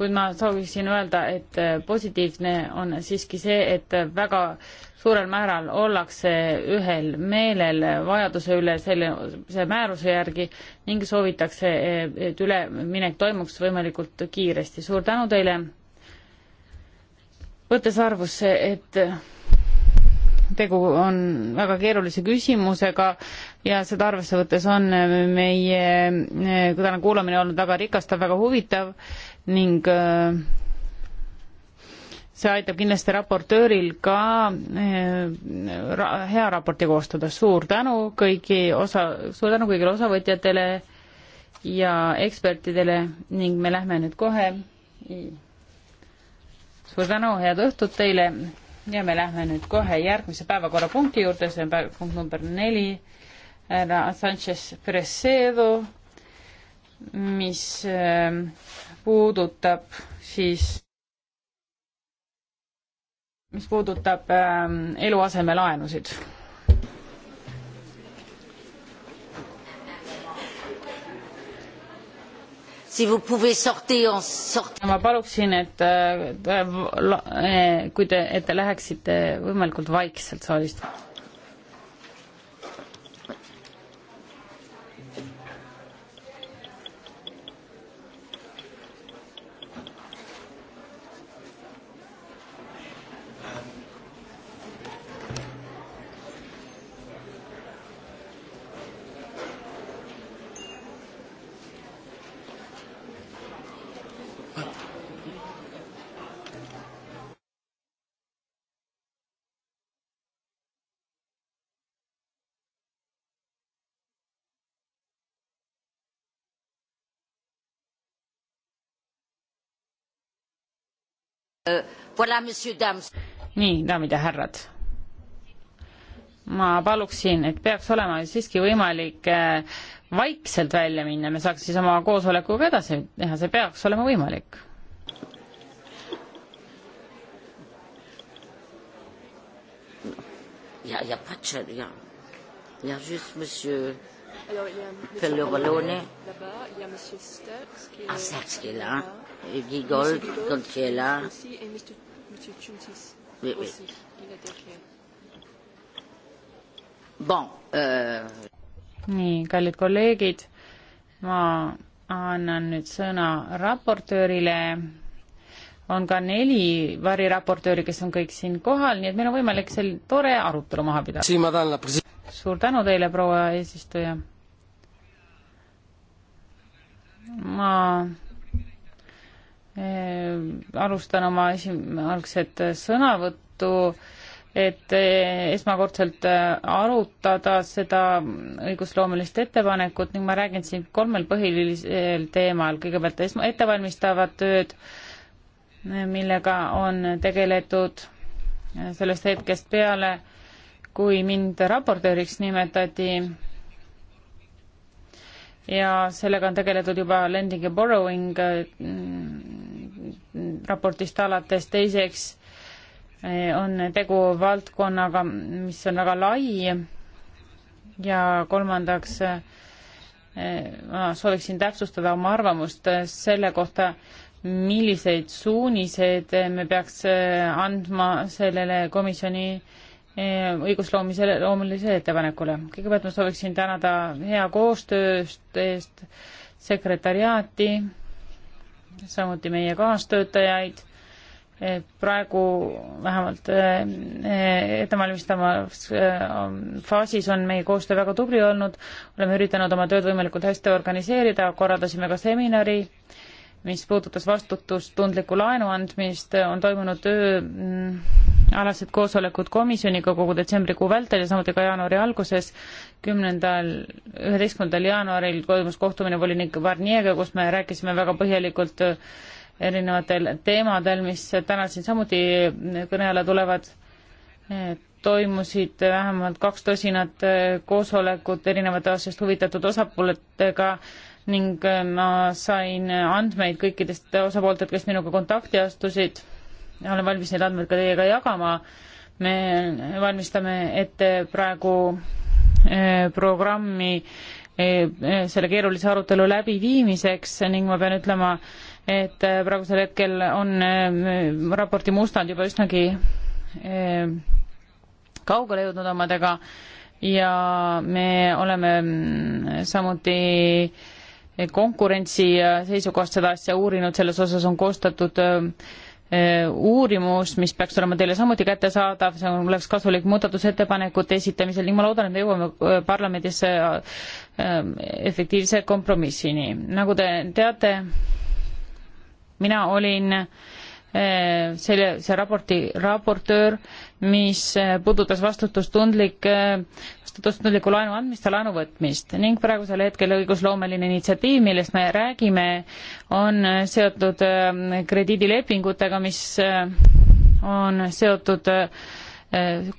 S1: kuid ma sooviksin öelda, et äh, positiivne on siiski see, et väga suurel määral ollakse ühel meelel vajaduse üle selle, selle määruse järgi ning soovitakse, äh, et üleminek toimuks võimalikult kiiresti. suur tänu teile, võttes arvusse, et tegu on väga keerulise küsimusega ja seda arvesse võttes on meie äh, tänane kuulamine olnud väga rikastav, väga huvitav ning äh, see aitab kindlasti raportööril ka äh, hea raporti koostada. suur tänu kõigi osa, suur tänu kõigile osavõtjatele ja ekspertidele ning me lähme nüüd kohe. suur tänu, head õhtut teile ja me lähme nüüd kohe järgmise päevakorrapunkti juurde, see on punkt number neli, härra Sanchez Presedo, mis äh, puudutab siis, mis puudutab äh, eluasemelaenusid. Si vous pouvez sortir en sortir. ma paluksin, et äh, äh, kui te, et te läheksite võimalikult vaikselt saalist.
S2: Euh,
S1: nii, daamid ja härrad. ma paluksin, et peaks olema siiski võimalik äh, vaikselt välja minna, me saaks siis oma koosolekuga edasi teha, see peaks olema võimalik
S3: Il n'y a, y a pas de... Il y a, y a juste monsieur... Alors, il y a Pellegrone. Là-bas, il y a M. Stax qui est, ah, Stax qui est là. Et Gigold, Gigold qui est là. Aussi, et M. Chuntis. Oui, oui. Aussi, il est derrière. Bon, euh...
S1: nii, kallid kolleegid, ma annan nüüd sõna raportöörile. on ka neli variraportööri, kes on kõik siin kohal, nii et meil on võimalik selline tore arutelu maha pidada suur tänu teile, proua eesistuja. ma eh, alustan oma esimärgset sõnavõttu, et eh, esmakordselt eh, arutada seda õigusloomelist ettepanekut ning ma räägin siin kolmel põhilisel teemal. kõigepealt esma-, ettevalmistavad tööd, millega on tegeletud sellest hetkest peale kui mind raportööriks nimetati ja sellega on tegeletud juba lending ja borrowing mm, raportist alates, teiseks eh, on tegu valdkonnaga, mis on väga lai ja kolmandaks eh, ma sooviksin täpsustada oma arvamust selle kohta, milliseid suuniseid me peaks eh, andma sellele komisjoni äh, Ehm, õigusloomisele, loomulisele ettepanekule. kõigepealt ma sooviksin tänada hea koostööst eest sekretariaati, samuti meie kaastöötajaid, praegu vähemalt ehm, ettevalmistavas ehm, faasis on meie koostöö väga tubli olnud, oleme üritanud oma tööd võimalikult hästi organiseerida, korraldasime ka seminari, mis puudutas vastutustundlikku laenu andmist, on toimunud töö mm, alased koosolekud komisjoniga kogu detsembrikuu vältel ja samuti ka jaanuari alguses, kümnendal, üheteistkümnendal jaanuaril toimus kohtumine volinik Barnieriga, kus me rääkisime väga põhjalikult äh, erinevatel teemadel, mis täna siin samuti äh, kõne alla tulevad. Äh, toimusid vähemalt kaks tosinat koosolekut erinevate asjast huvitatud osapooletega ning ma sain andmeid kõikidest osapooltelt, kes minuga kontakti astusid olen valmis neid andmeid ka teiega jagama. me valmistame ette praegu eh, programmi eh, eh, selle keerulise arutelu läbiviimiseks ning ma pean ütlema, et praegusel hetkel on raporti mustand juba üsnagi kaugele jõudnud omadega ja me oleme mm, samuti konkurentsi seisukohast seda asja uurinud, selles osas on koostatud Äh, uurimus, mis peaks olema teile samuti kättesaadav, see oleks kasulik muudatusettepanekute esitamisel ning ma loodan, et me jõuame äh, parlamendis äh, efektiivse kompromissini. nagu te teate, mina olin selle, see raporti raportöör, mis puudutas vastutustundlike vastutustundlikku laenu andmist ja laenu võtmist ning praegusel hetkel õigusloomeline initsiatiiv, millest me räägime, on seotud ähm, krediidilepingutega, mis äh, on seotud äh,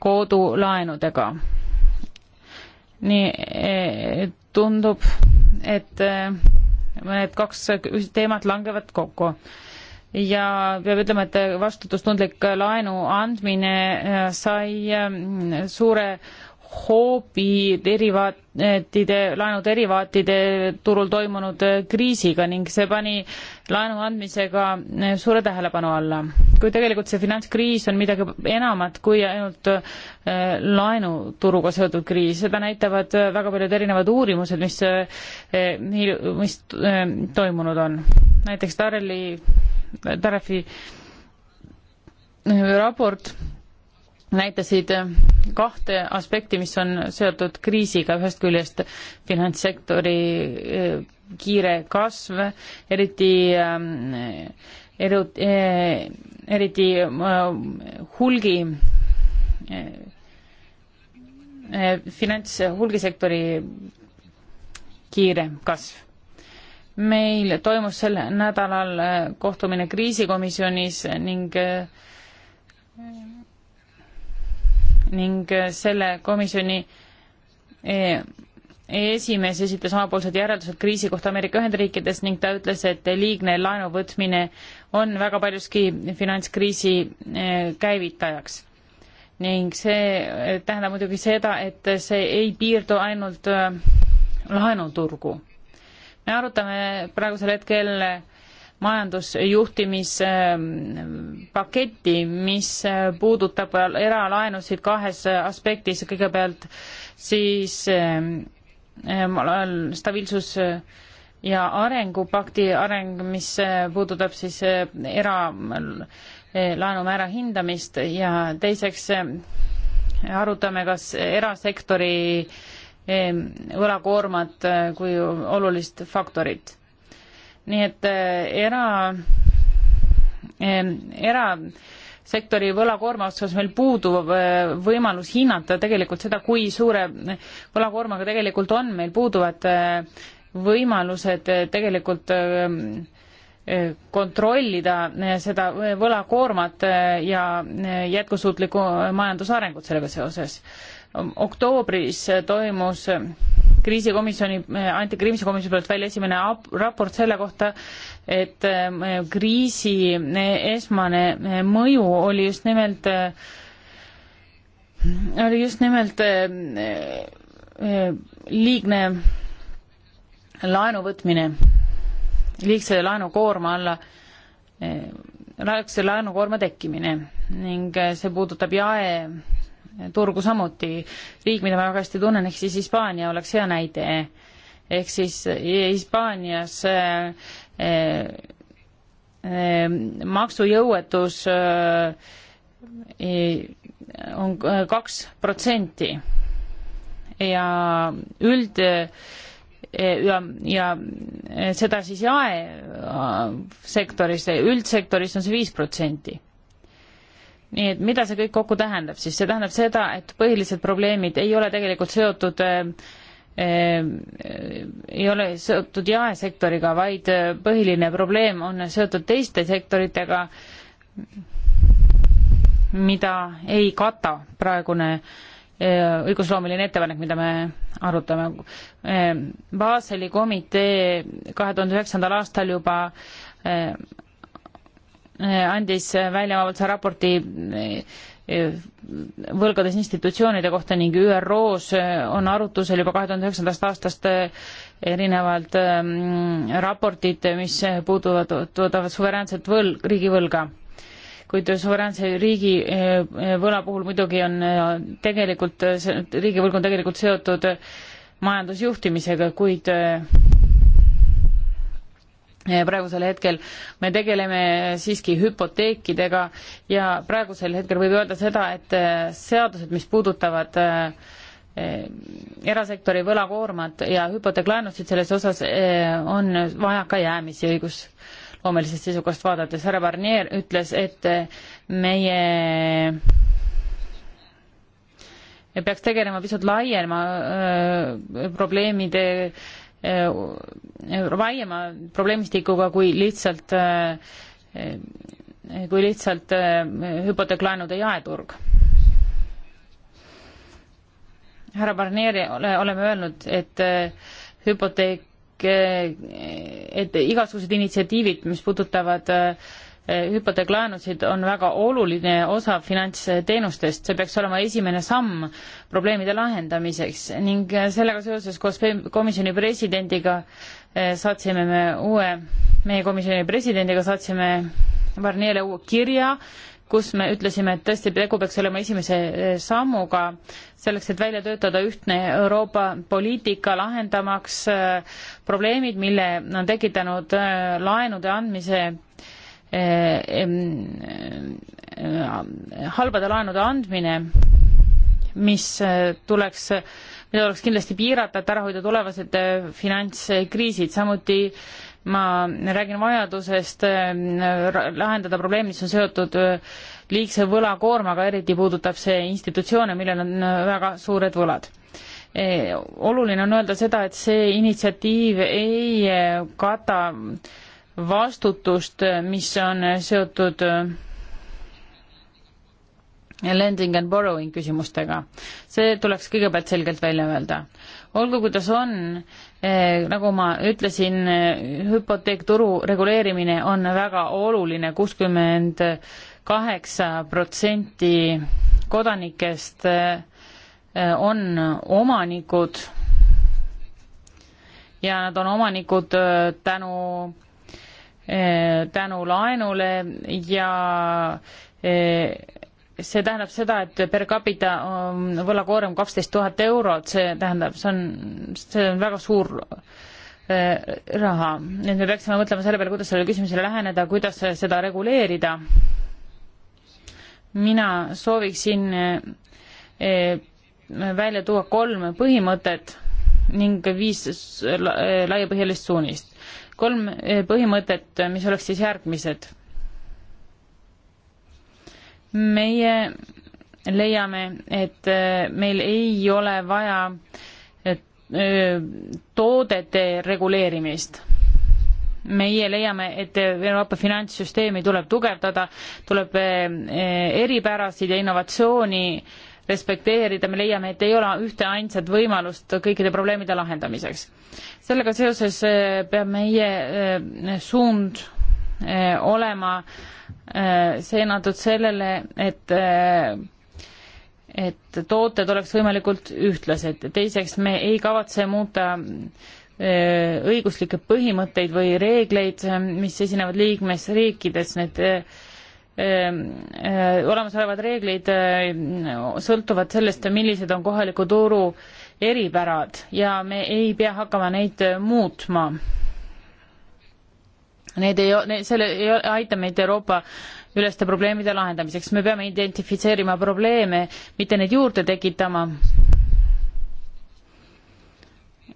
S1: kodulaenudega. nii äh, tundub, et need kaks teemat langevad kokku ja peab ütlema, et vastutustundlik laenu andmine sai ähm, suure hoobi derivaatide, laenude derivaatide turul toimunud kriisiga ning see pani laenu andmisega suure tähelepanu alla. kui tegelikult see finantskriis on midagi enamat kui ainult äh, laenuturuga seotud kriis, seda näitavad väga paljud erinevad uurimused, mis, äh, mis äh, toimunud on. näiteks Tareli, Tarefi raport näitasid kahte aspekti, mis on seotud kriisiga, ühest küljest finantssektori eh, kiire kasv, eriti eh, erut-, eh, eriti hulgi finants, hulgisektori kiire kasv meil toimus sel nädalal kohtumine kriisikomisjonis ning ning äh, selle komisjoni äh, esimees esitas omapoolsed järeldused kriisi kohta Ameerika Ühendriikides ning ta ütles, et liigne laenu võtmine on väga paljuski finantskriisi äh, käivitajaks. ning see tähendab muidugi seda, et see ei piirdu ainult laenuturgu. me arutame praegusel hetkel majandusjuhtimispaketti, mis puudutab eralaenusid kahes aspektis, kõigepealt siis ähm, äh, stabiilsus ja arengupakti areng, mis äh, puudutab siis äh, eralaenumäära hindamist ja teiseks arutame, kas erasektori ähm, võlakoormat kui olulist faktorit nii et eh, era, eh, erasektori võlakoorma osas meil puudub eh, võimalus hinnata tegelikult seda, kui suure võlakoormaga tegelikult on, meil puuduvad võimalused tegelikult kontrollida seda võlakoormat ja jätkusuutlikku majandusarengut sellega seoses. oktoobris toimus kriisikomisjoni, anti kriisikomisjoni poolt välja esimene raport selle kohta, et äh, kriisi äh, esmane äh, mõju oli just nimelt, oli just nimelt liigne laenu võtmine, liigse laenukoorma alla, liigse laenukoorma tekkimine ning see puudutab jae turgu samuti. riik, mida ma väga hästi tunnen, ehk siis Hispaania oleks hea näide. ehk siis e, Hispaanias eh, eh, maksujõuetus eh, on kaks protsenti ja üld ja, ja seda siis jaesektoris, üldsektoris on see viis protsenti nii et mida see kõik kokku tähendab siis, see tähendab seda, et põhilised probleemid ei ole tegelikult seotud äh, äh, ei ole seotud jaesektoriga, vaid äh, põhiline probleem on seotud teiste sektoritega, mida ei kata praegune õigusloomeline ettepanek, mida me arutame. Baseli komitee kahe tuhande üheksandal aastal juba andis välja avalduse raporti eh, võlgades institutsioonide kohta ning ÜRO-s on arutusel juba kahe tuhande üheksandast aastast eh, erinevad mm, raportid, mis puuduvad, toodavad suveräänset võlg, riigivõlga. kuid suveräänse riigi eh, võla puhul muidugi on tegelikult, riigivõlg on tegelikult seotud majandusjuhtimisega, kuid Eh, praegusel hetkel me tegeleme siiski hüpoteekidega ja praegusel hetkel võib öelda seda, et eh, seadused, mis puudutavad eh, erasektori võlakoormat ja hüpoteeklaenusid selles osas on vajakajäämisi õigusloomelisest seisukohast vaadates. härra Barnier ütles, et meie me peaks tegelema pisut laiema öö, probleemide öö, Äh, laiema probleemistikuga kui lihtsalt, äh, kui lihtsalt äh, hüpoteeklaenude jaeturg. härra Barnieri ole, oleme öelnud, et hüpoteek, et igasugused initsiatiivid, mis puudutavad äh, hüpoteeklaenusid on väga oluline osa finantsteenustest, see peaks olema esimene samm probleemide lahendamiseks ning sellega seoses koos komisjoni presidendiga eh, saatsime me uue, meie komisjoni presidendiga saatsime Barniele uue kirja, kus me ütlesime, et tõesti tegu peaks olema esimese eh, sammuga selleks, et välja töötada ühtne Euroopa poliitika, lahendamaks eh, probleemid, mille on tekitanud laenude andmise äh, halbade laenude andmine, mis tuleks, mida tuleks kindlasti piirata, et ära hoida tulevased äh, finantskriisid, samuti ma räägin vajadusest äh, lahendada probleem, mis on seotud äh, liigse võlakoormaga, eriti puudutab see institutsioone, millel on väga suured võlad. oluline on öelda seda, et see initsiatiiv ei kata vastutust, mis on seotud äh, lending and borrowing küsimustega. see tuleks kõigepealt selgelt välja öelda. olgu, kuidas on, äh, nagu ma ütlesin, äh, hüpoteekturu reguleerimine on väga oluline, kuuskümmend kaheksa protsenti kodanikest on omanikud ja nad on omanikud tänu Eh, tänu laenule ja eh, see tähendab seda, et per capita um, võlakoorem kaksteist tuhat eurot, see tähendab, see on, see on väga suur eh, raha, et me peaksime mõtlema selle peale, kuidas sellele küsimusele läheneda, kuidas seda reguleerida. mina sooviksin välja tuua kolm põhimõtet ning viis laiapõhjalist suunist kolm eh, põhimõtet, mis oleks siis järgmised. meie leiame, et eh, meil ei ole vaja eh, toodete reguleerimist. meie leiame, et Euroopa finantssüsteemi tuleb tugevdada, tuleb eripärasid ja innovatsiooni äh, respekteerida, me leiame, et ei ole ühte ainsat võimalust kõikide probleemide lahendamiseks. sellega seoses äh, peab meie äh, suund äh, olema seenatud sellele, et et tooted oleks võimalikult ühtlased. teiseks, me ei kavatse muuta õiguslikke põhimõtteid või reegleid, mis esinevad liikmesriikides, need Ehm, eh, olemasolevad reeglid eh, sõltuvad sellest, millised on kohaliku turu eripärad ja me ei pea hakkama neid eh, muutma. Need ei, selle ei aita meid Euroopa üleste probleemide lahendamiseks, me peame identifitseerima probleeme, mitte neid juurde tekitama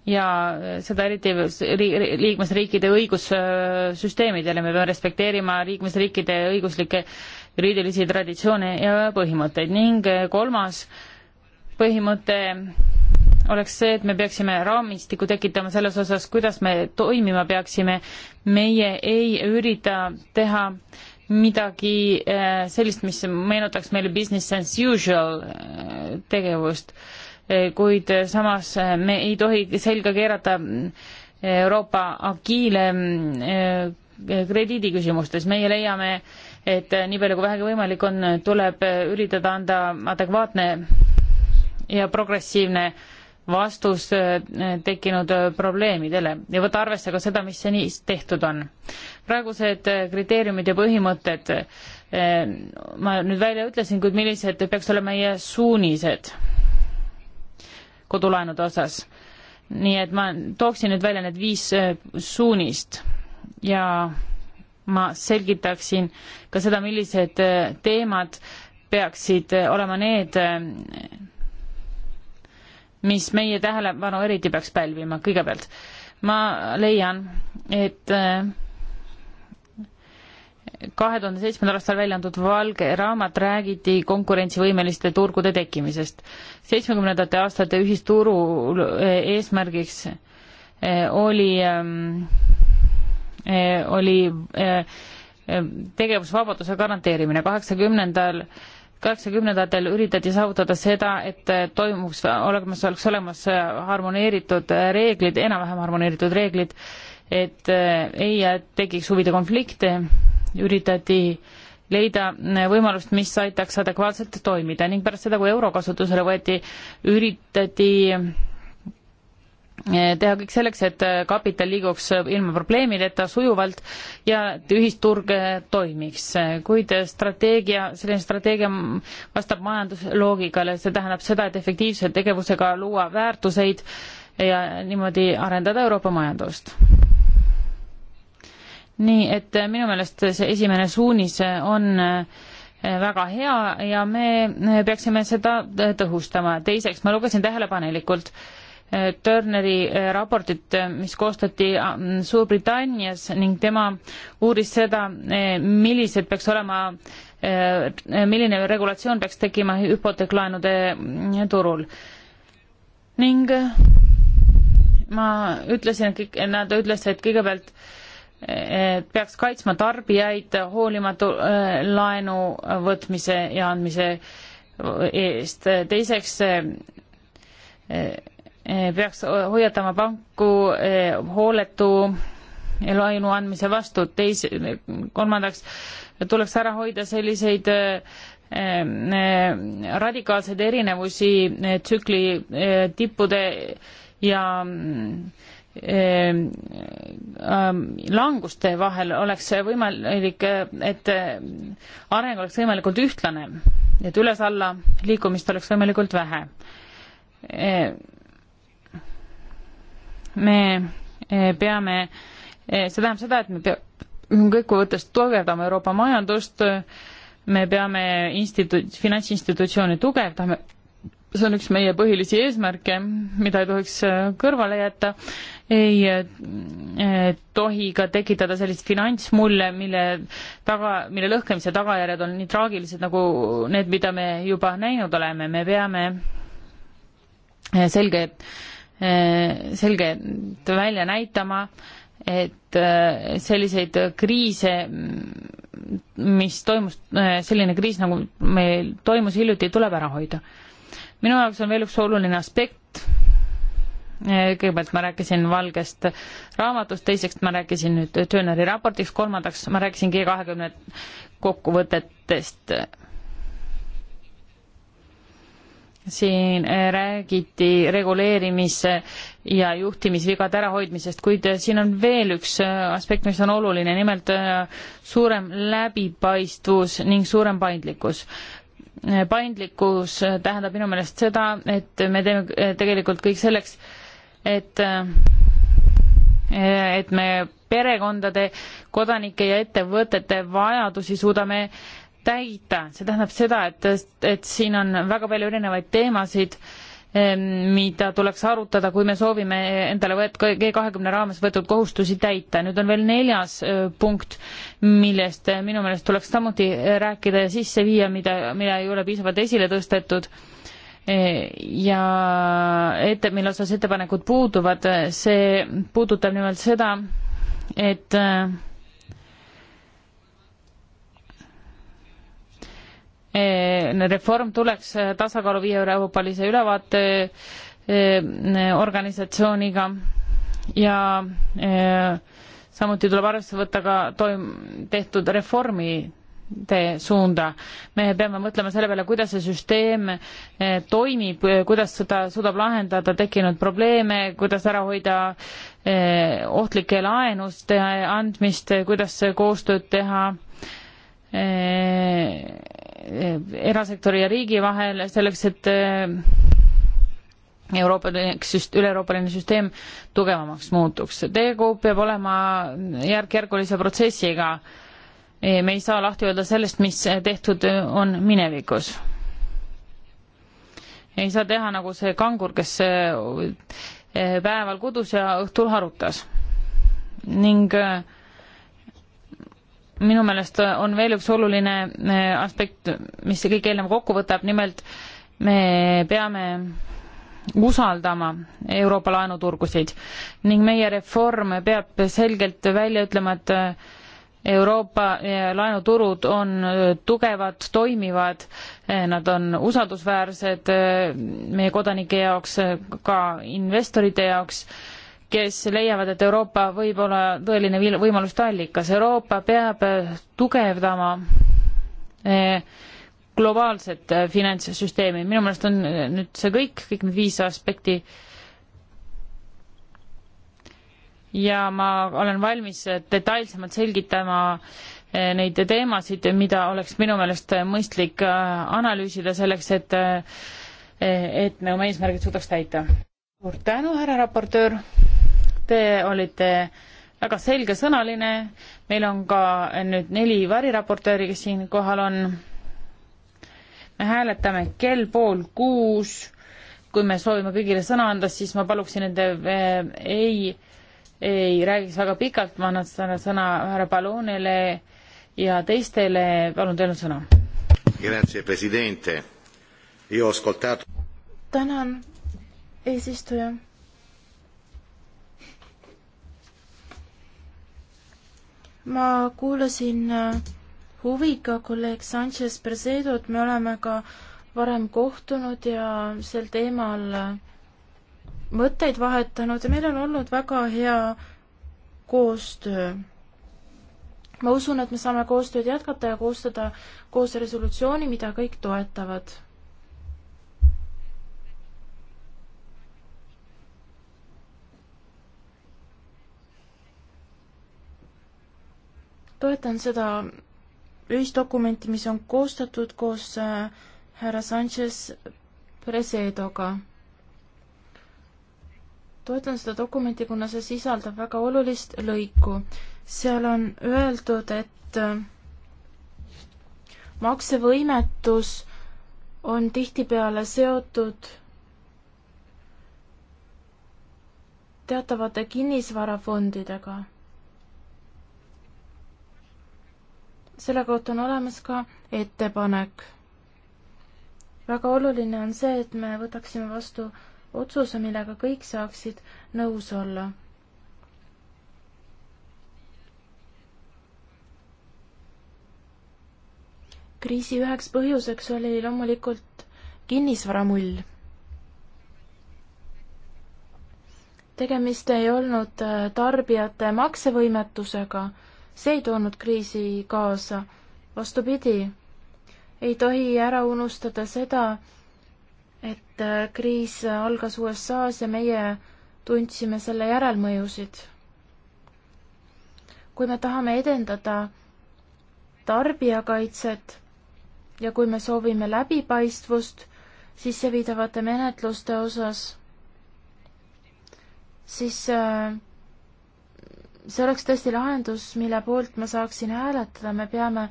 S1: ja seda eriti liikmesriikide õigussüsteemidele, me peame respekteerima liikmesriikide õiguslikke juriidilisi traditsioone ja põhimõtteid ning eh, kolmas põhimõte oleks see, et me peaksime raamistiku tekitama selles osas, kuidas me toimima peaksime. meie ei ürita teha midagi eh, sellist, mis meenutaks meile business as usual eh, tegevust kuid samas me ei tohi selga keerata Euroopa agiile eh, krediidiküsimustes, meie leiame, et nii palju kui vähegi võimalik on, tuleb üritada anda adekvaatne ja progressiivne vastus eh, tekkinud probleemidele ja võtta arvesse ka seda, mis seni tehtud on. praegused eh, kriteeriumid ja põhimõtted ma nüüd välja ütlesin, kuid millised peaks olema meie suunised kodulaenude osas. nii et ma tooksin nüüd välja need viis äh, suunist ja ma selgitaksin ka seda, millised äh, teemad peaksid äh, olema need, mis meie tähelepanu eriti peaks pälvima kõigepealt. ma leian, et äh, kahe tuhande seitsmendal aastal välja antud valge raamat räägiti konkurentsivõimeliste turgude tekkimisest. seitsmekümnendate aastate ühisturu eesmärgiks eh, oli, ehm, eh, oli eh, tegevusvabaduse garanteerimine. kaheksakümnendal, kaheksakümnendatel üritati saavutada seda, et toimuks, olemas, oleks olemas harmoneeritud reeglid, enam-vähem harmoneeritud reeglid, et ei tekiks huvide konflikte üritati leida võimalust, mis aitaks adekvaatselt toimida ning pärast seda, kui euro kasutusele võeti, üritati eh, teha kõik selleks, et kapital liiguks ilma probleemideta sujuvalt ja et ühisturg eh, toimiks. kuid strateegia, selline strateegia vastab majandusloogikale, see tähendab seda, et efektiivse tegevusega luua väärtuseid ja niimoodi arendada Euroopa majandust nii et äh, minu meelest see esimene suunis äh, on äh, väga hea ja me peaksime seda tõhustama. teiseks, ma lugesin tähelepanelikult Turneri raportit, mis koostati Suurbritannias ning tema uuris seda, millised peaks olema, milline regulatsioon peaks tekkima hüpoteeklaenude turul. ning ma ütlesin, et kõik, nad ütles, et kõigepealt äh, et peaks kaitsma tarbijaid hoolimatu äh, laenu võtmise ja andmise eest. teiseks äh, äh, peaks hoiatama panku hooletu laenu andmise vastu. teis-, kolmandaks tuleks ära hoida selliseid radikaalseid erinevusi tsükli tippude ja mm, Ehm, ähm, languste vahel oleks võimalik, et äh, areng oleks võimalikult ühtlane, et üles-alla liikumist oleks võimalikult vähe. Ehm, me e, peame, e, see tähendab seda, et me pea-, kõikvõttes tugevdame Euroopa majandust, me peame instituut, finantsinstitutsioone tugevdama see on üks meie põhilisi eesmärke, mida ei tohiks äh, kõrvale jätta, ei äh, tohi ka tekitada sellist finantsmulje, mille taga, mille lõhkemise tagajärjed on nii traagilised nagu need, mida me juba näinud oleme, me peame äh, selge, selgelt välja näitama, et selliseid kriise, mis toimus, selline kriis, nagu meil toimus hiljuti, tuleb ära hoida minu jaoks on veel üks oluline aspekt. Eh, kõigepealt ma rääkisin valgest raamatust, teiseks ma rääkisin nüüd Töneri raportiks, kolmandaks ma rääkisin G kahekümne kokkuvõtetest. siin eh, räägiti reguleerimise ja juhtimisvigade ärahoidmisest, kuid eh, siin on veel üks aspekt, mis on oluline, nimelt suurem läbipaistvus ning suurem paindlikkus paindlikkus tähendab minu meelest seda, et me teeme eh, tegelikult kõik selleks, et, eh, et me perekondade, kodanike ja ettevõtete vajadusi suudame täita. see tähendab seda, et, et siin on väga palju erinevaid teemasid äh, Ehm, mida tuleks arutada, kui me soovime endale võet-, G kahekümne raames võetud kohustusi täita. nüüd on veel neljas punkt, millest äh, minu meelest tuleks samuti äh, rääkida ja sisse viia, mida, mida ei ole piisavalt esile tõstetud ehm, ja ette, mille osas ettepanekud puuduvad, äh, see puudutab nimelt seda, et äh, Eh, reform tuleks eh, tasakaalu viia euroopalise ülevaate eh, organisatsiooniga ja samuti tuleb arvesse võtta ka toim- tehtud reformi te suunda. me peame mõtlema selle peale, kuidas see süsteem toimib, kuidas seda suudab lahendada tekkinud probleeme, kuidas ära hoida ohtlike laenuste andmist, kuidas koostööd teha erasektori ja riigi vahel selleks, et eh, Euroopaline, üle-euroopaline süsteem tugevamaks muutuks. teekoop peab olema järk-järgulise protsessiga. me ei saa lahti öelda sellest, mis tehtud on minevikus ei saa teha nagu see kangur, kes eh, päeval kudus ja õhtul harutas. ning äh, minu meelest on veel üks oluline eh, aspekt, mis see kõik eelnev kokku võtab, nimelt me peame usaldama Euroopa laenuturgusid ning meie reform peab selgelt välja ütlema, et eh, Euroopa eh, laenuturud on tugevad, toimivad, nad on usaldusväärsed meie kodanike jaoks, ka investorite jaoks kes leiavad, et Euroopa võib olla tõeline võimaluste allikas. Euroopa peab tugevdama eh, globaalset eh, finantssüsteemi. minu meelest on eh, nüüd see kõik, kõik need viis aspekti. ja ma olen valmis detailsemalt selgitama neid teemasid, mida oleks minu meelest mõistlik analüüsida selleks, et et me oma eesmärgid suudaks täita. suur tänu, härra raportöör! Te olite väga selgesõnaline, meil on ka nüüd neli variraportööri, kes siin kohal on. me hääletame kell pool kuus. kui me soovime kõigile sõna anda, siis ma paluksin, et te eh, ei, ei räägiks väga pikalt, ma annan sõna, sõna härra Palunele ja teistele, palun, teil on sõna.
S3: tänan, eesistuja ma kuulasin äh, huviga kolleeg Sanchez Presedot, me oleme ka varem kohtunud ja sel teemal äh, mõtteid vahetanud ja meil on olnud väga hea koostöö. ma usun, et me saame koostööd jätkata ja koostada koos resolutsiooni, mida kõik toetavad toetan seda ühisdokumenti, mis on koostatud koos äh, härra Sanchez Presedoga. toetan seda dokumenti, kuna see sisaldab väga olulist lõiku. seal on öeldud, et äh, maksevõimetus on tihtipeale seotud teatavate kinnisvarafondidega selle kohta on olemas ka ettepanek. väga oluline on see, et me võtaksime vastu otsuse, millega kõik saaksid nõus olla. kriisi üheks põhjuseks oli loomulikult kinnisvaramull. tegemist ei olnud äh, tarbijate maksevõimetusega see ei toonud kriisi kaasa, vastupidi, ei tohi ära unustada seda, et äh, kriis algas USA-s ja meie tundsime selle järelmõjusid. kui me tahame edendada tarbijakaitset ja kui me soovime läbipaistvust sisseviidavate menetluste osas, siis äh, see oleks tõesti lahendus, mille poolt ma saaksin hääletada, me peame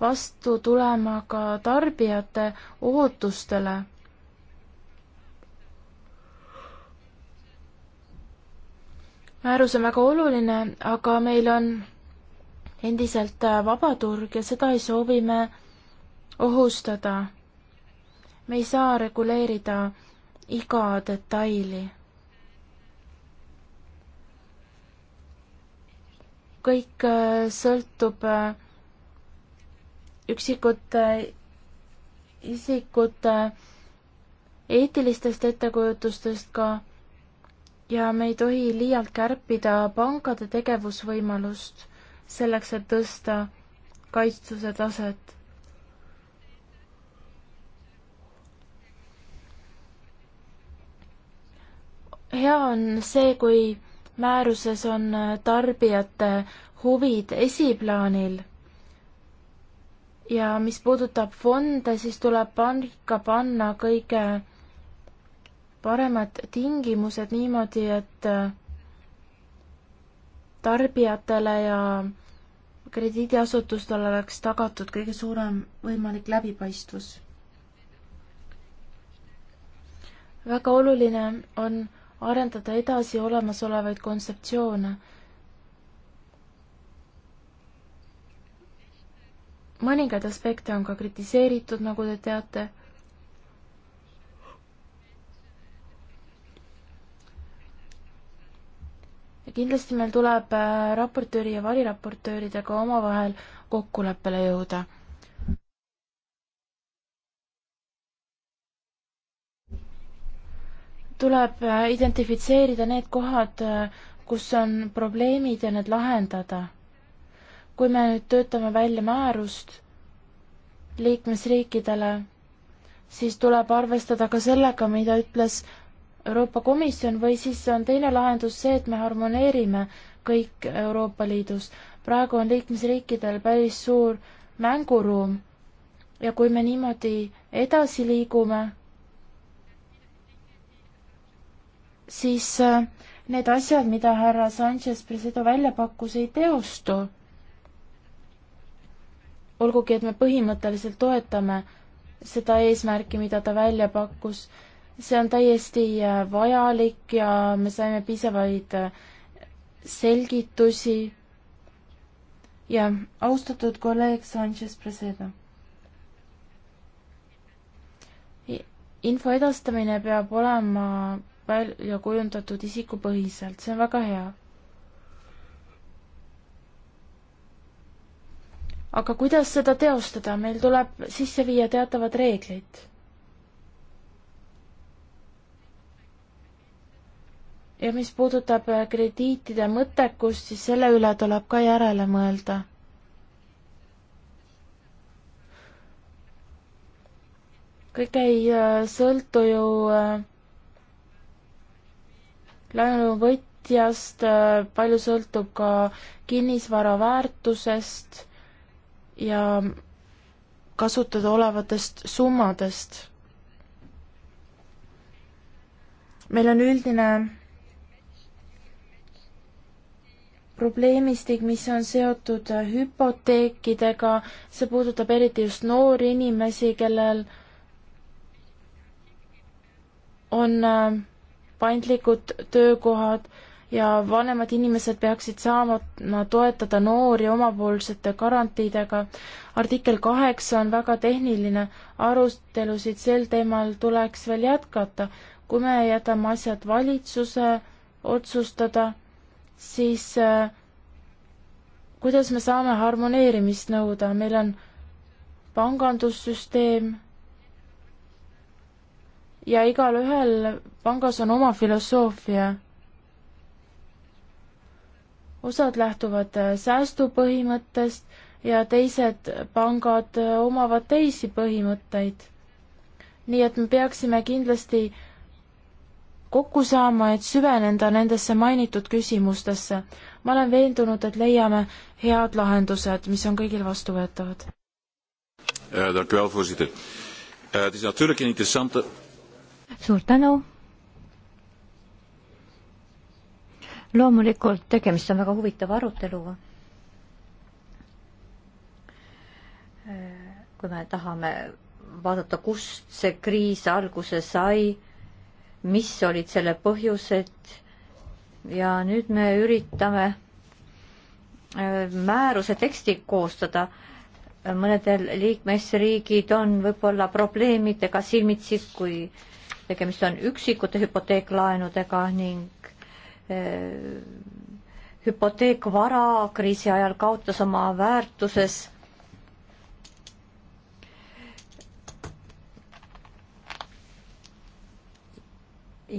S3: vastu tulema ka tarbijate ootustele. määrus on väga oluline, aga meil on endiselt äh, vabaturg ja seda ei soovi me ohustada. me ei saa reguleerida iga detaili kõik äh, sõltub äh, üksikute äh, isikute eetilistest ettekujutustest ka ja me ei tohi liialt kärpida pankade tegevusvõimalust selleks, et tõsta kaitstuse taset. hea on see, kui määruses on äh, tarbijate huvid esiplaanil. ja mis puudutab fonde, siis tuleb paika panna kõige paremad tingimused niimoodi, et äh, tarbijatele ja krediidiasutustele oleks tagatud kõige suurem võimalik läbipaistvus. väga oluline on arendada edasi olemasolevaid kontseptsioone. mõningaid aspekte on ka kritiseeritud, nagu te teate. ja kindlasti meil tuleb äh, raportööri ja variraportööridega omavahel kokkuleppele jõuda tuleb äh, identifitseerida need kohad, äh, kus on probleemid ja need lahendada. kui me nüüd töötame välja määrust liikmesriikidele, siis tuleb arvestada ka sellega, mida ütles Euroopa Komisjon või siis on teine lahendus see, et me harmoneerime kõik Euroopa Liidus. praegu on liikmesriikidel päris suur mänguruum ja kui me niimoodi edasi liigume, siis äh, need asjad, mida härra Sanchez Presedo välja pakkus, ei teostu. olgugi, et me põhimõtteliselt toetame seda eesmärki, mida ta välja pakkus, see on täiesti äh, vajalik ja me saime piisavaid äh, selgitusi. ja austatud kolleeg Sanchez Presedo. info edastamine peab olema välja kujundatud isikupõhiselt, see on väga hea. aga kuidas seda teostada, meil tuleb sisse viia teatavad reeglid. ja mis puudutab äh, krediitide mõttekust, siis selle üle tuleb ka järele mõelda kõik ei äh, sõltu ju äh, laenuvõtjast, äh, palju sõltub ka kinnisvara väärtusest ja kasutada olevatest summadest. meil on üldine probleemistik, mis on seotud äh, hüpoteekidega, see puudutab eriti just noori inimesi, kellel on äh, paindlikud töökohad ja vanemad inimesed peaksid saama toetada noori omapoolsete garantiidega. artikkel kaheksa on väga tehniline, arutelusid sel teemal tuleks veel jätkata. kui me jätame asjad valitsuse otsustada, siis äh, kuidas me saame harmoneerimist nõuda, meil on pangandussüsteem ja igalühel pangas on oma filosoofia. osad lähtuvad äh, säästupõhimõttest ja teised pangad äh, omavad teisi põhimõtteid. nii et me peaksime kindlasti kokku saama, et süveneda nendesse mainitud küsimustesse. ma olen veendunud, et leiame head lahendused, mis on kõigil vastuvõetavad.
S2: Äh, dank u wel, voorzitter. Uh, het is natuurlijk een interessante suur tänu. loomulikult tegemist on väga huvitava aruteluga. kui me tahame vaadata, kust see kriis alguse sai, mis olid selle põhjused ja nüüd me üritame äh, määruse teksti koostada mõnedel liikmesriigid on võib-olla probleemidega silmitsi, kui tegemist on üksikute hüpoteeklaenudega ning eh, hüpoteekvara kriisi ajal kaotas oma väärtuses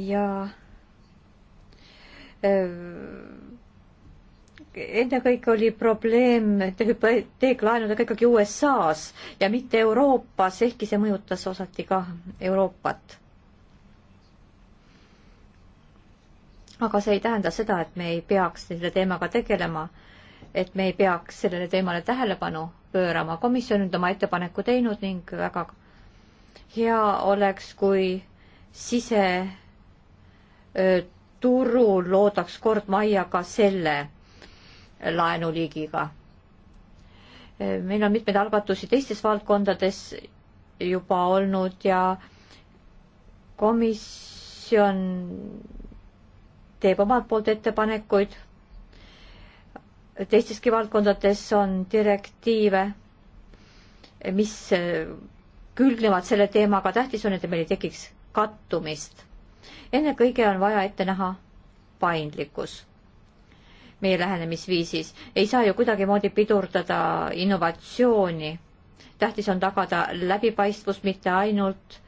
S2: ja eh, ennekõike oli probleem hüpoteeklaenudega ikkagi USA-s ja mitte Euroopas, ehkki see mõjutas osati ka Euroopat. aga see ei tähenda seda, et me ei peaks selle teemaga tegelema, et me ei peaks sellele teemale tähelepanu pöörama. komisjon on oma ettepaneku teinud ning väga hea oleks, kui siseturul loodaks kord majja ka selle laenuliigiga. meil on mitmeid algatusi teistes valdkondades juba olnud ja komisjon teeb omalt poolt ettepanekuid. teisteski valdkondades on direktiive, mis külgnevad selle teemaga, tähtis on, et meil ei tekiks kattumist. ennekõike on vaja ette näha paindlikkus meie lähenemisviisis. ei saa ju kuidagimoodi pidurdada innovatsiooni. tähtis on tagada läbipaistvus mitte ainult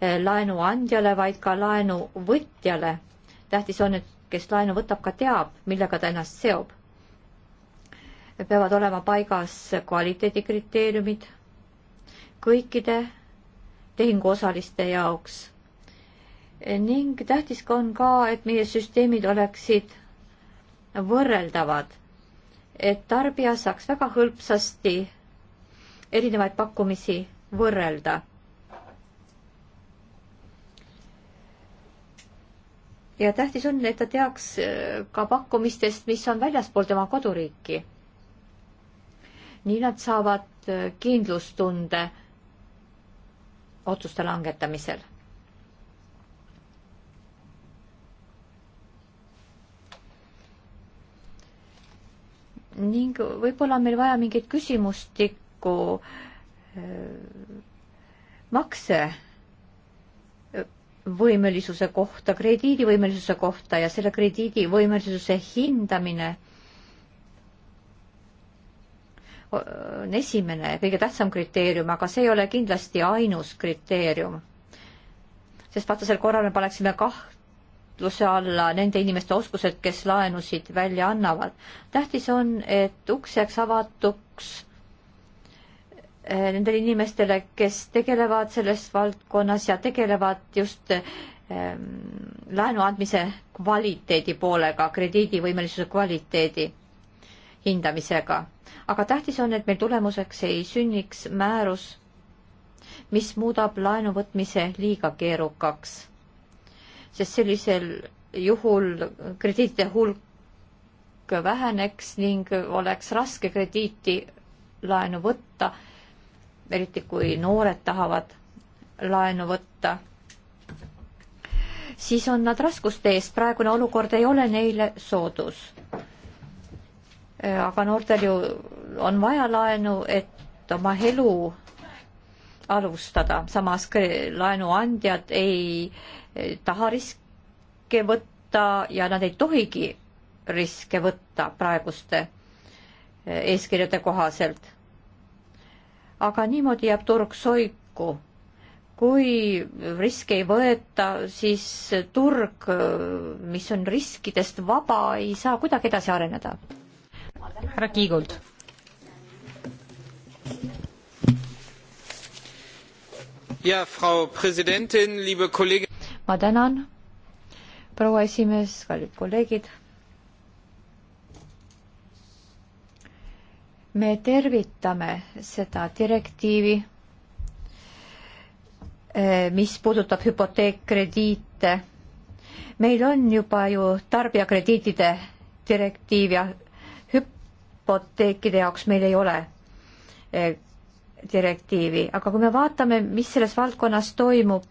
S2: eh, laenuandjale, vaid ka laenuvõtjale tähtis on, et kes laenu võtab, ka teab, millega ta ennast seob. peavad olema paigas kvaliteedikriteeriumid kõikide tehinguosaliste jaoks. ning tähtis ka on ka, et meie süsteemid oleksid võrreldavad, et tarbija saaks väga hõlpsasti erinevaid pakkumisi võrrelda ja tähtis on, et ta teaks äh, ka pakkumistest, mis on väljaspool tema koduriiki. nii nad saavad äh, kindlustunde otsuste langetamisel. ning võib-olla on meil vaja mingit küsimustikku äh, makse võimelisuse kohta, krediidivõimelisuse kohta ja selle krediidivõimelisuse hindamine on esimene ja kõige tähtsam kriteerium, aga see ei ole kindlasti ainus kriteerium. sest vastasel korral me paneksime kahtluse alla nende inimeste oskused, kes laenusid välja annavad. tähtis on, et uks jääks avatuks Eh, nendele inimestele, kes tegelevad selles valdkonnas ja tegelevad just ehm, laenu andmise kvaliteedi poolega, krediidivõimelisuse kvaliteedi hindamisega. aga tähtis on, et meil tulemuseks ei sünniks määrus, mis muudab laenu võtmise liiga keerukaks, sest sellisel juhul krediitide hulk väheneks ning oleks raske krediiti laenu võtta eriti kui noored tahavad laenu võtta, siis on nad raskuste ees, praegune olukord ei ole neile soodus. Äh, aga noortel ju on vaja laenu, et oma elu alustada, samas laenuandjad ei äh, taha riske võtta ja nad ei tohigi riske võtta praeguste äh, eeskirjade kohaselt aga niimoodi jääb turg soiku. kui riske ei võeta, siis turg, mis on riskidest vaba, ei saa kuidagi edasi areneda. härra Kiigult. ja, Frau Präsidentin, liebe kolleegid. ma tänan, proua esimees, kallid kolleegid me tervitame seda direktiivi, eh, mis puudutab hüpoteekkrediite. meil on juba ju tarbijakrediitide direktiiv ja hüpoteekide jaoks meil ei ole eh, direktiivi, aga kui me vaatame, mis selles valdkonnas toimub,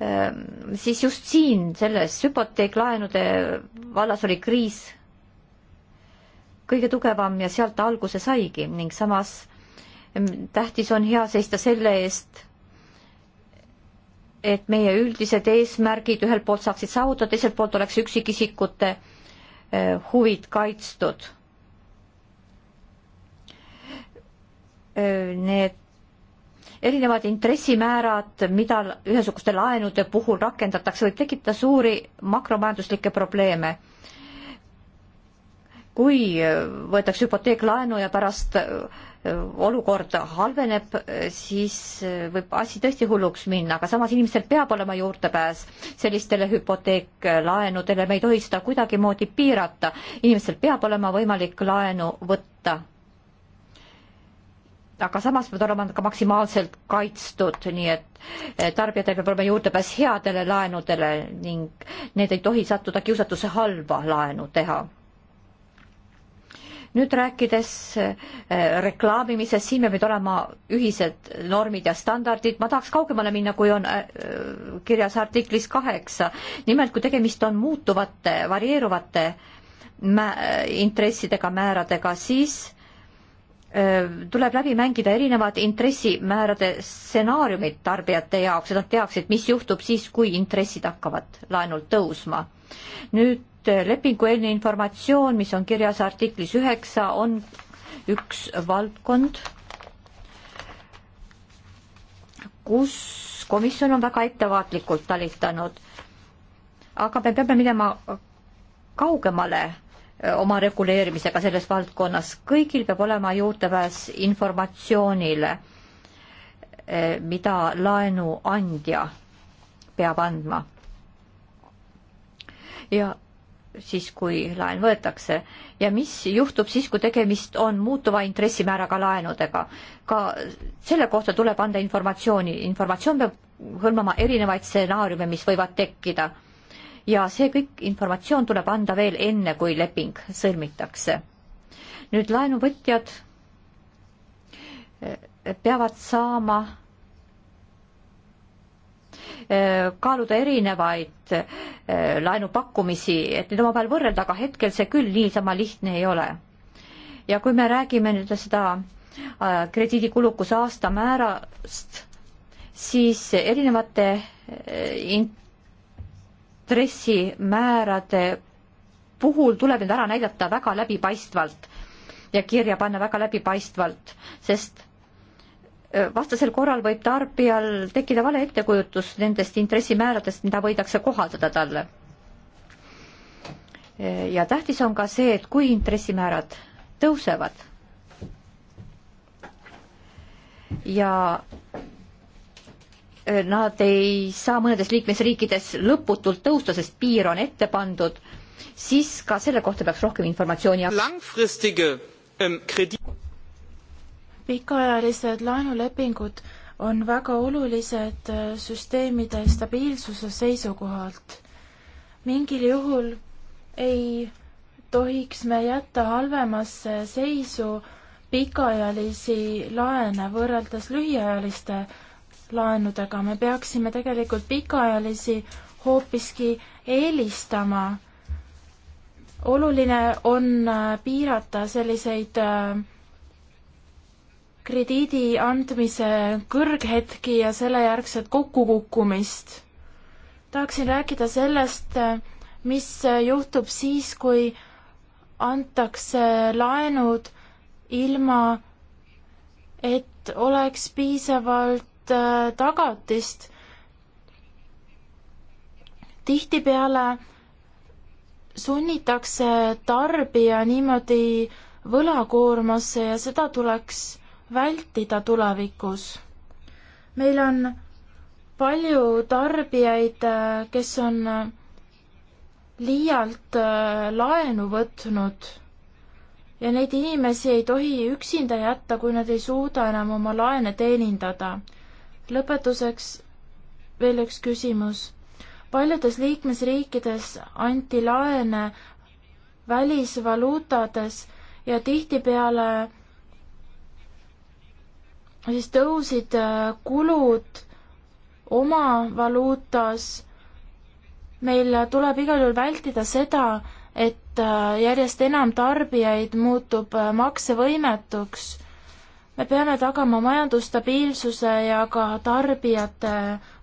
S2: eh, siis just siin selles hüpoteeklaenude vallas oli kriis kõige tugevam ja sealt ta alguse saigi ning samas mm, tähtis on hea seista selle eest, et meie üldised eesmärgid ühelt poolt saaksid saavutada, teiselt poolt oleks üksikisikute eh, huvid kaitstud. Eh, need erinevad intressimäärad, mida ühesuguste laenude puhul rakendatakse, võib tekitada suuri makromajanduslikke probleeme kui äh, võetakse hüpoteeklaenu ja pärast äh, olukord halveneb, äh, siis võib asi tõesti hulluks minna, aga samas inimestel peab olema juurdepääs sellistele hüpoteeklaenudele, me ei tohi seda kuidagimoodi piirata. inimestel peab olema võimalik laenu võtta. aga samas peavad olema ka maksimaalselt kaitstud, nii et tarbijatel peab olema juurdepääs headele laenudele ning need ei tohi sattuda kiusatuse halba laenu teha nüüd rääkides äh, reklaamimisest, siin peavad olema ühised normid ja standardid, ma tahaks kaugemale minna, kui on äh, äh, kirjas artiklis kaheksa. nimelt, kui tegemist on muutuvate, varieeruvate mä-, intressidega, määradega, siis tuleb läbi mängida erinevad intressimäärade stsenaariumid tarbijate jaoks, et nad teaksid, mis juhtub siis, kui intressid hakkavad laenult tõusma. nüüd lepingueelne informatsioon, mis on kirjas artiklis üheksa, on üks valdkond, kus komisjon on väga ettevaatlikult talitanud. aga me peame minema kaugemale oma reguleerimisega selles valdkonnas, kõigil peab olema juurdepääs informatsioonile, mida laenuandja peab andma. ja siis, kui laen võetakse ja mis juhtub siis, kui tegemist on muutuva intressimääraga laenudega. ka selle kohta tuleb anda informatsiooni, informatsioon peab hõlmama erinevaid stsenaariume, mis võivad tekkida. ja see kõik informatsioon tuleb anda veel enne, kui leping sõlmitakse. nüüd laenuvõtjad eh, peavad saama Eh, kaaluda erinevaid eh, laenupakkumisi, et neid omavahel võrrelda, aga hetkel see küll niisama lihtne ei ole. ja kui me räägime nüüd seda eh, krediidikulukuse aastamäärast, siis erinevate intressimäärade puhul tuleb need ära näidata väga läbipaistvalt ja kirja panna väga läbipaistvalt, sest vastasel korral võib tarbijal tekkida vale ettekujutus nendest intressimääradest, mida võidakse kohaldada talle. ja tähtis on ka see, et kui intressimäärad tõusevad ja nad ei saa mõnedes liikmesriikides lõputult tõusta, sest piir on ette pandud, siis ka selle kohta peaks rohkem informatsiooni jagama
S3: pikaajalised laenulepingud on väga olulised äh, süsteemide stabiilsuse seisukohalt. mingil juhul ei tohiks me jätta halvemasse seisu pikaajalisi laene võrreldes lühiajaliste laenudega, me peaksime tegelikult pikaajalisi hoopiski eelistama. oluline on äh, piirata selliseid äh, krediidi andmise kõrghetki ja sellejärgset kokkukukkumist. tahaksin rääkida sellest, mis juhtub siis, kui antakse laenud ilma, et oleks piisavalt äh, tagatist. tihtipeale sunnitakse tarbija niimoodi võlakoormasse ja seda tuleks vältida tulevikus. meil on palju tarbijaid, kes on liialt äh, laenu võtnud ja neid inimesi ei tohi üksinda jätta, kui nad ei suuda enam oma laene teenindada. lõpetuseks veel üks küsimus. paljudes liikmesriikides anti laene välisvaluutades ja tihtipeale siis tõusid äh, kulud oma valuutas. meil tuleb igal juhul vältida seda, et äh, järjest enam tarbijaid muutub äh, maksevõimetuks. me peame tagama majandusstabiilsuse ja ka tarbijate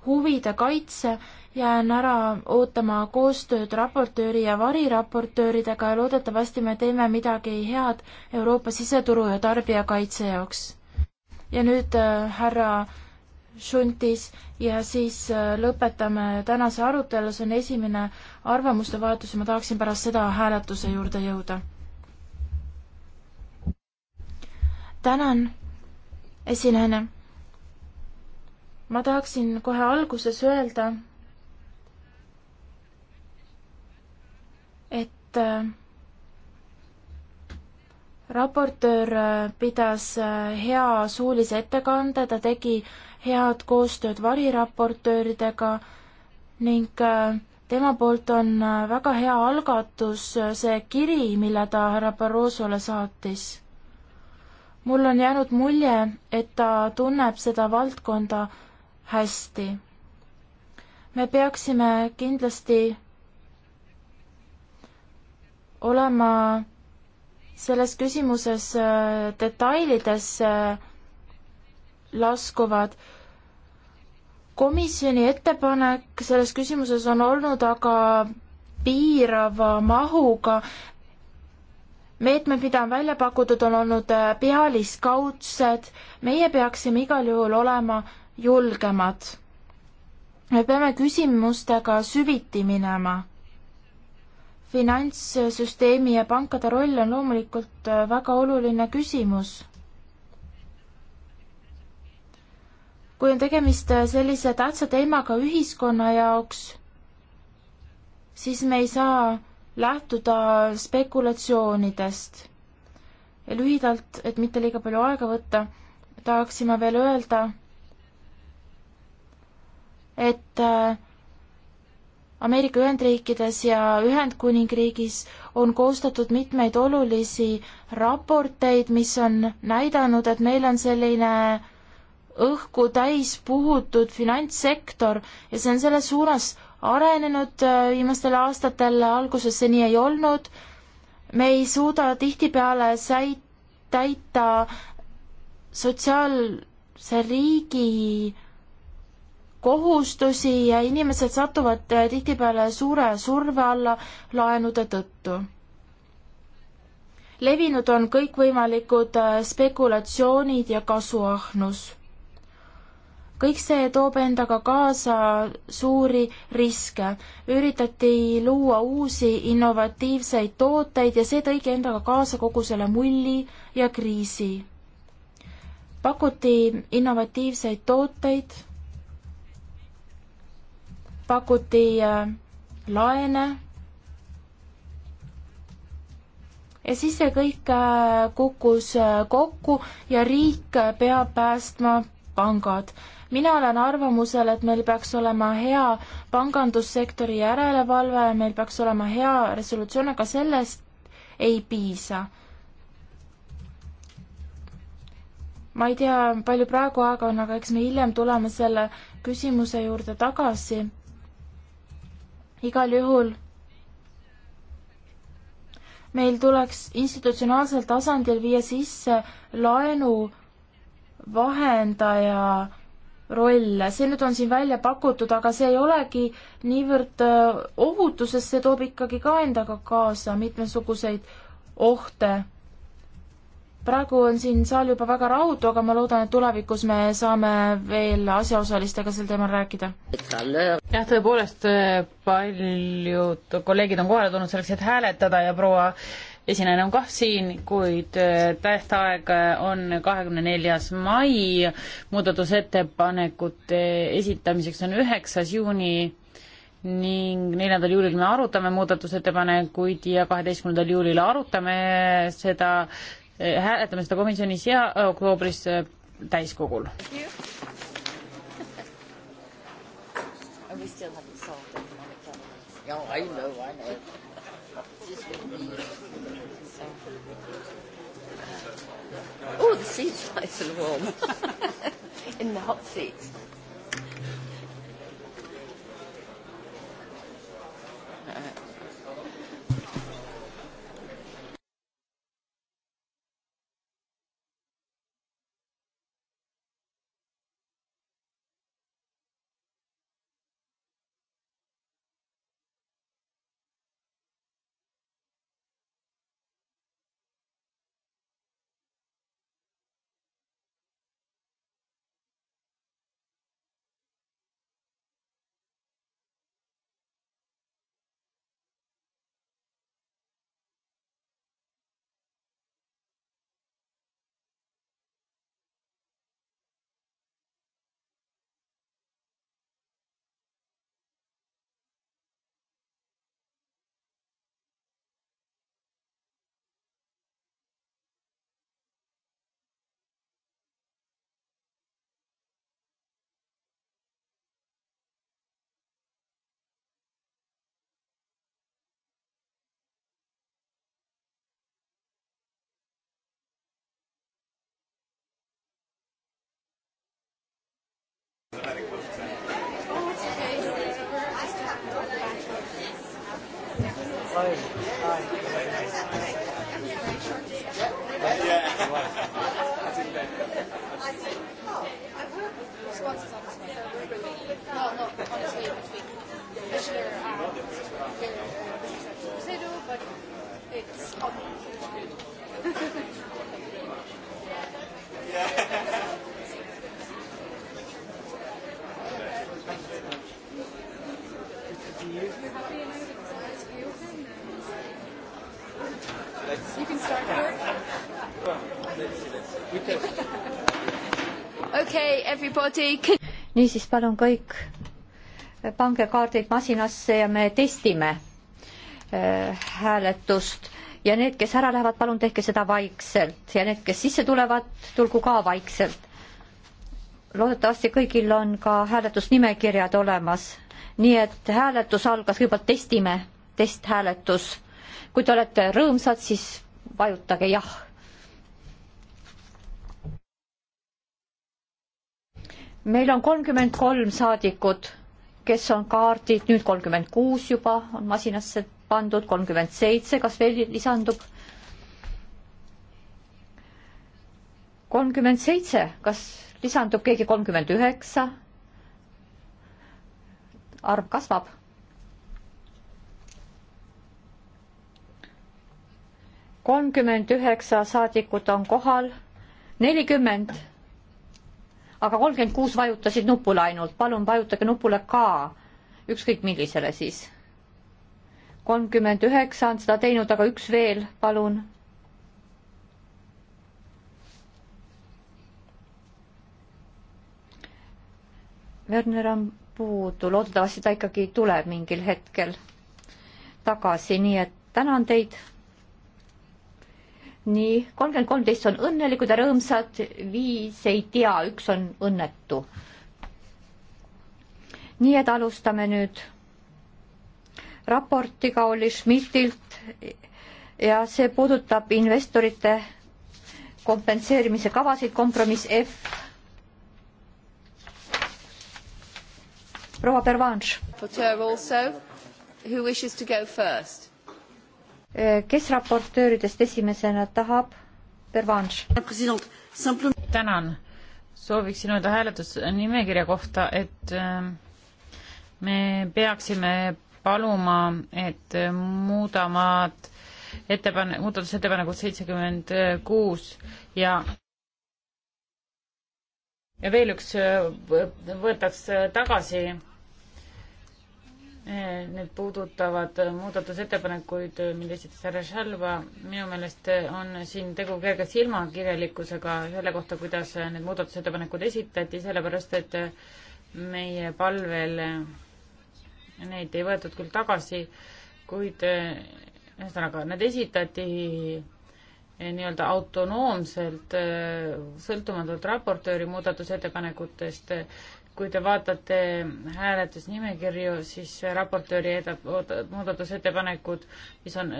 S3: huvide kaitse. jään ära ootama koostööd raportööri ja variraportööridega ja loodetavasti me teeme midagi head Euroopa siseturu ja tarbijakaitse jaoks ja nüüd äh, härra Šuntis ja siis äh, lõpetame tänase arutelu, see on esimene arvamuste vahetus ja ma tahaksin pärast seda hääletuse juurde jõuda. tänan, esinejana. ma tahaksin kohe alguses öelda, et äh, raportöör äh, pidas äh, hea suulise ettekande, ta tegi head koostööd variraportööridega ning äh, tema poolt on väga hea algatus see kiri, mille ta härra Barrosole saatis. mul on jäänud mulje, et ta tunneb seda valdkonda hästi. me peaksime kindlasti olema selles küsimuses äh, detailidesse äh, laskuvad. komisjoni ettepanek selles küsimuses on olnud aga piirava mahuga. meetmed, mida on välja pakutud, on olnud äh, pealiskaudsed. meie peaksime igal juhul olema julgemad. me peame küsimustega süviti minema finantssüsteemi ja pankade roll on loomulikult äh, väga oluline küsimus. kui on tegemist äh, sellise tähtsa teemaga ühiskonna jaoks, siis me ei saa lähtuda spekulatsioonidest. ja lühidalt, et mitte liiga palju aega võtta, tahaksin ma veel öelda, et äh, Ameerika Ühendriikides ja Ühendkuningriigis on koostatud mitmeid olulisi raporteid, mis on näidanud, et meil on selline õhku täis puhutud finantssektor ja see on selles suunas arenenud äh, viimastel aastatel, alguses see nii ei olnud. me ei suuda tihtipeale säi-, täita sotsiaalse riigi kohustusi ja inimesed satuvad äh, tihtipeale suure surve alla laenude tõttu. levinud on kõikvõimalikud äh, spekulatsioonid ja kasuahnus. kõik see toob endaga kaasa suuri riske. üritati luua uusi innovatiivseid tooteid ja see tõigi endaga kaasa kogu selle mulli ja kriisi pakuti innovatiivseid tooteid pakuti äh, laene ja siis see kõik äh, kukkus äh, kokku ja riik peab päästma pangad. mina olen arvamusel, et meil peaks olema hea pangandussektori järelevalve, meil peaks olema hea resolutsioon, aga sellest ei piisa. ma ei tea, palju praegu aega on, aga eks me hiljem tuleme selle küsimuse juurde tagasi igal juhul meil tuleks institutsionaalsel tasandil viia sisse laenu vahendaja roll, see nüüd on siin välja pakutud, aga see ei olegi niivõrd äh, ohutuses, see toob ikkagi ka endaga kaasa mitmesuguseid ohte praegu on siin saal juba väga raudu, aga ma loodan, et tulevikus me saame veel asjaosalistega sel teemal rääkida.
S1: jah, tõepoolest äh, paljud kolleegid on kohale tulnud selleks, et hääletada ja proua esinejana on kah siin, kuid äh, tähtaeg on kahekümne neljas mai, muudatusettepanekute esitamiseks on üheksas juuni ning neljandal juulil me arutame muudatusettepanekuid ja kaheteistkümnendal juulil arutame seda Eh, hääletame seda komisjonis ja eh, oktoobris eh, täiskogul.
S2: No, I know, I know.
S1: Just with me.
S2: So. Oh, the seat's nice and warm. In the hot seat.
S3: Close. Hi. Yeah.
S2: I said, oh, I've worked with sponsors on this one. No, not honestly, between Fisher and Fisher, but it's good. niisiis, palun kõik, pange kaardid masinasse ja me testime äh, hääletust ja need, kes ära lähevad, palun tehke seda vaikselt ja need, kes sisse tulevad, tulgu ka vaikselt. loodetavasti kõigil on ka hääletusnimekirjad olemas, nii et hääletus algas, kõigepealt testime, testhääletus. kui te olete rõõmsad, siis vajutage jah meil on kolmkümmend kolm saadikut, kes on kaardid, nüüd kolmkümmend kuus juba on masinasse pandud, kolmkümmend seitse, kas veel lisandub? kolmkümmend seitse, kas lisandub keegi kolmkümmend üheksa? arv kasvab. kolmkümmend üheksa saadikut on kohal, nelikümmend aga kolmkümmend kuus vajutasid nupule ainult, palun vajutage nupule ka, ükskõik millisele siis. kolmkümmend üheksa on seda teinud, aga üks veel, palun. Werner on puudu, loodetavasti ta ikkagi tuleb mingil hetkel tagasi, nii et tänan teid nii, kolmkümmend kolmteist on õnnelikud ja rõõmsad, viis ei tea, üks on õnnetu. nii et alustame nüüd. raportiga oli Schmidtilt ja see puudutab investorite kompenseerimise kavasid, kompromiss F. proua Pervanš. Who wishes to go first? Eh, kes raportööridest esimesena tahab? Pervanš.
S1: tänan. sooviksin öelda hääletusnimekirja kohta, et eh, me peaksime paluma, et muudamad ettepanek, muudatusettepanekud seitsekümmend kuus ja ja veel üks eh, võetakse tagasi Eh, need puudutavad eh, muudatusettepanekuid, eh, mille esitas härra Šalva. minu meelest on siin tegu kerge silmakirjalikkusega selle kohta, kuidas need muudatusettepanekud esitati, sellepärast et meie palvel neid ei võetud küll tagasi, kuid ühesõnaga, need esitati nii-öelda autonoomselt, sõltumatult raportööri muudatusettepanekutest kui te vaatate hääletusnimekirju, siis raportööri muudatusettepanekud, mis on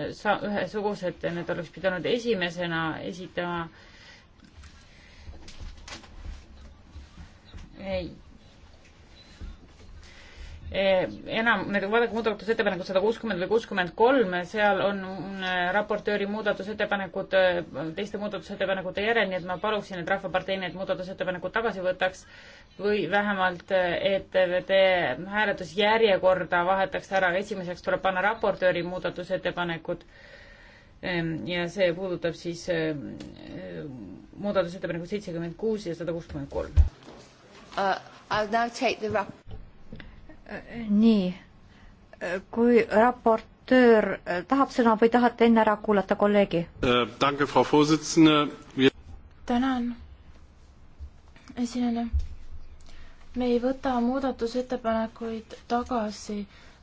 S1: ühesugused, need oleks pidanud esimesena esitama. Eh, enam, vaadake muudatusettepanekut sada kuuskümmend või kuuskümmend kolm, seal on mm, raportööri muudatusettepanekud eh, teiste muudatusettepanekute järel, nii et ma paluksin, et Rahvapartei need muudatusettepanekud tagasi võtaks või vähemalt, et eh, e te hääletusjärjekorda vahetaks ära, esimeseks tuleb panna raportööri muudatusettepanekud ehm, ja see puudutab siis muudatusettepanekut seitsekümmend kuus ja sada kuuskümmend kolm.
S2: Uh, I'll now take the rap- nii, kui raportöör tahab sõna või tahate enne ära kuulata kolleegi?
S1: Äh,
S2: tänan, esineja. me ei võta
S3: muudatusettepanekuid tagasi,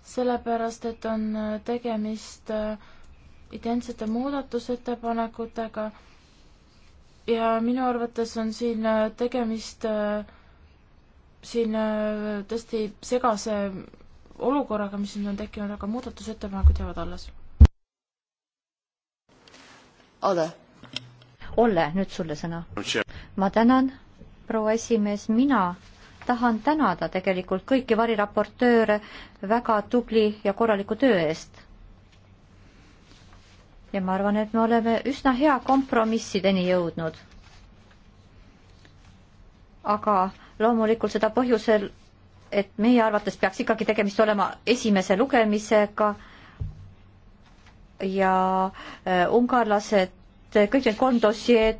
S3: sellepärast et on äh, tegemist äh, identsete muudatusettepanekutega ja minu arvates on siin tegemist äh, siin äh, tõesti segase olukorraga, mis nüüd on tekkinud, aga muudatusettepanekud jäävad alles.
S2: Ole. Olle, nüüd sulle sõna. ma tänan, proua esimees, mina tahan tänada tegelikult kõiki variraportööre väga tubli ja korraliku töö eest. ja ma arvan, et me oleme üsna hea kompromissideni jõudnud. aga loomulikult seda põhjusel, et meie arvates peaks ikkagi tegemist olema esimese lugemisega ja äh, ungarlased, kõik need kolm dossieed,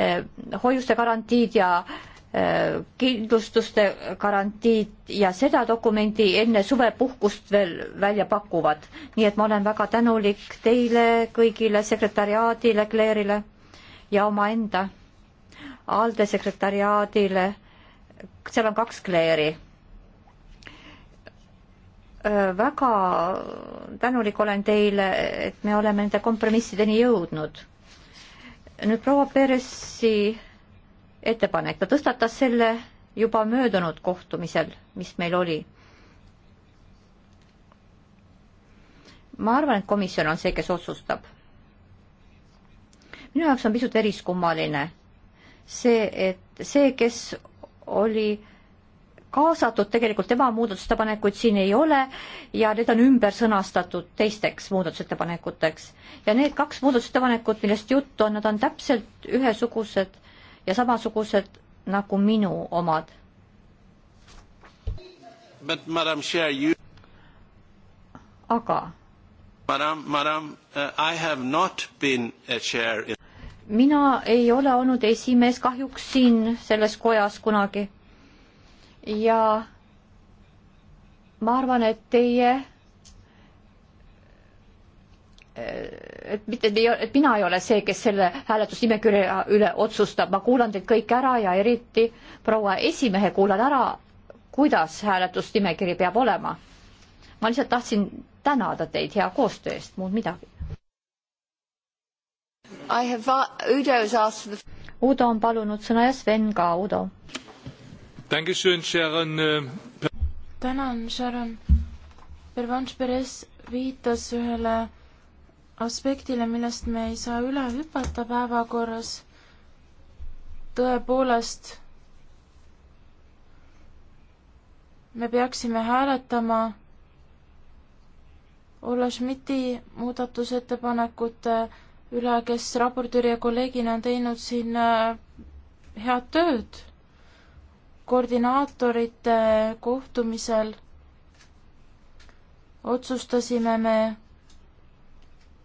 S2: äh, hoiuste garantiid ja äh, kindlustuste garantiid ja seda dokumendi enne suvepuhkust veel välja pakuvad. nii et ma olen väga tänulik teile kõigile, sekretäriaadile, Claire'ile ja omaenda ALDE sekretäriaadile seal on kaks kleeri. väga tänulik olen teile, et me oleme nende kompromissideni jõudnud. nüüd proua Peressi ettepanek, ta tõstatas selle juba möödunud kohtumisel, mis meil oli. ma arvan, et komisjon on see, kes otsustab. minu jaoks on pisut eriskummaline see, et see, kes oli kaasatud, tegelikult tema muudatusettepanekuid siin ei ole ja need on ümber sõnastatud teisteks muudatusettepanekuteks. ja need kaks muudatusettepanekut, millest juttu on, nad on täpselt ühesugused ja samasugused nagu minu omad. aga.
S1: Madam, madam
S2: uh,, I have not been a chair in mina ei ole olnud esimees kahjuks siin selles kojas kunagi. ja ma arvan, et teie et mitte, et mina ei ole see, kes selle hääletusnimekirja üle otsustab, ma kuulan teid kõik ära ja eriti proua esimehe kuulan ära, kuidas hääletusnimekiri peab olema. ma lihtsalt tahtsin tänada teid hea koostöö eest, muud midagi. The... Udo on palunud sõna ja Sven ka, Udo. Ähm,
S3: tänan, Sharon. Pervanš Perez viitas ühele aspektile, millest me ei saa üle hüpata päevakorras. tõepoolest, me peaksime hääletama Olle Schmidti muudatusettepanekute üle, kes raportööri ja kolleegina on teinud siin äh, head tööd. koordinaatorite kohtumisel otsustasime me,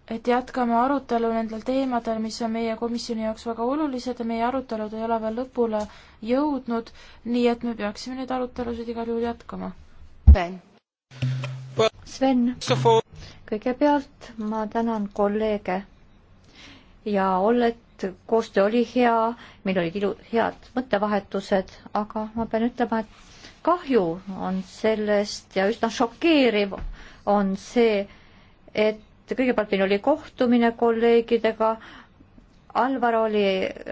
S3: et jätkame arutelu nendel teemadel, mis on meie komisjoni jaoks väga olulised ja meie arutelud ei ole veel lõpule jõudnud, nii et me peaksime neid arutelusid igal juhul jätkama.
S2: Sven. Sven, kõigepealt ma tänan kolleege ja Ollet, koostöö oli hea, meil olid ilu-, head mõttevahetused, aga ma pean ütlema, et kahju on sellest ja üsna šokeeriv on see, et kõigepealt meil oli kohtumine kolleegidega, Alvar oli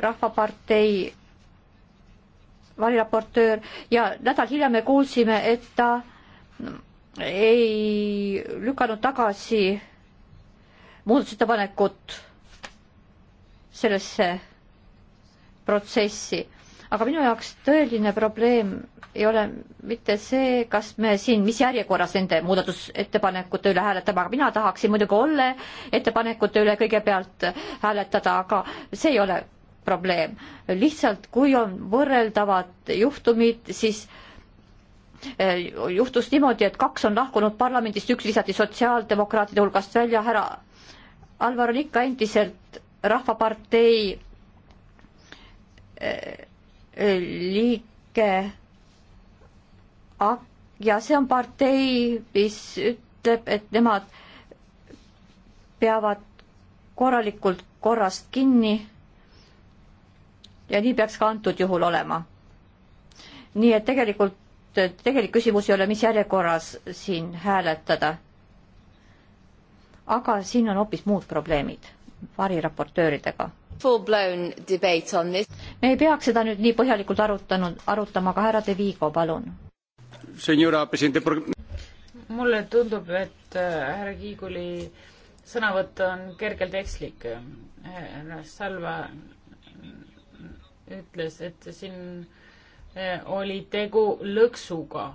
S2: Rahvapartei variraportöör ja nädal hiljem me kuulsime, et ta ei lükanud tagasi muudatusettepanekut sellesse protsessi. aga minu jaoks tõeline probleem ei ole mitte see, kas me siin, mis järjekorras nende muudatusettepanekute üle hääletame, aga mina tahaksin muidugi Olle ettepanekute üle kõigepealt hääletada, aga see ei ole probleem. lihtsalt kui on võrreldavad juhtumid, siis eh, juhtus niimoodi, et kaks on lahkunud parlamendist, üks lisati sotsiaaldemokraatide hulgast välja, härra Alvar on ikka endiselt Rahvapartei eh, liige ja see on partei, mis ütleb, et nemad peavad korralikult korrast kinni ja nii peaks ka antud juhul olema. nii et tegelikult, tegelik küsimus ei ole, mis järjekorras siin hääletada. aga siin on hoopis muud probleemid variraportööridega. me ei peaks seda nüüd nii põhjalikult arutanud, arutama, aga härra De Vigo, palun.
S1: mulle tundub, et äh, härra Kiiguli sõnavõtt on kergelt ekslik. Äh, härra Salva ütles, et siin äh, oli tegu lõksuga.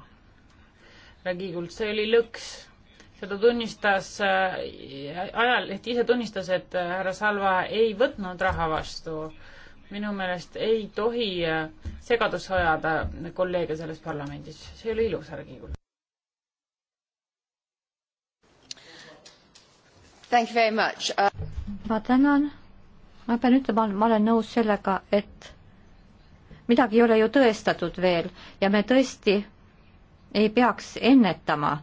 S1: härra Kiigult, see oli lõks seda tunnistas äh, ajaleht ise tunnistas, et äh, härra Salva ei võtnud raha vastu. minu meelest ei tohi äh, segadusse ajada kolleege selles parlamendis, see ei ole ilus, härra Kiigul.
S2: Thank you very much uh.... ma tänan. ma pean ütlema, ma olen nõus sellega, et midagi ei ole ju tõestatud veel ja me tõesti ei peaks ennetama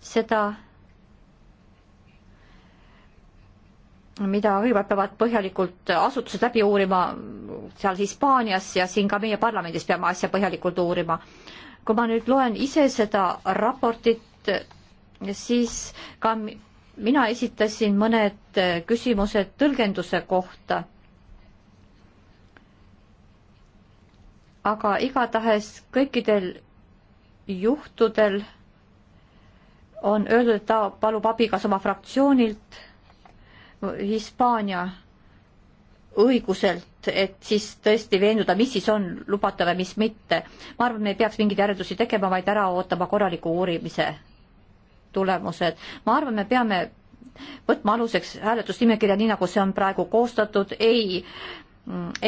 S2: seda mida kõigepealt peavad põhjalikult asutused läbi uurima seal Hispaanias ja siin ka meie parlamendis peame asja põhjalikult uurima. kui ma nüüd loen ise seda raportit, siis ka mina esitasin mõned küsimused tõlgenduse kohta. aga igatahes kõikidel juhtudel on öeldud, et ta palub abi kas oma fraktsioonilt Hispaania õiguselt, et siis tõesti veenduda, mis siis on lubatav ja mis mitte. ma arvan, me ei peaks mingeid järeldusi tegema, vaid ära ootama korraliku uurimise tulemused. ma arvan, me peame võtma aluseks hääletusnimekirja, nii nagu see on praegu koostatud, ei,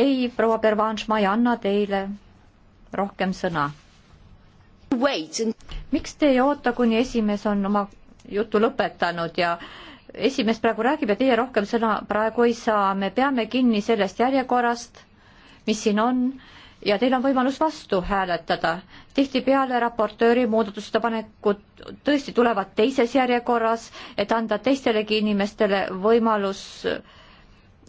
S2: ei, proua Pervanš, ma ei anna teile rohkem sõna. miks te ei oota, kuni esimees on oma jutu lõpetanud ja äh, esimees praegu räägib ja teie rohkem sõna praegu ei saa, me peame kinni sellest järjekorrast, mis siin on ja teil on võimalus vastu hääletada. tihtipeale raportööri muudatusettepanekud tõesti tulevad teises järjekorras, et anda teistelegi inimestele võimalus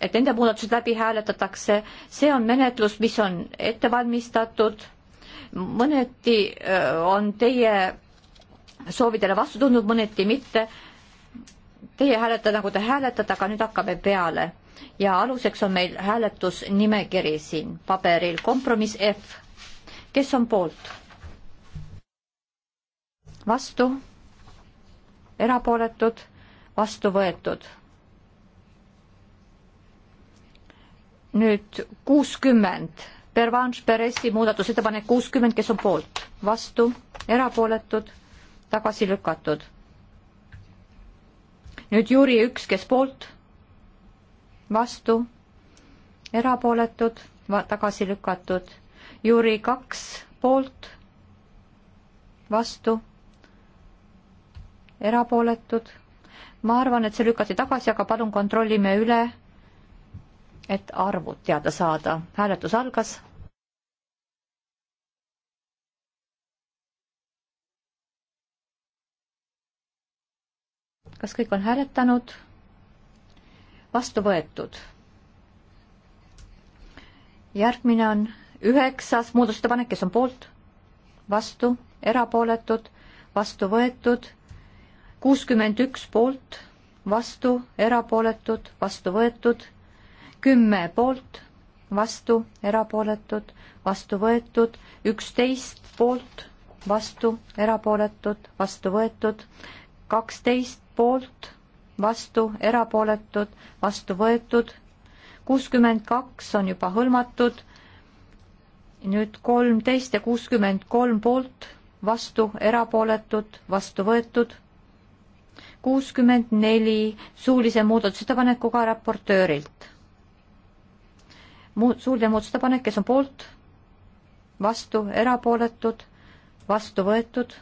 S2: et nende muudatused läbi hääletatakse, see on menetlus, mis on ette valmistatud, mõneti äh, on teie soovidele vastu tulnud, mõneti mitte teie hääletate nagu te hääletate, aga nüüd hakkame peale. ja aluseks on meil hääletusnimekiri siin paberil, kompromiss F. kes on poolt? vastu? erapooletud? vastu võetud? nüüd kuuskümmend, Pervanš Peresi muudatusettepanek kuuskümmend, kes on poolt? vastu? erapooletud? tagasi lükatud nüüd Jüri üks, kes poolt, vastu, erapooletud, tagasi lükatud. Jüri kaks poolt, vastu, erapooletud. ma arvan, et see lükati tagasi, aga palun kontrollime üle, et arvud teada saada. hääletus algas kas kõik on hääletanud? vastu võetud. järgmine on üheksas muudatusettepanek, kes on poolt, vastu, erapooletud, vastu võetud, kuuskümmend üks poolt, vastu, erapooletud, vastu võetud, kümme poolt, vastu, erapooletud, vastu võetud, üksteist poolt, vastu, erapooletud, vastu võetud, kaksteist poolt, vastu, erapooletud, vastu võetud, kuuskümmend kaks on juba hõlmatud, nüüd kolmteist ja kuuskümmend kolm poolt, vastu, erapooletud, vastu võetud, kuuskümmend neli suulise muudatusettepanekuga raportöörilt. Muud, suuline muudatusettepanek, kes on poolt, vastu, erapooletud, vastu võetud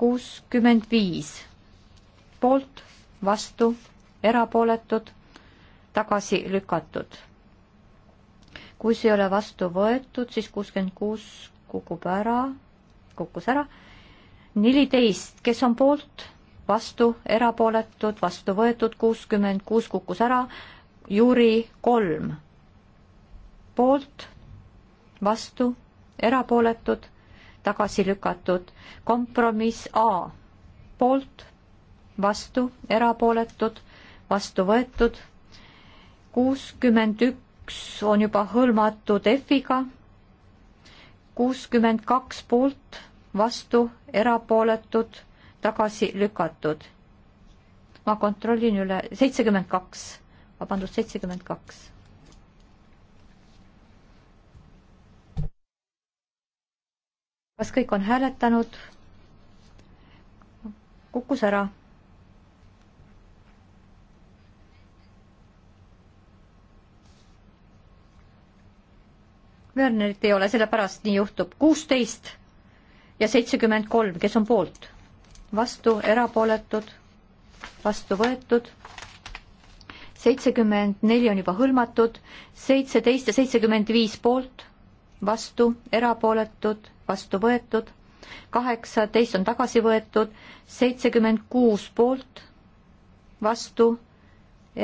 S2: kuuskümmend viis poolt, vastu, erapooletud, tagasi lükatud. kui see ei ole vastu võetud, siis kuuskümmend kuus kukub ära, kukkus ära. neliteist, kes on poolt, vastu, erapooletud, vastu võetud, kuuskümmend kuus kukkus ära, Jüri kolm poolt, vastu, erapooletud tagasi lükatud. kompromiss A poolt, vastu, erapooletud, vastu võetud. kuuskümmend üks on juba hõlmatud F-iga. kuuskümmend kaks poolt, vastu, erapooletud, tagasi lükatud. ma kontrollin üle, seitsekümmend kaks, vabandust, seitsekümmend kaks kas kõik on hääletanud? kukkus ära. Wernerit ei ole, sellepärast nii juhtub. kuusteist ja seitsekümmend kolm, kes on poolt? vastu, erapooletud, vastu võetud. seitsekümmend neli on juba hõlmatud, seitseteist ja seitsekümmend viis poolt, vastu, erapooletud vastu võetud, kaheksateist on tagasi võetud, seitsekümmend kuus poolt, vastu,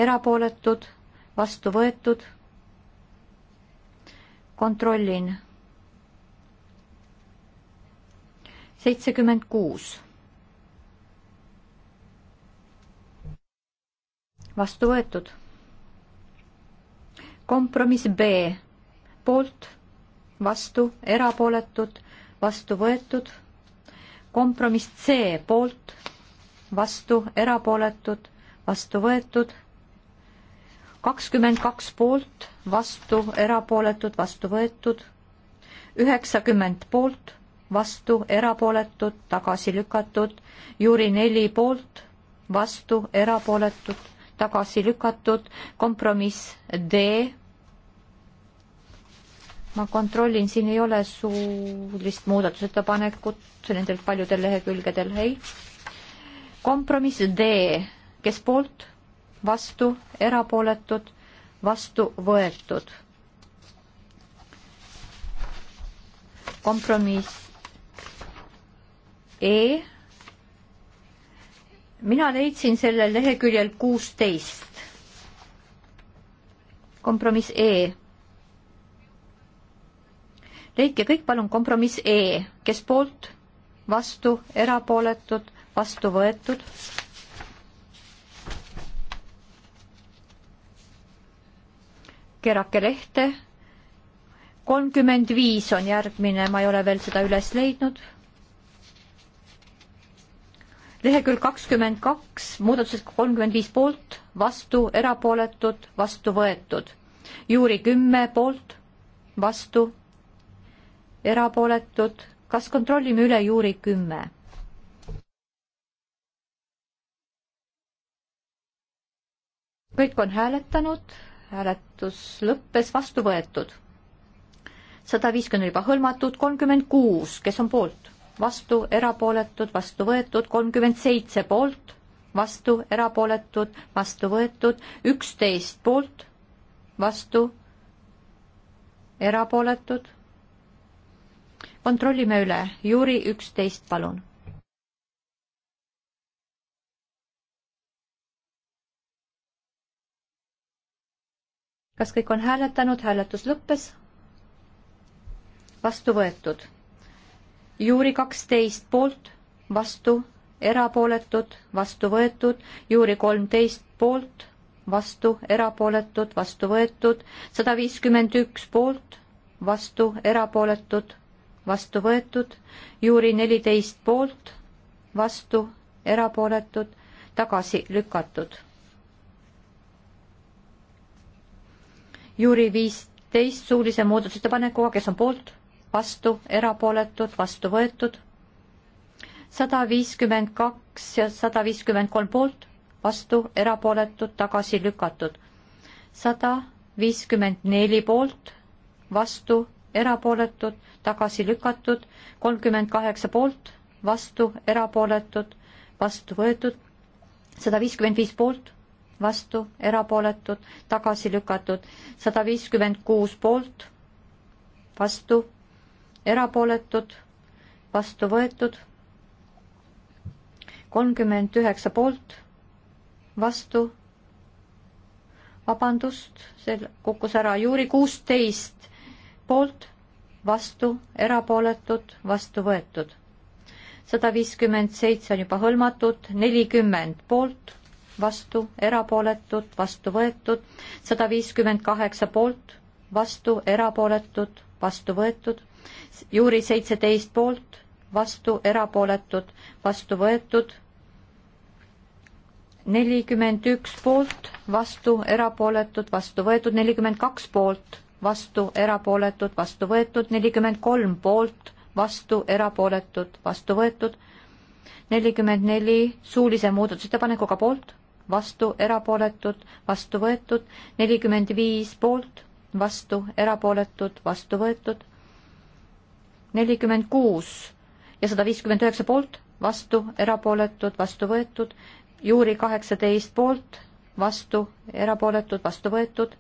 S2: erapooletud, vastu võetud. kontrollin. seitsekümmend kuus. vastu võetud. kompromiss B, poolt, vastu, erapooletud vastu võetud, kompromiss C poolt, vastu erapooletud, vastu võetud, kakskümmend kaks poolt, vastu erapooletud, vastu võetud, üheksakümmend poolt, vastu erapooletud, tagasi lükatud, juuri neli poolt, vastu erapooletud, tagasi lükatud, kompromiss D ma kontrollin, siin ei ole suulist muudatusettepanekut nendel paljudel lehekülgedel, ei. kompromiss D, kes poolt, vastu, erapooletud, vastu võetud. kompromiss E. mina leidsin sellel leheküljel kuusteist. kompromiss E Reik ja kõik, palun kompromiss E, kes poolt, vastu, erapooletud, vastu võetud. kerake lehte. kolmkümmend viis on järgmine, ma ei ole veel seda üles leidnud. lehekülg kakskümmend kaks, muudatused kolmkümmend viis poolt, vastu, erapooletud, vastu võetud. juuri kümme poolt, vastu erapooletud, kas kontrollime üle juuri kümme? kõik on hääletanud, hääletus lõppes, vastu võetud. sada viiskümmend juba hõlmatud, kolmkümmend kuus, kes on poolt, vastu, erapooletud, vastu võetud, kolmkümmend seitse poolt, vastu, erapooletud, vastu võetud, üksteist poolt, vastu, erapooletud kontrollime üle, Juri üksteist, palun. kas kõik on hääletanud, hääletus lõppes? vastu võetud. Juuri kaksteist poolt, vastu, erapooletud, vastu võetud, Juuri kolmteist poolt, vastu, erapooletud, vastu võetud, sada viiskümmend üks poolt, vastu, erapooletud, vastu võetud, juuri neliteist poolt, vastu, erapooletud, tagasi lükatud. juuri viisteist suulise muudatusettepanekuga, kes on poolt, vastu, erapooletud, vastu võetud, sada viiskümmend kaks ja sada viiskümmend kolm poolt, vastu, erapooletud, tagasi lükatud, sada viiskümmend neli poolt, vastu, erapooletud, tagasi lükatud, kolmkümmend kaheksa poolt, vastu, erapooletud, vastu võetud, sada viiskümmend viis poolt, vastu, erapooletud, tagasi lükatud, sada viiskümmend kuus poolt, vastu, erapooletud, vastu võetud, kolmkümmend üheksa poolt, vastu, vabandust, see kukkus ära, juuri kuusteist poolt, vastu, erapooletud, vastu võetud. sada viiskümmend seitse on juba hõlmatud, nelikümmend poolt, vastu, erapooletud, vastu võetud, sada viiskümmend kaheksa poolt, vastu, erapooletud, vastu võetud, juuri seitseteist poolt, vastu, erapooletud, vastu võetud, nelikümmend üks poolt, vastu, erapooletud, vastu võetud, nelikümmend kaks poolt vastu erapooletud, vastu võetud, nelikümmend kolm poolt, vastu erapooletud, vastu võetud, nelikümmend neli suulise muudatusettepanekuga poolt, vastu erapooletud, vastu võetud, nelikümmend viis poolt, vastu erapooletud, vastu võetud, nelikümmend kuus ja sada viiskümmend üheksa poolt, vastu erapooletud, vastu võetud, juuri kaheksateist poolt, vastu erapooletud, vastu võetud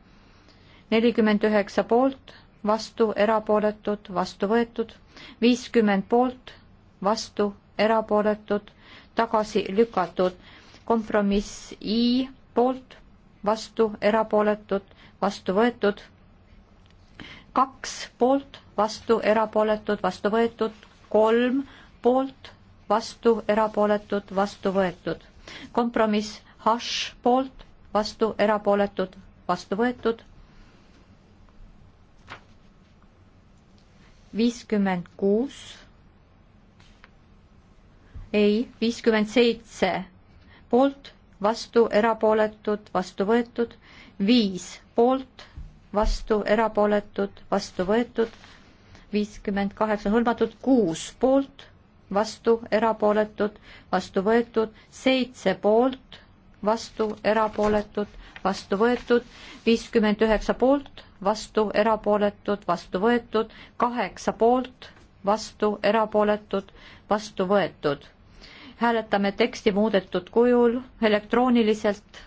S2: nelikümmend üheksa poolt, vastu, erapooletud, vastu võetud, viiskümmend poolt, vastu, erapooletud, tagasi lükatud. kompromiss I poolt, vastu, erapooletud, vastu võetud, kaks poolt, vastu, erapooletud, vastu võetud, kolm poolt, vastu, erapooletud, vastu võetud. kompromiss H poolt, vastu, erapooletud, vastu võetud viiskümmend kuus, ei, viiskümmend seitse poolt, vastu, erapooletud, vastu võetud, viis poolt, vastu, erapooletud, vastu võetud, viiskümmend kaheksa hõlmatud, kuus poolt, vastu, erapooletud, vastu võetud, seitse poolt vastu, erapooletud, vastu võetud, viiskümmend üheksa poolt, vastu, erapooletud, vastu võetud, kaheksa poolt, vastu, erapooletud, vastu võetud. hääletame teksti muudetud kujul elektrooniliselt.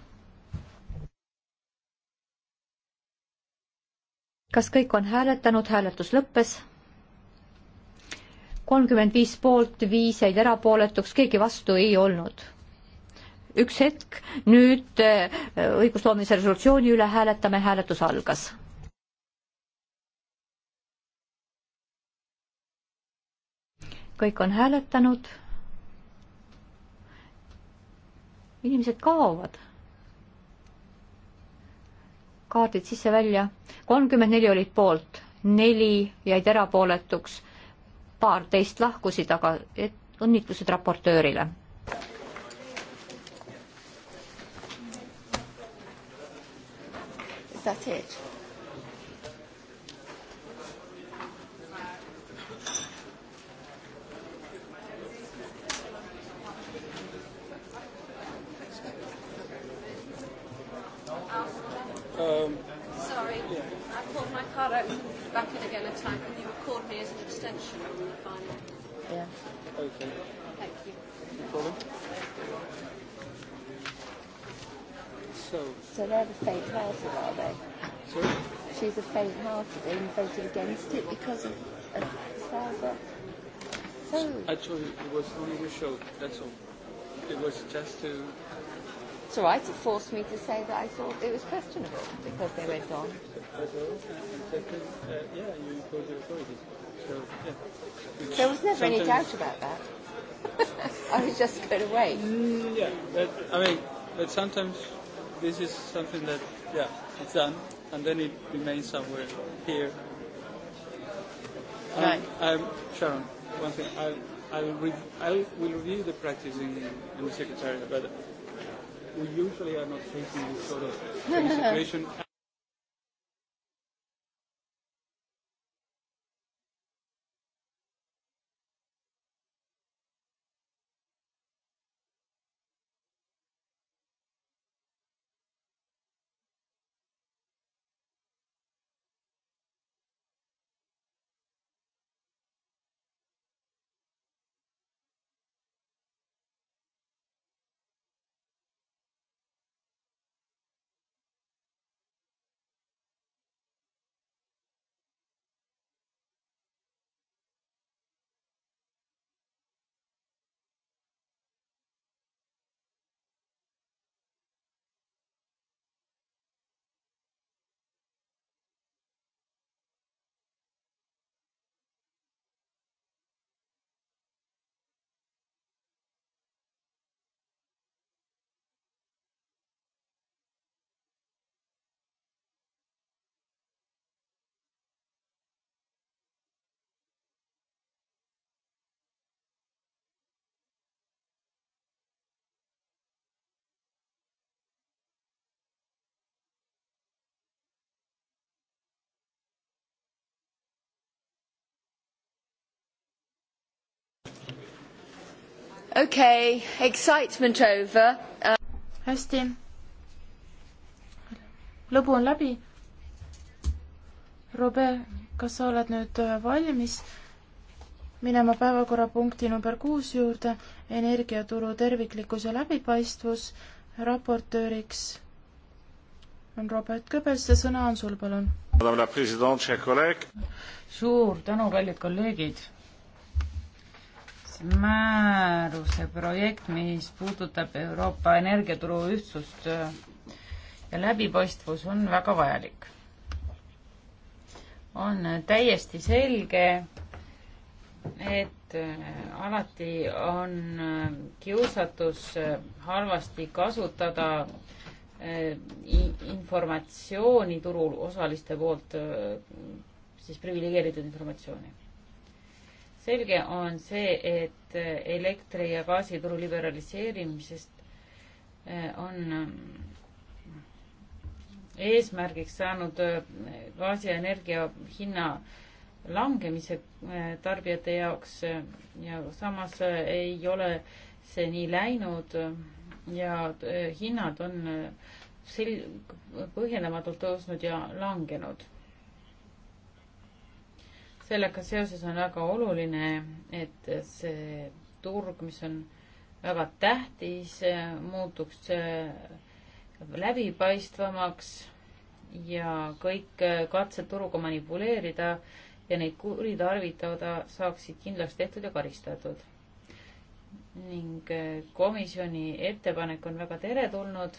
S2: kas kõik on hääletanud, hääletus lõppes? kolmkümmend viis poolt, viis jäid erapooletuks, keegi vastu ei olnud üks hetk, nüüd äh, õigusloomise resolutsiooni üle hääletame, hääletus algas. kõik on hääletanud. inimesed kaovad. kaardid sisse-välja, kolmkümmend neli olid poolt, neli jäid erapooletuks, paar teist lahkusid, aga õnnitlused raportöörile Is that it? Um, Sorry, yeah. I pulled my car out and back in again in time. Can you record me as an extension on the final? Yeah. Okay. Thank you. No problem. So. So they're the faint-hearted, are they? Sorry? She's a faint-hearted and voted against it because of, of Salva. So actually, it was
S1: only a show. That's all. It was just to.
S2: It's all right. It forced me to say that I thought it was questionable because they went on. That's all. And second, uh, yeah, you impose your authority. So yeah. Which there was never sometimes... any doubt about that.
S3: I was just going to wait. Mm, yeah,
S2: but I mean, but sometimes this is something that, yeah, it's done, and then it remains somewhere here. Um, right. I'm, Sharon, one thing. I'll, I'll, re- I'll will review the practice in, in the Secretariat, but we usually are not facing this sort of situation.
S3: okei okay,, excitement over uh.... hästi. lõbu on läbi. Robert, kas sa oled nüüd äh, valmis minema päevakorrapunkti number kuus juurde, energiaturu terviklikkus ja läbipaistvus, raportööriks on Robert Kõbes ja sõna on sul, palun.
S1: suur tänu, kallid kolleegid määruse projekt, mis puudutab Euroopa energiaturu ühtsust ja läbipaistvus on väga vajalik. on täiesti selge, et äh, alati on äh, kiusatus äh, halvasti kasutada informatsiooni turul osaliste poolt, siis priviligeeritud informatsiooni selge on see, et elektri- ja gaasituru liberaliseerimisest eh, on mm, eesmärgiks saanud eh, gaasi ja energia hinna langemise eh, tarbijate jaoks ja samas ei ole see nii läinud ja hinnad on sel-, põhjendamatult tõusnud ja langenud sellega seoses on väga oluline, et see turg, mis on väga tähtis, muutuks äh, läbipaistvamaks ja kõik äh, katsed turuga manipuleerida ja neid kuritarvitada saaksid kindlaks tehtud ja karistatud. ning äh, komisjoni ettepanek on väga teretulnud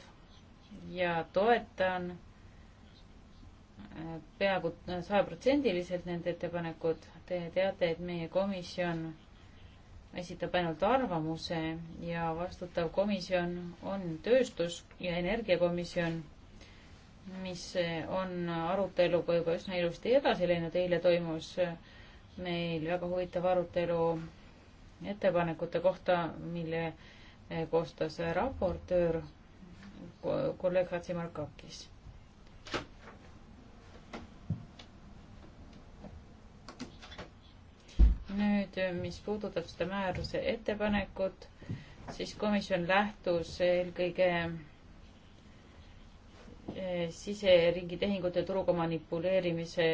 S1: ja toetan peaaegu sajaprotsendiliselt need ettepanekud. Te teate, et meie komisjon esitab ainult arvamuse ja vastutav komisjon on tööstus- ja energiakomisjon, mis on aruteluga juba üsna ilusti edasi läinud. eile toimus meil väga huvitav arutelu ettepanekute kohta, mille koostas raportöör kolleeg Hatsimarkakis nüüd, mis puudutab seda määruse ettepanekut, siis komisjon lähtus eelkõige eh, siseringi tehingute turuga manipuleerimise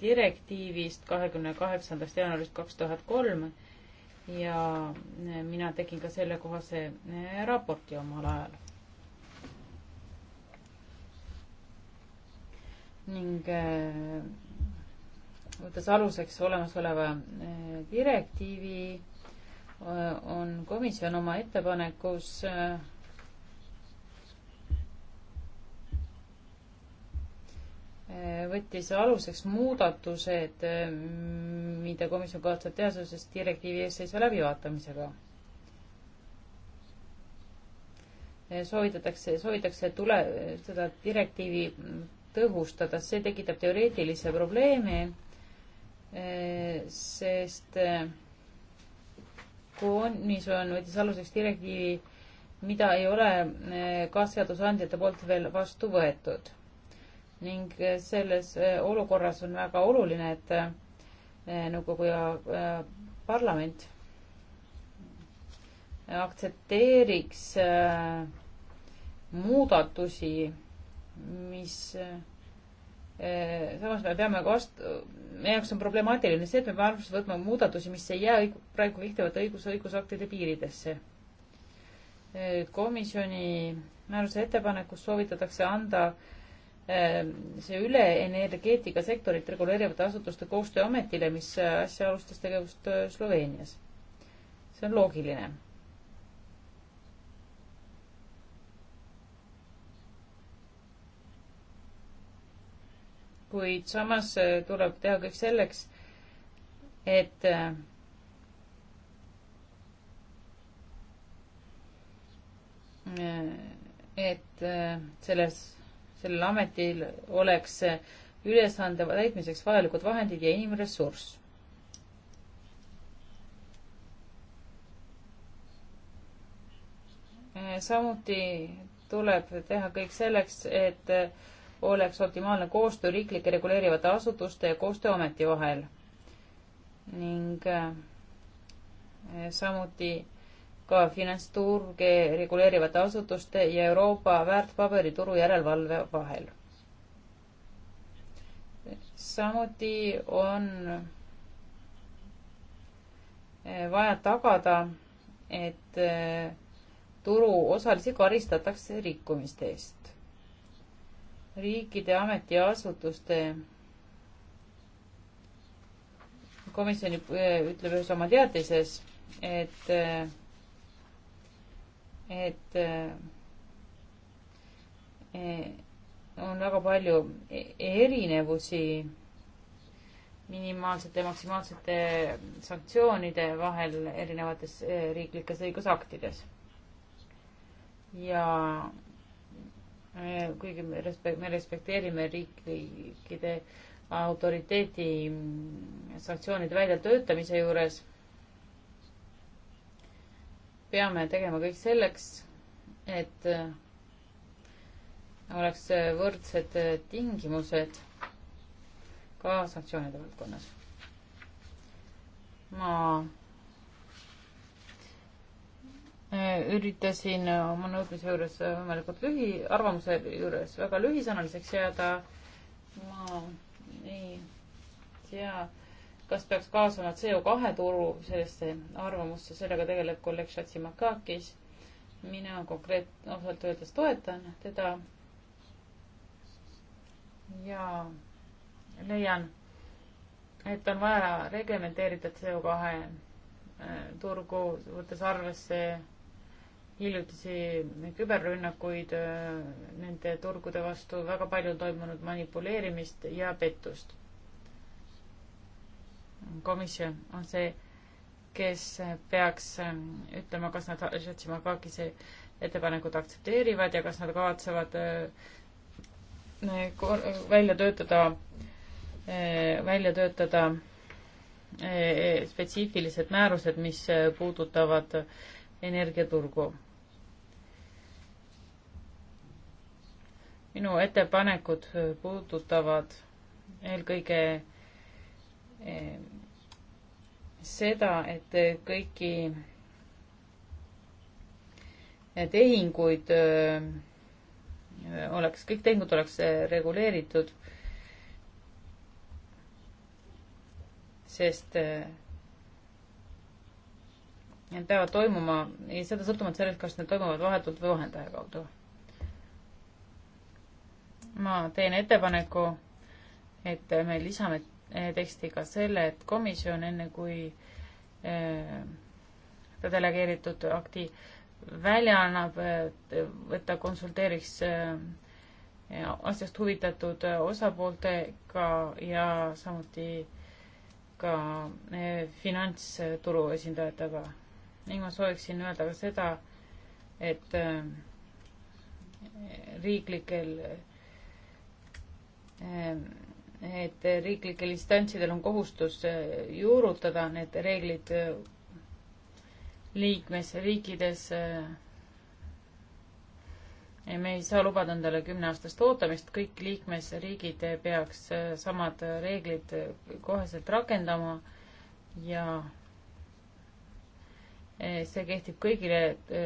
S1: direktiivist kahekümne kaheksandast jaanuarist kaks tuhat kolm ja eh, mina tegin ka sellekohase eh, raporti omal ajal. ning võttes aluseks olemasoleva eh, direktiivi, eh, on komisjon oma ettepanekus eh, võttis aluseks muudatused, mida komisjon kavatseb teha seoses direktiivi ees seisva läbivaatamisega. soovitatakse, soovitakse tule, seda direktiivi tõhustada, see tekitab teoreetilise probleemi Eh, sest eh, Koonison võttis aluseks direktiivi, mida ei ole eh, ka seadusandjate poolt veel vastu võetud. ning selles olukorras on väga oluline, et nõukogu ja parlament aktsepteeriks muudatusi, mis Äh, samas me peame ka vastu, meie jaoks on problemaatiline see, et me peame arvesse võtma muudatusi, mis ei jää õig-, praegu kehtivate õigus, õigusaktide piiridesse. Äh, komisjoni määruse ettepanekus soovitatakse anda äh, see üle energeetikasektorit reguleerivate asutuste koostööametile, mis äsja alustas tegevust Sloveenias. see on loogiline kuid samas äh, tuleb teha kõik selleks, et äh, et äh, selles, sellel ametil oleks ülesande täitmiseks vajalikud vahendid ja inimressurss. samuti tuleb teha kõik selleks, et oleks optimaalne koostöö riiklike reguleerivate asutuste ja koostööameti vahel ning äh, samuti ka finantsturge reguleerivate asutuste ja Euroopa väärtpaberituru järelevalve vahel. samuti on äh, vaja tagada, et äh, turu osalisi karistatakse rikkumiste eest riikide ametiasutuste komisjoni eh, ütleb ühes oma teadises, et, eh, et eh, on väga palju erinevusi minimaalsete ja maksimaalsete sanktsioonide vahel erinevates riiklikes õigusaktides. ja kuigi me respekt-, me respekteerime riikide autoriteeti sanktsioonide väljatöötamise juures, peame tegema kõik selleks, et oleks võrdsed tingimused ka sanktsioonide valdkonnas. ma üritasin oma nõudmise juures võimalikult lühi, arvamuse juures väga lühisõnaliseks jääda. ma ei tea, kas peaks kaasama CO2 turu sellesse arvamusse, sellega tegeleb kolleeg Šatsimakakis. mina konkreet-, ausalt öeldes toetan teda. ja leian, et on vaja reglementeerida CO2 äh, turgu, võttes arvesse hiljutisi küberrünnakuid äh, nende turgude vastu, väga palju on toimunud manipuleerimist ja pettust. komisjon on see, kes peaks äh, ütlema, kas nad Šetšimakakise ettepanekut aktsepteerivad ja kas nad kavatsevad äh, välja töötada, välja töötada spetsiifilised määrused, mis puudutavad energiaturgu minu ettepanekud puudutavad eelkõige eh, seda, et kõiki tehinguid eh, oleks, kõik tehingud oleks eh, reguleeritud, sest need peavad toimuma, seda sõltumata sellest, kas need toimuvad vahetult või vahendaja kaudu ma teen ettepaneku, et me lisame teksti ka selle, et komisjon enne kui äh, ta delegeeritud akti välja annab, et äh, ta konsulteeriks äh, asjast huvitatud osapooltega ja samuti ka finantsturu esindajatega. ning ma sooviksin öelda ka seda, et riiklikel äh, et riiklikel instantsidel on kohustus äh, juurutada need reeglid äh, liikmesriikides. Äh, me ei saa lubada endale kümneaastast ootamist, kõik liikmesriigid peaks samad reeglid koheselt rakendama ja Eh, see kehtib kõigile eh,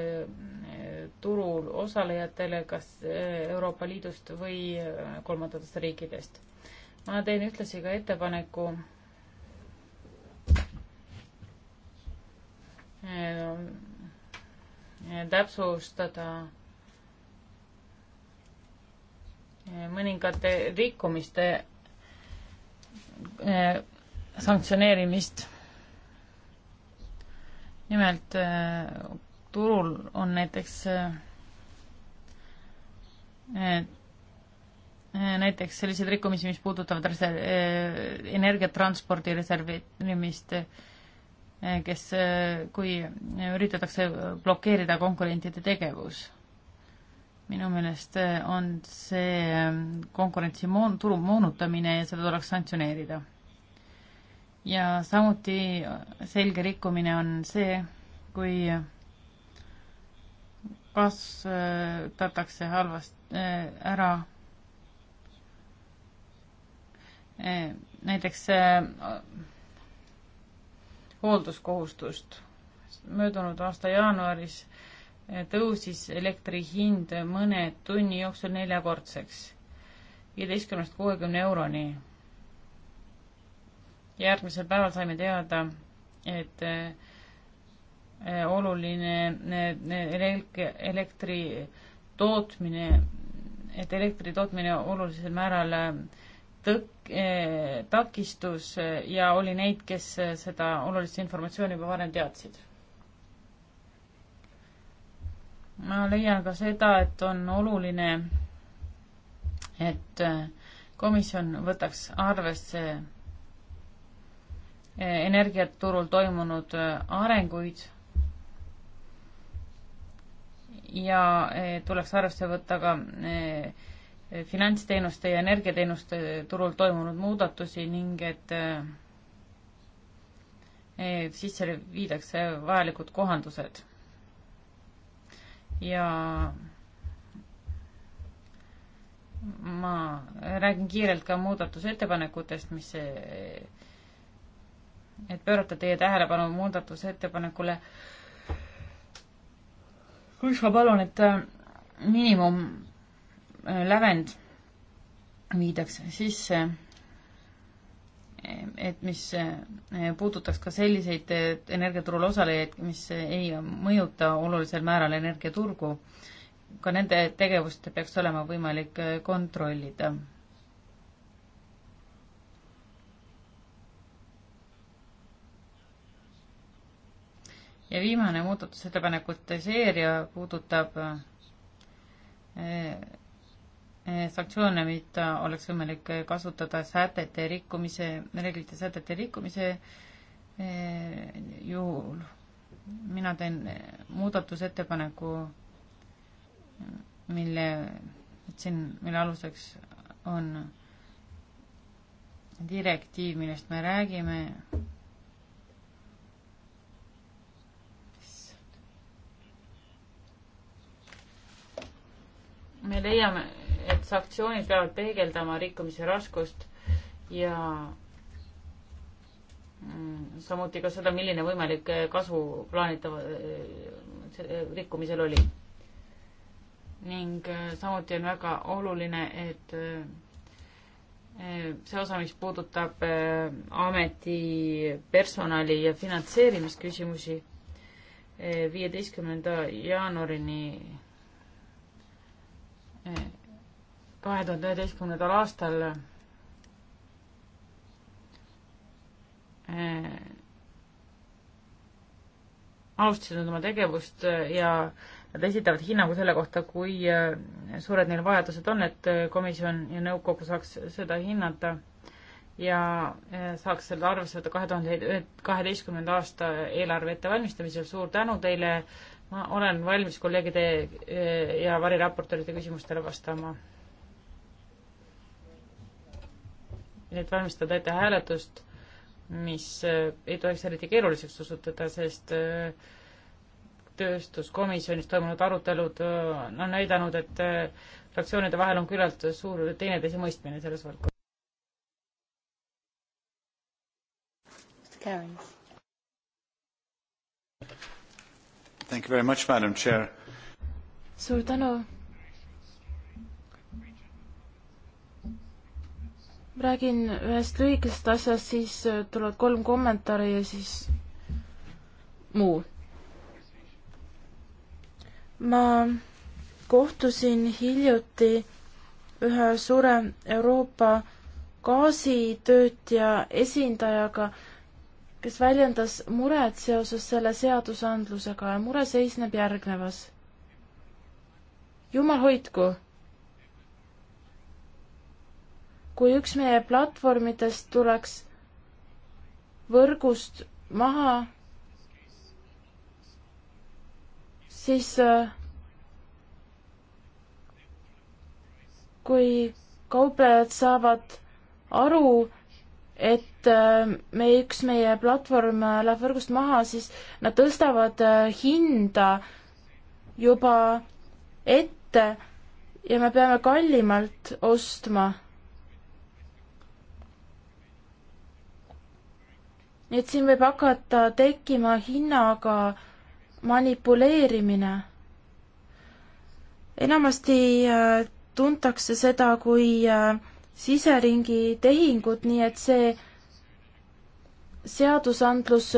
S1: eh, turul osalejatele, kas Euroopa Liidust või kolmandatest riikidest. ma teen ühtlasi ka ettepaneku täpsustada mõningate rikkumiste sanktsioneerimist nimelt äh, turul on näiteks äh, äh, näiteks selliseid rikkumisi, mis puudutavad reserv, energiatranspordi reserveerimist, kes, kui üritatakse blokeerida konkurentide tegevus. minu meelest on see konkurentsi moon-, turu moonutamine ja seda tuleks sanktsioneerida ja samuti selge rikkumine on see, kui kasutatakse halvasti äh, ära äh, näiteks äh, hoolduskohustust. möödunud aasta jaanuaris tõusis elektri hind mõne tunni jooksul neljakordseks, viieteistkümnest kuuekümne euroni järgmisel päeval saime teada, et äh, oluline äh, elektri tootmine, et elektri tootmine olulisel määral äh, tõk-, takistus ja oli neid, kes seda olulist informatsiooni juba varem teadsid. ma leian ka seda, et on oluline, et komisjon võtaks arvesse energiaturul toimunud äh, arenguid ja äh, tuleks arvesse võtta ka äh, finantsteenuste ja energiateenuste turul toimunud muudatusi ning et sisse viidakse vajalikud kohandused. ja ma räägin kiirelt ka muudatusettepanekutest, mis et pöörata teie tähelepanu muudatusettepanekule, kus ma palun, et äh, miinimum äh, lävend viidaks sisse, äh, et mis puudutaks ka selliseid energiaturul osalejaid, mis ei mõjuta olulisel määral energiaturgu. ka nende tegevust peaks olema võimalik kontrollida ja viimane muudatusettepanekute seeria puudutab eh, eh, sanktsioone, mida oleks võimalik kasutada sätete rikkumise, reeglite sätete rikkumise eh, juhul. mina teen muudatusettepaneku, mille, siin, mille aluseks on direktiiv, millest me räägime, me leiame, et sanktsioonid peavad peegeldama rikkumise raskust ja mm, samuti ka seda, milline võimalik eh, kasu plaanitava eh, eh, rikkumisel oli. ning samuti on väga oluline, et see osa, mis puudutab ameti personali ja finantseerimisküsimusi, viieteistkümnenda jaanuarini kahe tuhande üheteistkümnendal aastal eh, alustasid nad oma tegevust eh, ja nad esitavad hinnangu selle kohta, kui eh, suured neil vajadused on, et komisjon ja nõukogu saaks seda hinnata ja saaks selle arvestada kahe tuhande kaheteistkümnenda aasta eelarve ettevalmistamisel. suur tänu teile ma olen valmis kolleegide eh, ja variraportorite küsimustele vastama. et valmistada ette hääletust, mis eh, ei tohiks eriti keeruliseks osutuda, sest eh, tööstuskomisjonis toimunud arutelud on näidanud, et fraktsioonide vahel on küllalt suur teineteise mõistmine selles valdkonnas. Karens. Thank you very much, madam chair.
S3: suur tänu. räägin ühest lühikesest asjast, siis äh, tulevad kolm kommentaari ja siis muu. ma kohtusin hiljuti ühe suure Euroopa gaasitöötaja esindajaga kes väljendas muret seoses selle seadusandlusega ja mure seisneb järgnevas. jumal hoidku! kui üks meie platvormidest tuleks võrgust maha, siis äh, kui kauplejad saavad aru, et äh, meie, üks meie platvorm äh, läheb võrgust maha, siis nad tõstavad äh, hinda juba ette ja me peame kallimalt ostma. nii et siin võib hakata tekkima hinnaga manipuleerimine. enamasti tuntakse seda kui äh, siseringi tehingut, nii et see seadusandlus,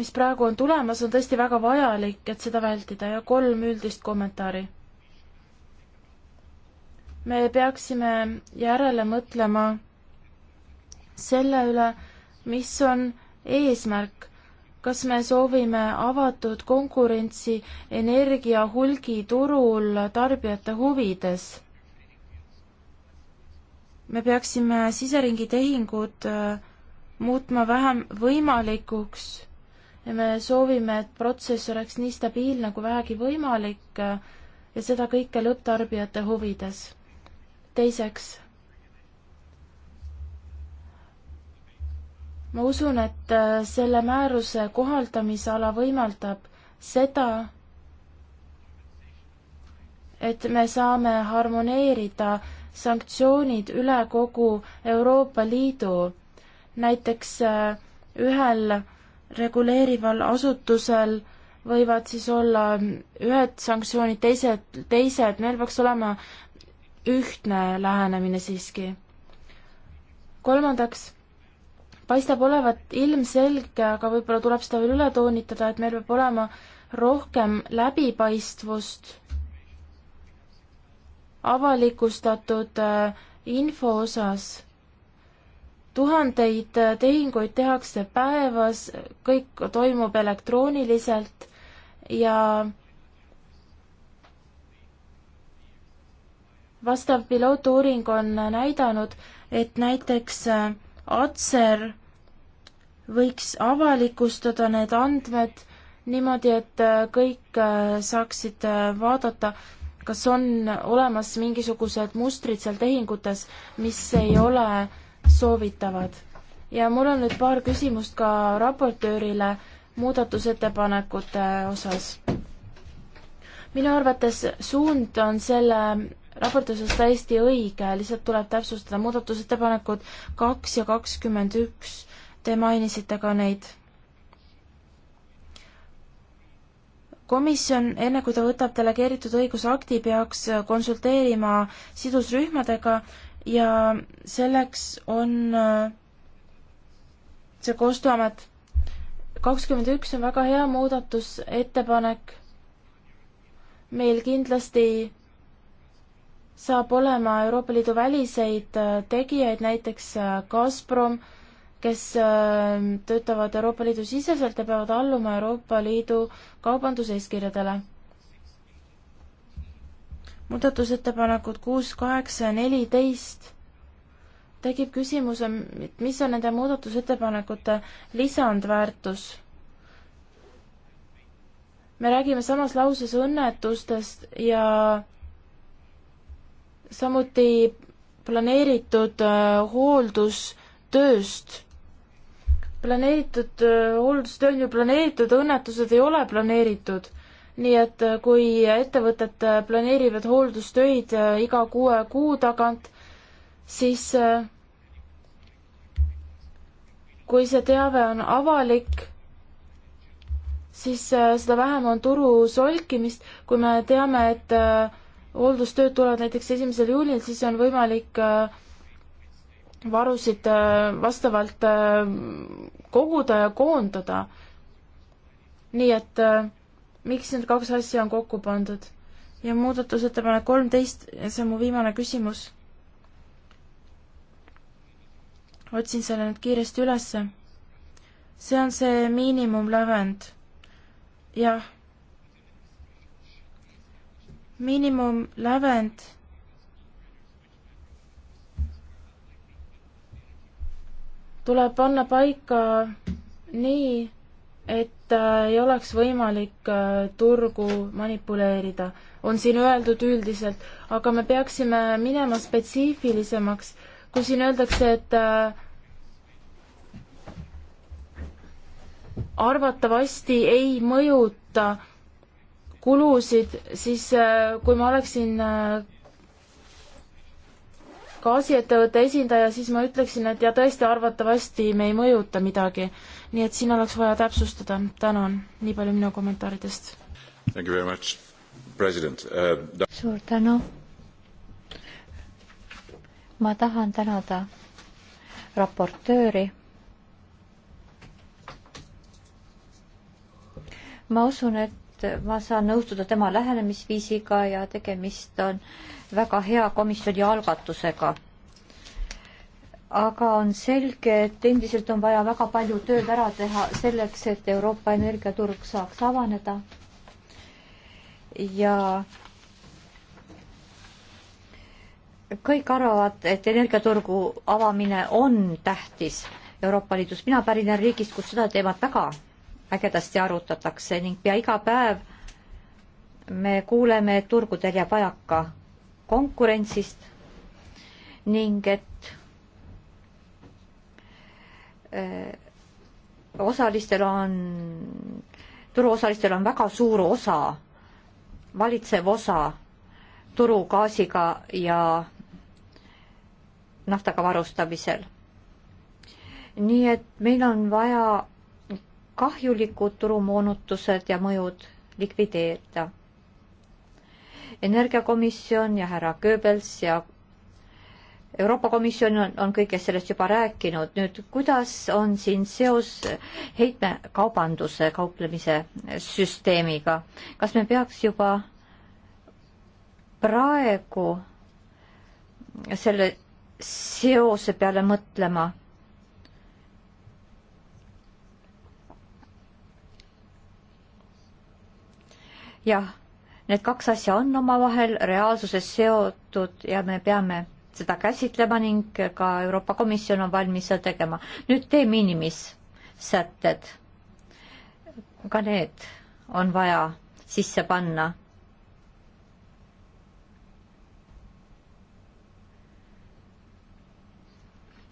S3: mis praegu on tulemas, on tõesti väga vajalik, et seda vältida ja kolm üldist kommentaari. me peaksime järele mõtlema selle üle, mis on eesmärk, kas me soovime avatud konkurentsi energia hulgiturul tarbijate huvides me peaksime siseringi tehingud äh, muutma vähem võimalikuks ja me soovime, et protsess oleks nii stabiilne kui vähegi võimalik äh, ja seda kõike lõpptarbijate huvides. teiseks, ma usun, et äh, selle määruse kohaldamisala võimaldab seda, et me saame harmoneerida sanktsioonid üle kogu Euroopa Liidu. näiteks äh, ühel reguleerival asutusel võivad siis olla ühed sanktsioonid, teised, teised, meil peaks olema ühtne lähenemine siiski. kolmandaks, paistab olevat ilmselge, aga võib-olla tuleb seda veel üle toonitada, et meil peab olema rohkem läbipaistvust avalikustatud äh, info osas. tuhandeid äh, tehinguid tehakse päevas, kõik toimub elektrooniliselt ja vastav pilootuuring on näidanud, et näiteks äh, Atser võiks avalikustada need andmed niimoodi, et kõik saaksid vaadata, kas on olemas mingisugused mustrid seal tehingutes, mis ei ole soovitavad? ja mul on nüüd paar küsimust ka raportöörile muudatusettepanekute osas. minu arvates suund on selle raporti osas täiesti õige, lihtsalt tuleb täpsustada muudatusettepanekud kaks ja kakskümmend üks. Te mainisite ka neid komisjon, enne kui ta võtab delegeeritud õigusakti, peaks äh, konsulteerima sidusrühmadega ja selleks on äh, see koostööamet. kakskümmend üks on väga hea muudatusettepanek. meil kindlasti saab olema Euroopa Liidu väliseid äh, tegijaid, näiteks Gazprom äh, kes ähm, töötavad Euroopa Liidu siseselt ja peavad alluma Euroopa Liidu kaubanduseeskirjadele. muudatusettepanekud kuus, kaheksa ja neliteist tekib küsimus, et mis on nende muudatusettepanekute lisandväärtus me räägime samas lauses õnnetustest ja samuti planeeritud äh, hooldustööst planeeritud äh, hooldustöö on ju planeeritud, õnnetused ei ole planeeritud. nii et äh, kui ettevõtted äh, planeerivad hooldustöid iga kuue kuu tagant, siis kui see teave on avalik, siis seda vähem on turu solkimist, kui me teame, et hooldustööd tulevad näiteks esimesel juulil, siis on võimalik äh, varusid äh, vastavalt äh, koguda ja koondada. nii et äh, miks need kaks asja on kokku pandud? ja muudatusettepanek kolmteist, see on mu viimane küsimus. otsin selle nüüd kiiresti ülesse. see on see miinimumlävend. jah. miinimumlävend tuleb panna paika nii, et äh, ei oleks võimalik äh, turgu manipuleerida, on siin öeldud üldiselt, aga me peaksime minema spetsiifilisemaks, kui siin öeldakse, et äh, arvatavasti ei mõjuta kulusid, siis kui ma oleksin gaasiettevõtte esindaja, siis ma ütleksin, et ja tõesti, arvatavasti me ei mõjuta midagi. nii et siin oleks vaja täpsustada. tänan, nii palju minu kommentaaridest.
S2: Uh, suur tänu. ma tahan tänada raportööri. ma usun, et ma saan nõustuda tema lähenemisviisiga ja tegemist on äh, väga hea komisjoni algatusega. aga on selge, et endiselt on vaja väga palju tööd ära teha selleks, et Euroopa energiaturg saaks avaneda. ja kõik arvavad, et energiaturgu avamine on tähtis Euroopa Liidus. mina pärinen riigist, kus seda teemat väga ägedasti arutatakse ning pea iga päev me kuuleme, et turgudel jääb vajaka konkurentsist ning et äh, osalistel on, turuosalistel on väga suur osa, valitsev osa turugaasiga ja naftaga varustamisel. nii et meil on vaja kahjulikud turumoonutused ja mõjud likvideerida energiakomisjon ja härra Goebbels ja Euroopa Komisjon on, on kõigest sellest juba rääkinud, nüüd kuidas on siin seos heitmekaubanduse kauplemise süsteemiga, kas me peaks juba praegu selle seose peale mõtlema? jah Need kaks asja on omavahel reaalsuses seotud ja me peame seda käsitlema ning ka Euroopa Komisjon on valmis seda tegema. nüüd de minimis sätted, ka need on vaja sisse panna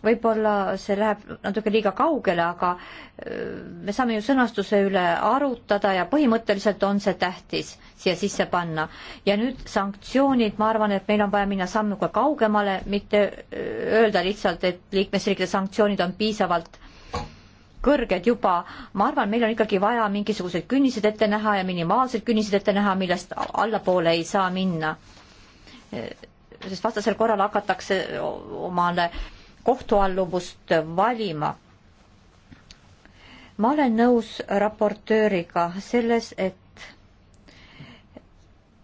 S2: võib-olla see läheb natuke liiga kaugele, aga äh, me saame ju sõnastuse üle arutada ja põhimõtteliselt on see tähtis siia sisse panna. ja nüüd sanktsioonid, ma arvan, et meil on vaja minna sammu ka kaugemale, mitte äh, öelda lihtsalt, et liikmesriikide sanktsioonid on piisavalt kõrged juba, ma arvan, meil on ikkagi vaja mingisugused künnised ette näha ja minimaalsed künnised ette näha, millest allapoole ei saa minna äh, sest vastasel korral hakatakse omale kohtualluvust valima. ma olen nõus raportööriga selles, et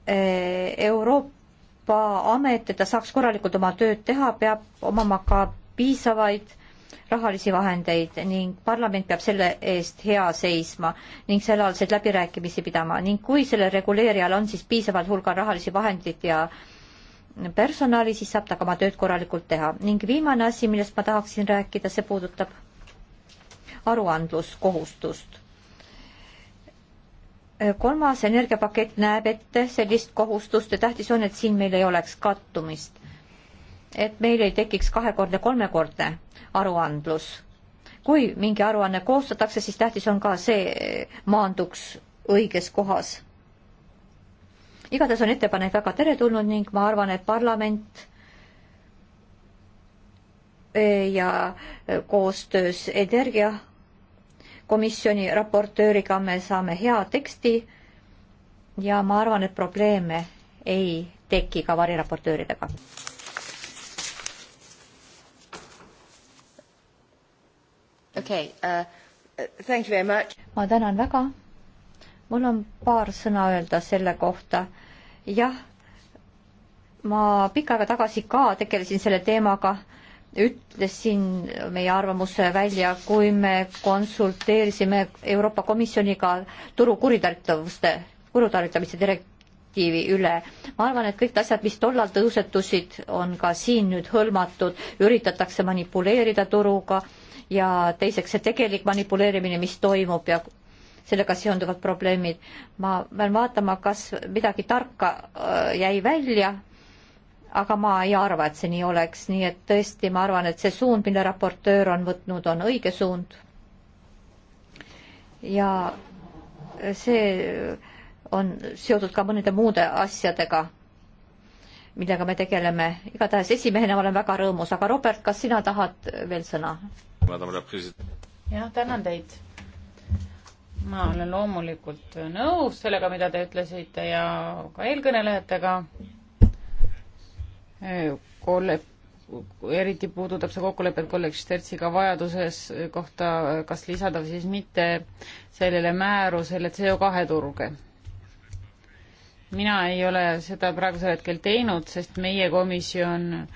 S2: eh, Euroopa amet, et ta saaks korralikult oma tööd teha, peab omama ka piisavaid rahalisi vahendeid ning parlament peab selle eest hea seisma ning sellealaseid läbirääkimisi pidama ning kui sellel reguleerijal on siis piisaval hulgal rahalisi vahendeid ja äh, personali, siis saab ta ka oma tööd korralikult teha. ning viimane asi, millest ma tahaksin rääkida, see puudutab aruandluskohustust. kolmas energiapakett näeb ette sellist kohustust ja tähtis on, et siin meil ei oleks kattumist. et meil ei tekiks kahekordne, kolmekordne aruandlus. kui mingi aruanne koostatakse, siis tähtis on ka see maanduks õiges kohas igatahes on ettepanek väga teretulnud ning ma arvan, et parlament ja koostöös energiakomisjoni raportööriga me saame hea teksti ja ma arvan, et probleeme ei teki ka variraportööridega. okei okay, uh,, thank you very much. ma tänan väga. mul on paar sõna öelda selle kohta jah, ma pikka aega tagasi ka tegelesin selle teemaga, ütlesin meie arvamuse välja, kui me konsulteerisime Euroopa Komisjoniga turu kuritarvituste, kuritarvitamise direktiivi üle. ma arvan, et kõik asjad, mis tollal tõusetusid, on ka siin nüüd hõlmatud, üritatakse manipuleerida turuga ja teiseks see tegelik manipuleerimine, mis toimub ja sellega seonduvad probleemid. ma pean vaatama, kas midagi tarka äh, jäi välja, aga ma ei arva, et see nii oleks, nii et tõesti, ma arvan, et see suund, mille raportöör on võtnud, on õige suund. ja see on seotud ka mõnede muude asjadega millega me tegeleme. igatahes esimehena olen väga rõõmus, aga Robert, kas sina tahad veel sõna?
S1: jah, tänan teid ma olen loomulikult nõus sellega, mida te ütlesite ja ka eelkõnelejatega. kolle-, eriti puudutab see kokkulepet kolleeg Stertsiga vajaduses kohta, kas lisada või siis mitte sellele määrusele CO kahe turge. mina ei ole seda praegusel hetkel teinud, sest meie komisjon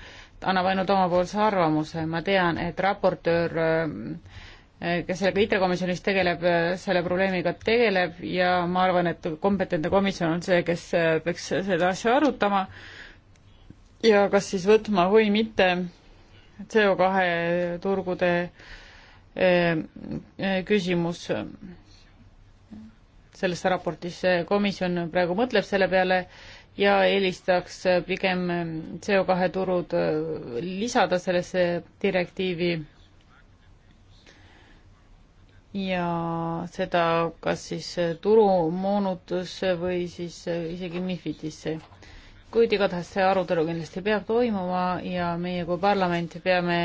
S1: annab ainult omapoolse arvamuse, ma tean, et raportöör äh, Eh, kes sellega ITRE komisjonis tegeleb, eh, selle probleemiga tegeleb ja ma arvan, et kompetentne komisjon on see, kes eh, peaks seda asja arutama ja kas siis võtma või mitte CO2 turgude küsimus sellesse raportisse, komisjon praegu mõtleb selle peale ja eelistaks pigem CO2 turud lisada sellesse direktiivi ja seda kas siis turumoonutusse või siis isegi MIFIDisse. kuid igatahes see arutelu kindlasti peab toimuma ja meie kui parlament peame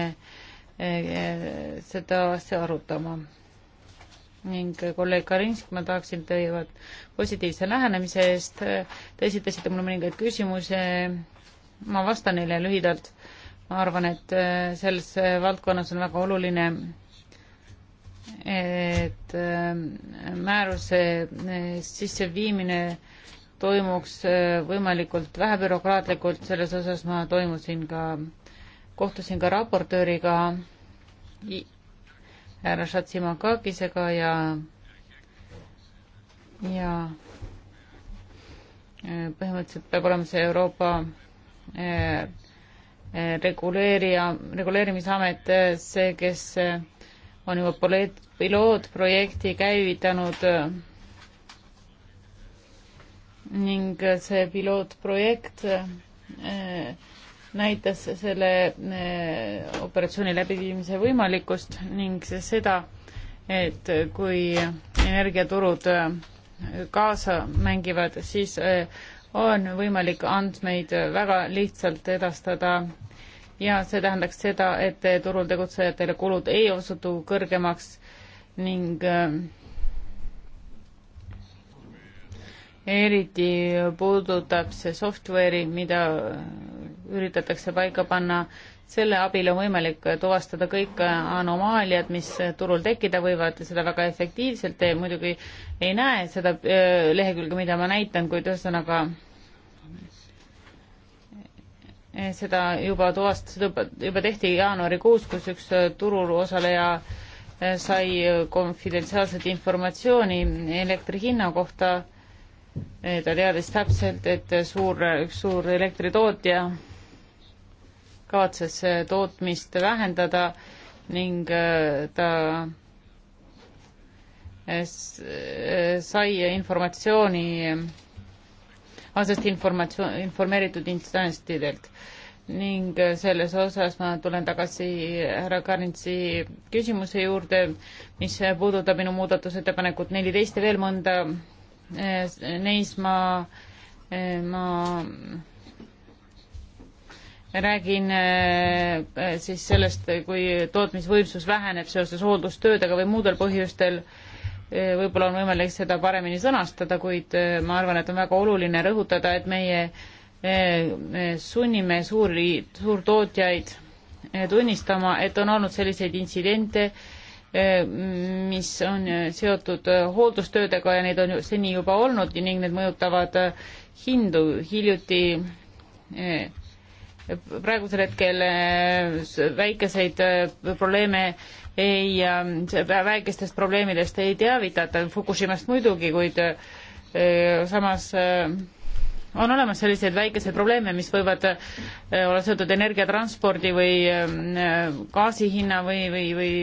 S1: eh, seda asja arutama. ning eh, kolleeg Karinsk, ma tahaksin teie positiivse lähenemise eest. Te esitasite mulle mõningaid küsimusi, ma vastan neile lühidalt. ma arvan, et eh, selles valdkonnas on väga oluline et ähm, määruse äh, sisseviimine toimuks äh, võimalikult vähe bürokraatlikult, selles osas ma toimusin ka, kohtusin ka raportööriga härra Šatsimakakisega ja, ja äh, põhimõtteliselt peab olema see Euroopa reguleerija, reguleerimisamet see, kes on juba pilootprojekti käivitanud ning see pilootprojekt eh, näitas selle eh, operatsiooni läbiviimise võimalikkust ning seda, et kui energiaturud eh, kaasa mängivad, siis on võimalik andmeid väga lihtsalt edastada ja see tähendaks seda, et turul tegutsejatele kulud ei osutu kõrgemaks ning äh, eriti puudutab see software'i, mida üritatakse paika panna, selle abil on võimalik tuvastada kõik anomaaliad, mis turul tekkida võivad, seda väga efektiivselt, te muidugi ei näe seda äh, lehekülge, mida ma näitan, kuid ühesõnaga Eh, seda juba tuvast-, seda juba tehti jaanuarikuus, kus üks äh, turul osaleja äh, sai äh, konfidentsiaalset informatsiooni elektri hinna kohta. Eh, ta teadis täpselt, et suur, üks suur elektritootja kavatses tootmist vähendada ning ta sai informatsiooni asjast informatsioon, informeeritud instantsidelt. ning äh, selles osas ma tulen tagasi härra Karnitsi küsimuse juurde, mis puudutab minu muudatusettepanekut neliteist ja veel mõnda. Äh, neis ma, äh, ma räägin siis sellest, kui tootmisvõimsus väheneb seoses hooldustöödega või muudel põhjustel Äh, võib-olla on võimalik seda paremini sõnastada, kuid äh, ma arvan, et on väga oluline rõhutada, et meie äh, sunnime suuri, suurtootjaid tunnistama, et on olnud selliseid intsidente, mis on seotud hooldustöödega ja neid on seni juba olnud ning need mõjutavad hindu. hiljuti praegusel hetkel eh, väikeseid eh, probleeme ei, eh, väikestest probleemidest ei teavitata, Fukushimast muidugi, kuid samas on olemas selliseid väikeseid probleeme, mis võivad olla seotud energiatranspordi või gaasi hinna või, või, või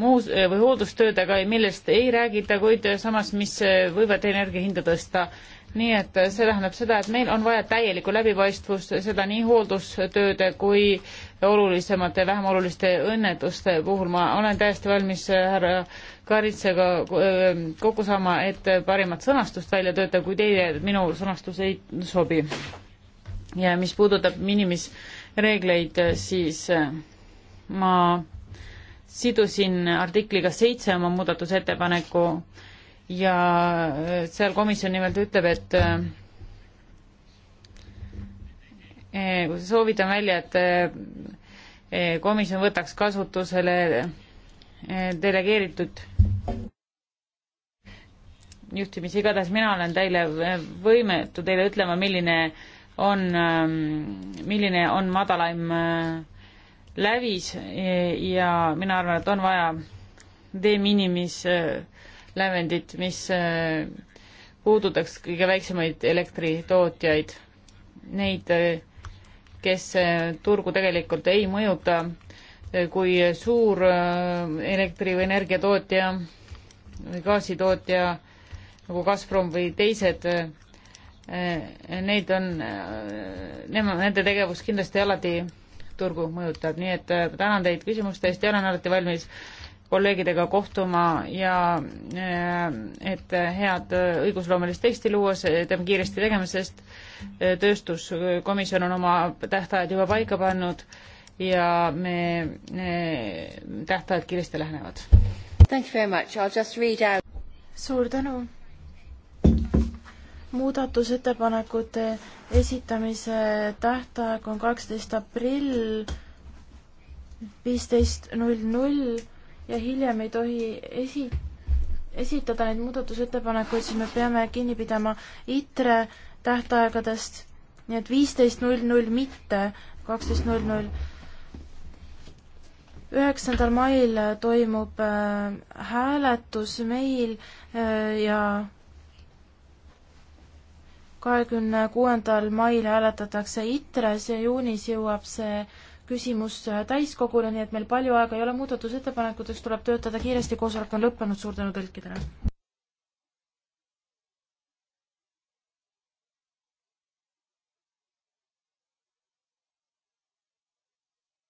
S1: muus või hooldustöödega, millest ei räägita, kuid samas, mis võivad energia hinda tõsta nii et see tähendab seda, et meil on vaja täielikku läbipaistvust, seda nii hooldustööde kui olulisemate, vähem oluliste õnnetuste puhul. ma olen täiesti valmis härra Karitsega kokku saama, et parimat sõnastust välja töötada, kui teie minu sõnastus ei sobi. ja mis puudutab minimisreegleid, siis ma sidusin artikliga seitse oma muudatusettepaneku äh, ja äh, seal komisjon nimelt ütleb, et äh, äh, soovitan välja, et komisjon võtaks kasutusele delegeeritud juhtimis, igatahes mina olen teile võimetu teile ütlema, milline on, ähm, milline on madalaim lävis ja mina arvan, et on vaja de minimis äh, lävendit, mis äh, puudutaks kõige väiksemaid elektritootjaid, neid, äh, kes äh, turgu tegelikult ei mõjuta, kui suur elektri- või energiatootja või gaasitootja nagu Gazprom või teised, neid on, nemad, nende tegevus kindlasti alati turgu mõjutab, nii et tänan teid küsimuste eest ja olen alati valmis äh, kolleegidega kohtuma ja äh, et head õigusloomelist teksti luua, see peame kiiresti tegema, sest äh, tööstuskomisjon on oma tähtajad juba paika pannud ja me, äh, tähtajad kiiresti lähenevad.
S3: suur tänu. muudatusettepanekute esitamise tähtaeg on kaksteist aprill viisteist null null ja hiljem ei tohi esi, esitada neid muudatusettepanekuid, siis me peame kinni pidama ITRE tähtaegadest, nii et viisteist null null mitte kaksteist null null. üheksandal mail toimub äh, hääletus meil äh, ja kahekümne kuuendal mail hääletatakse ITRE-s ja juunis jõuab see äh, küsimus äh, täiskogule, nii et meil palju aega ei ole muudatusettepanekuteks, tuleb töötada kiiresti, koosolek on lõppenud, suur tänu tõlkidele!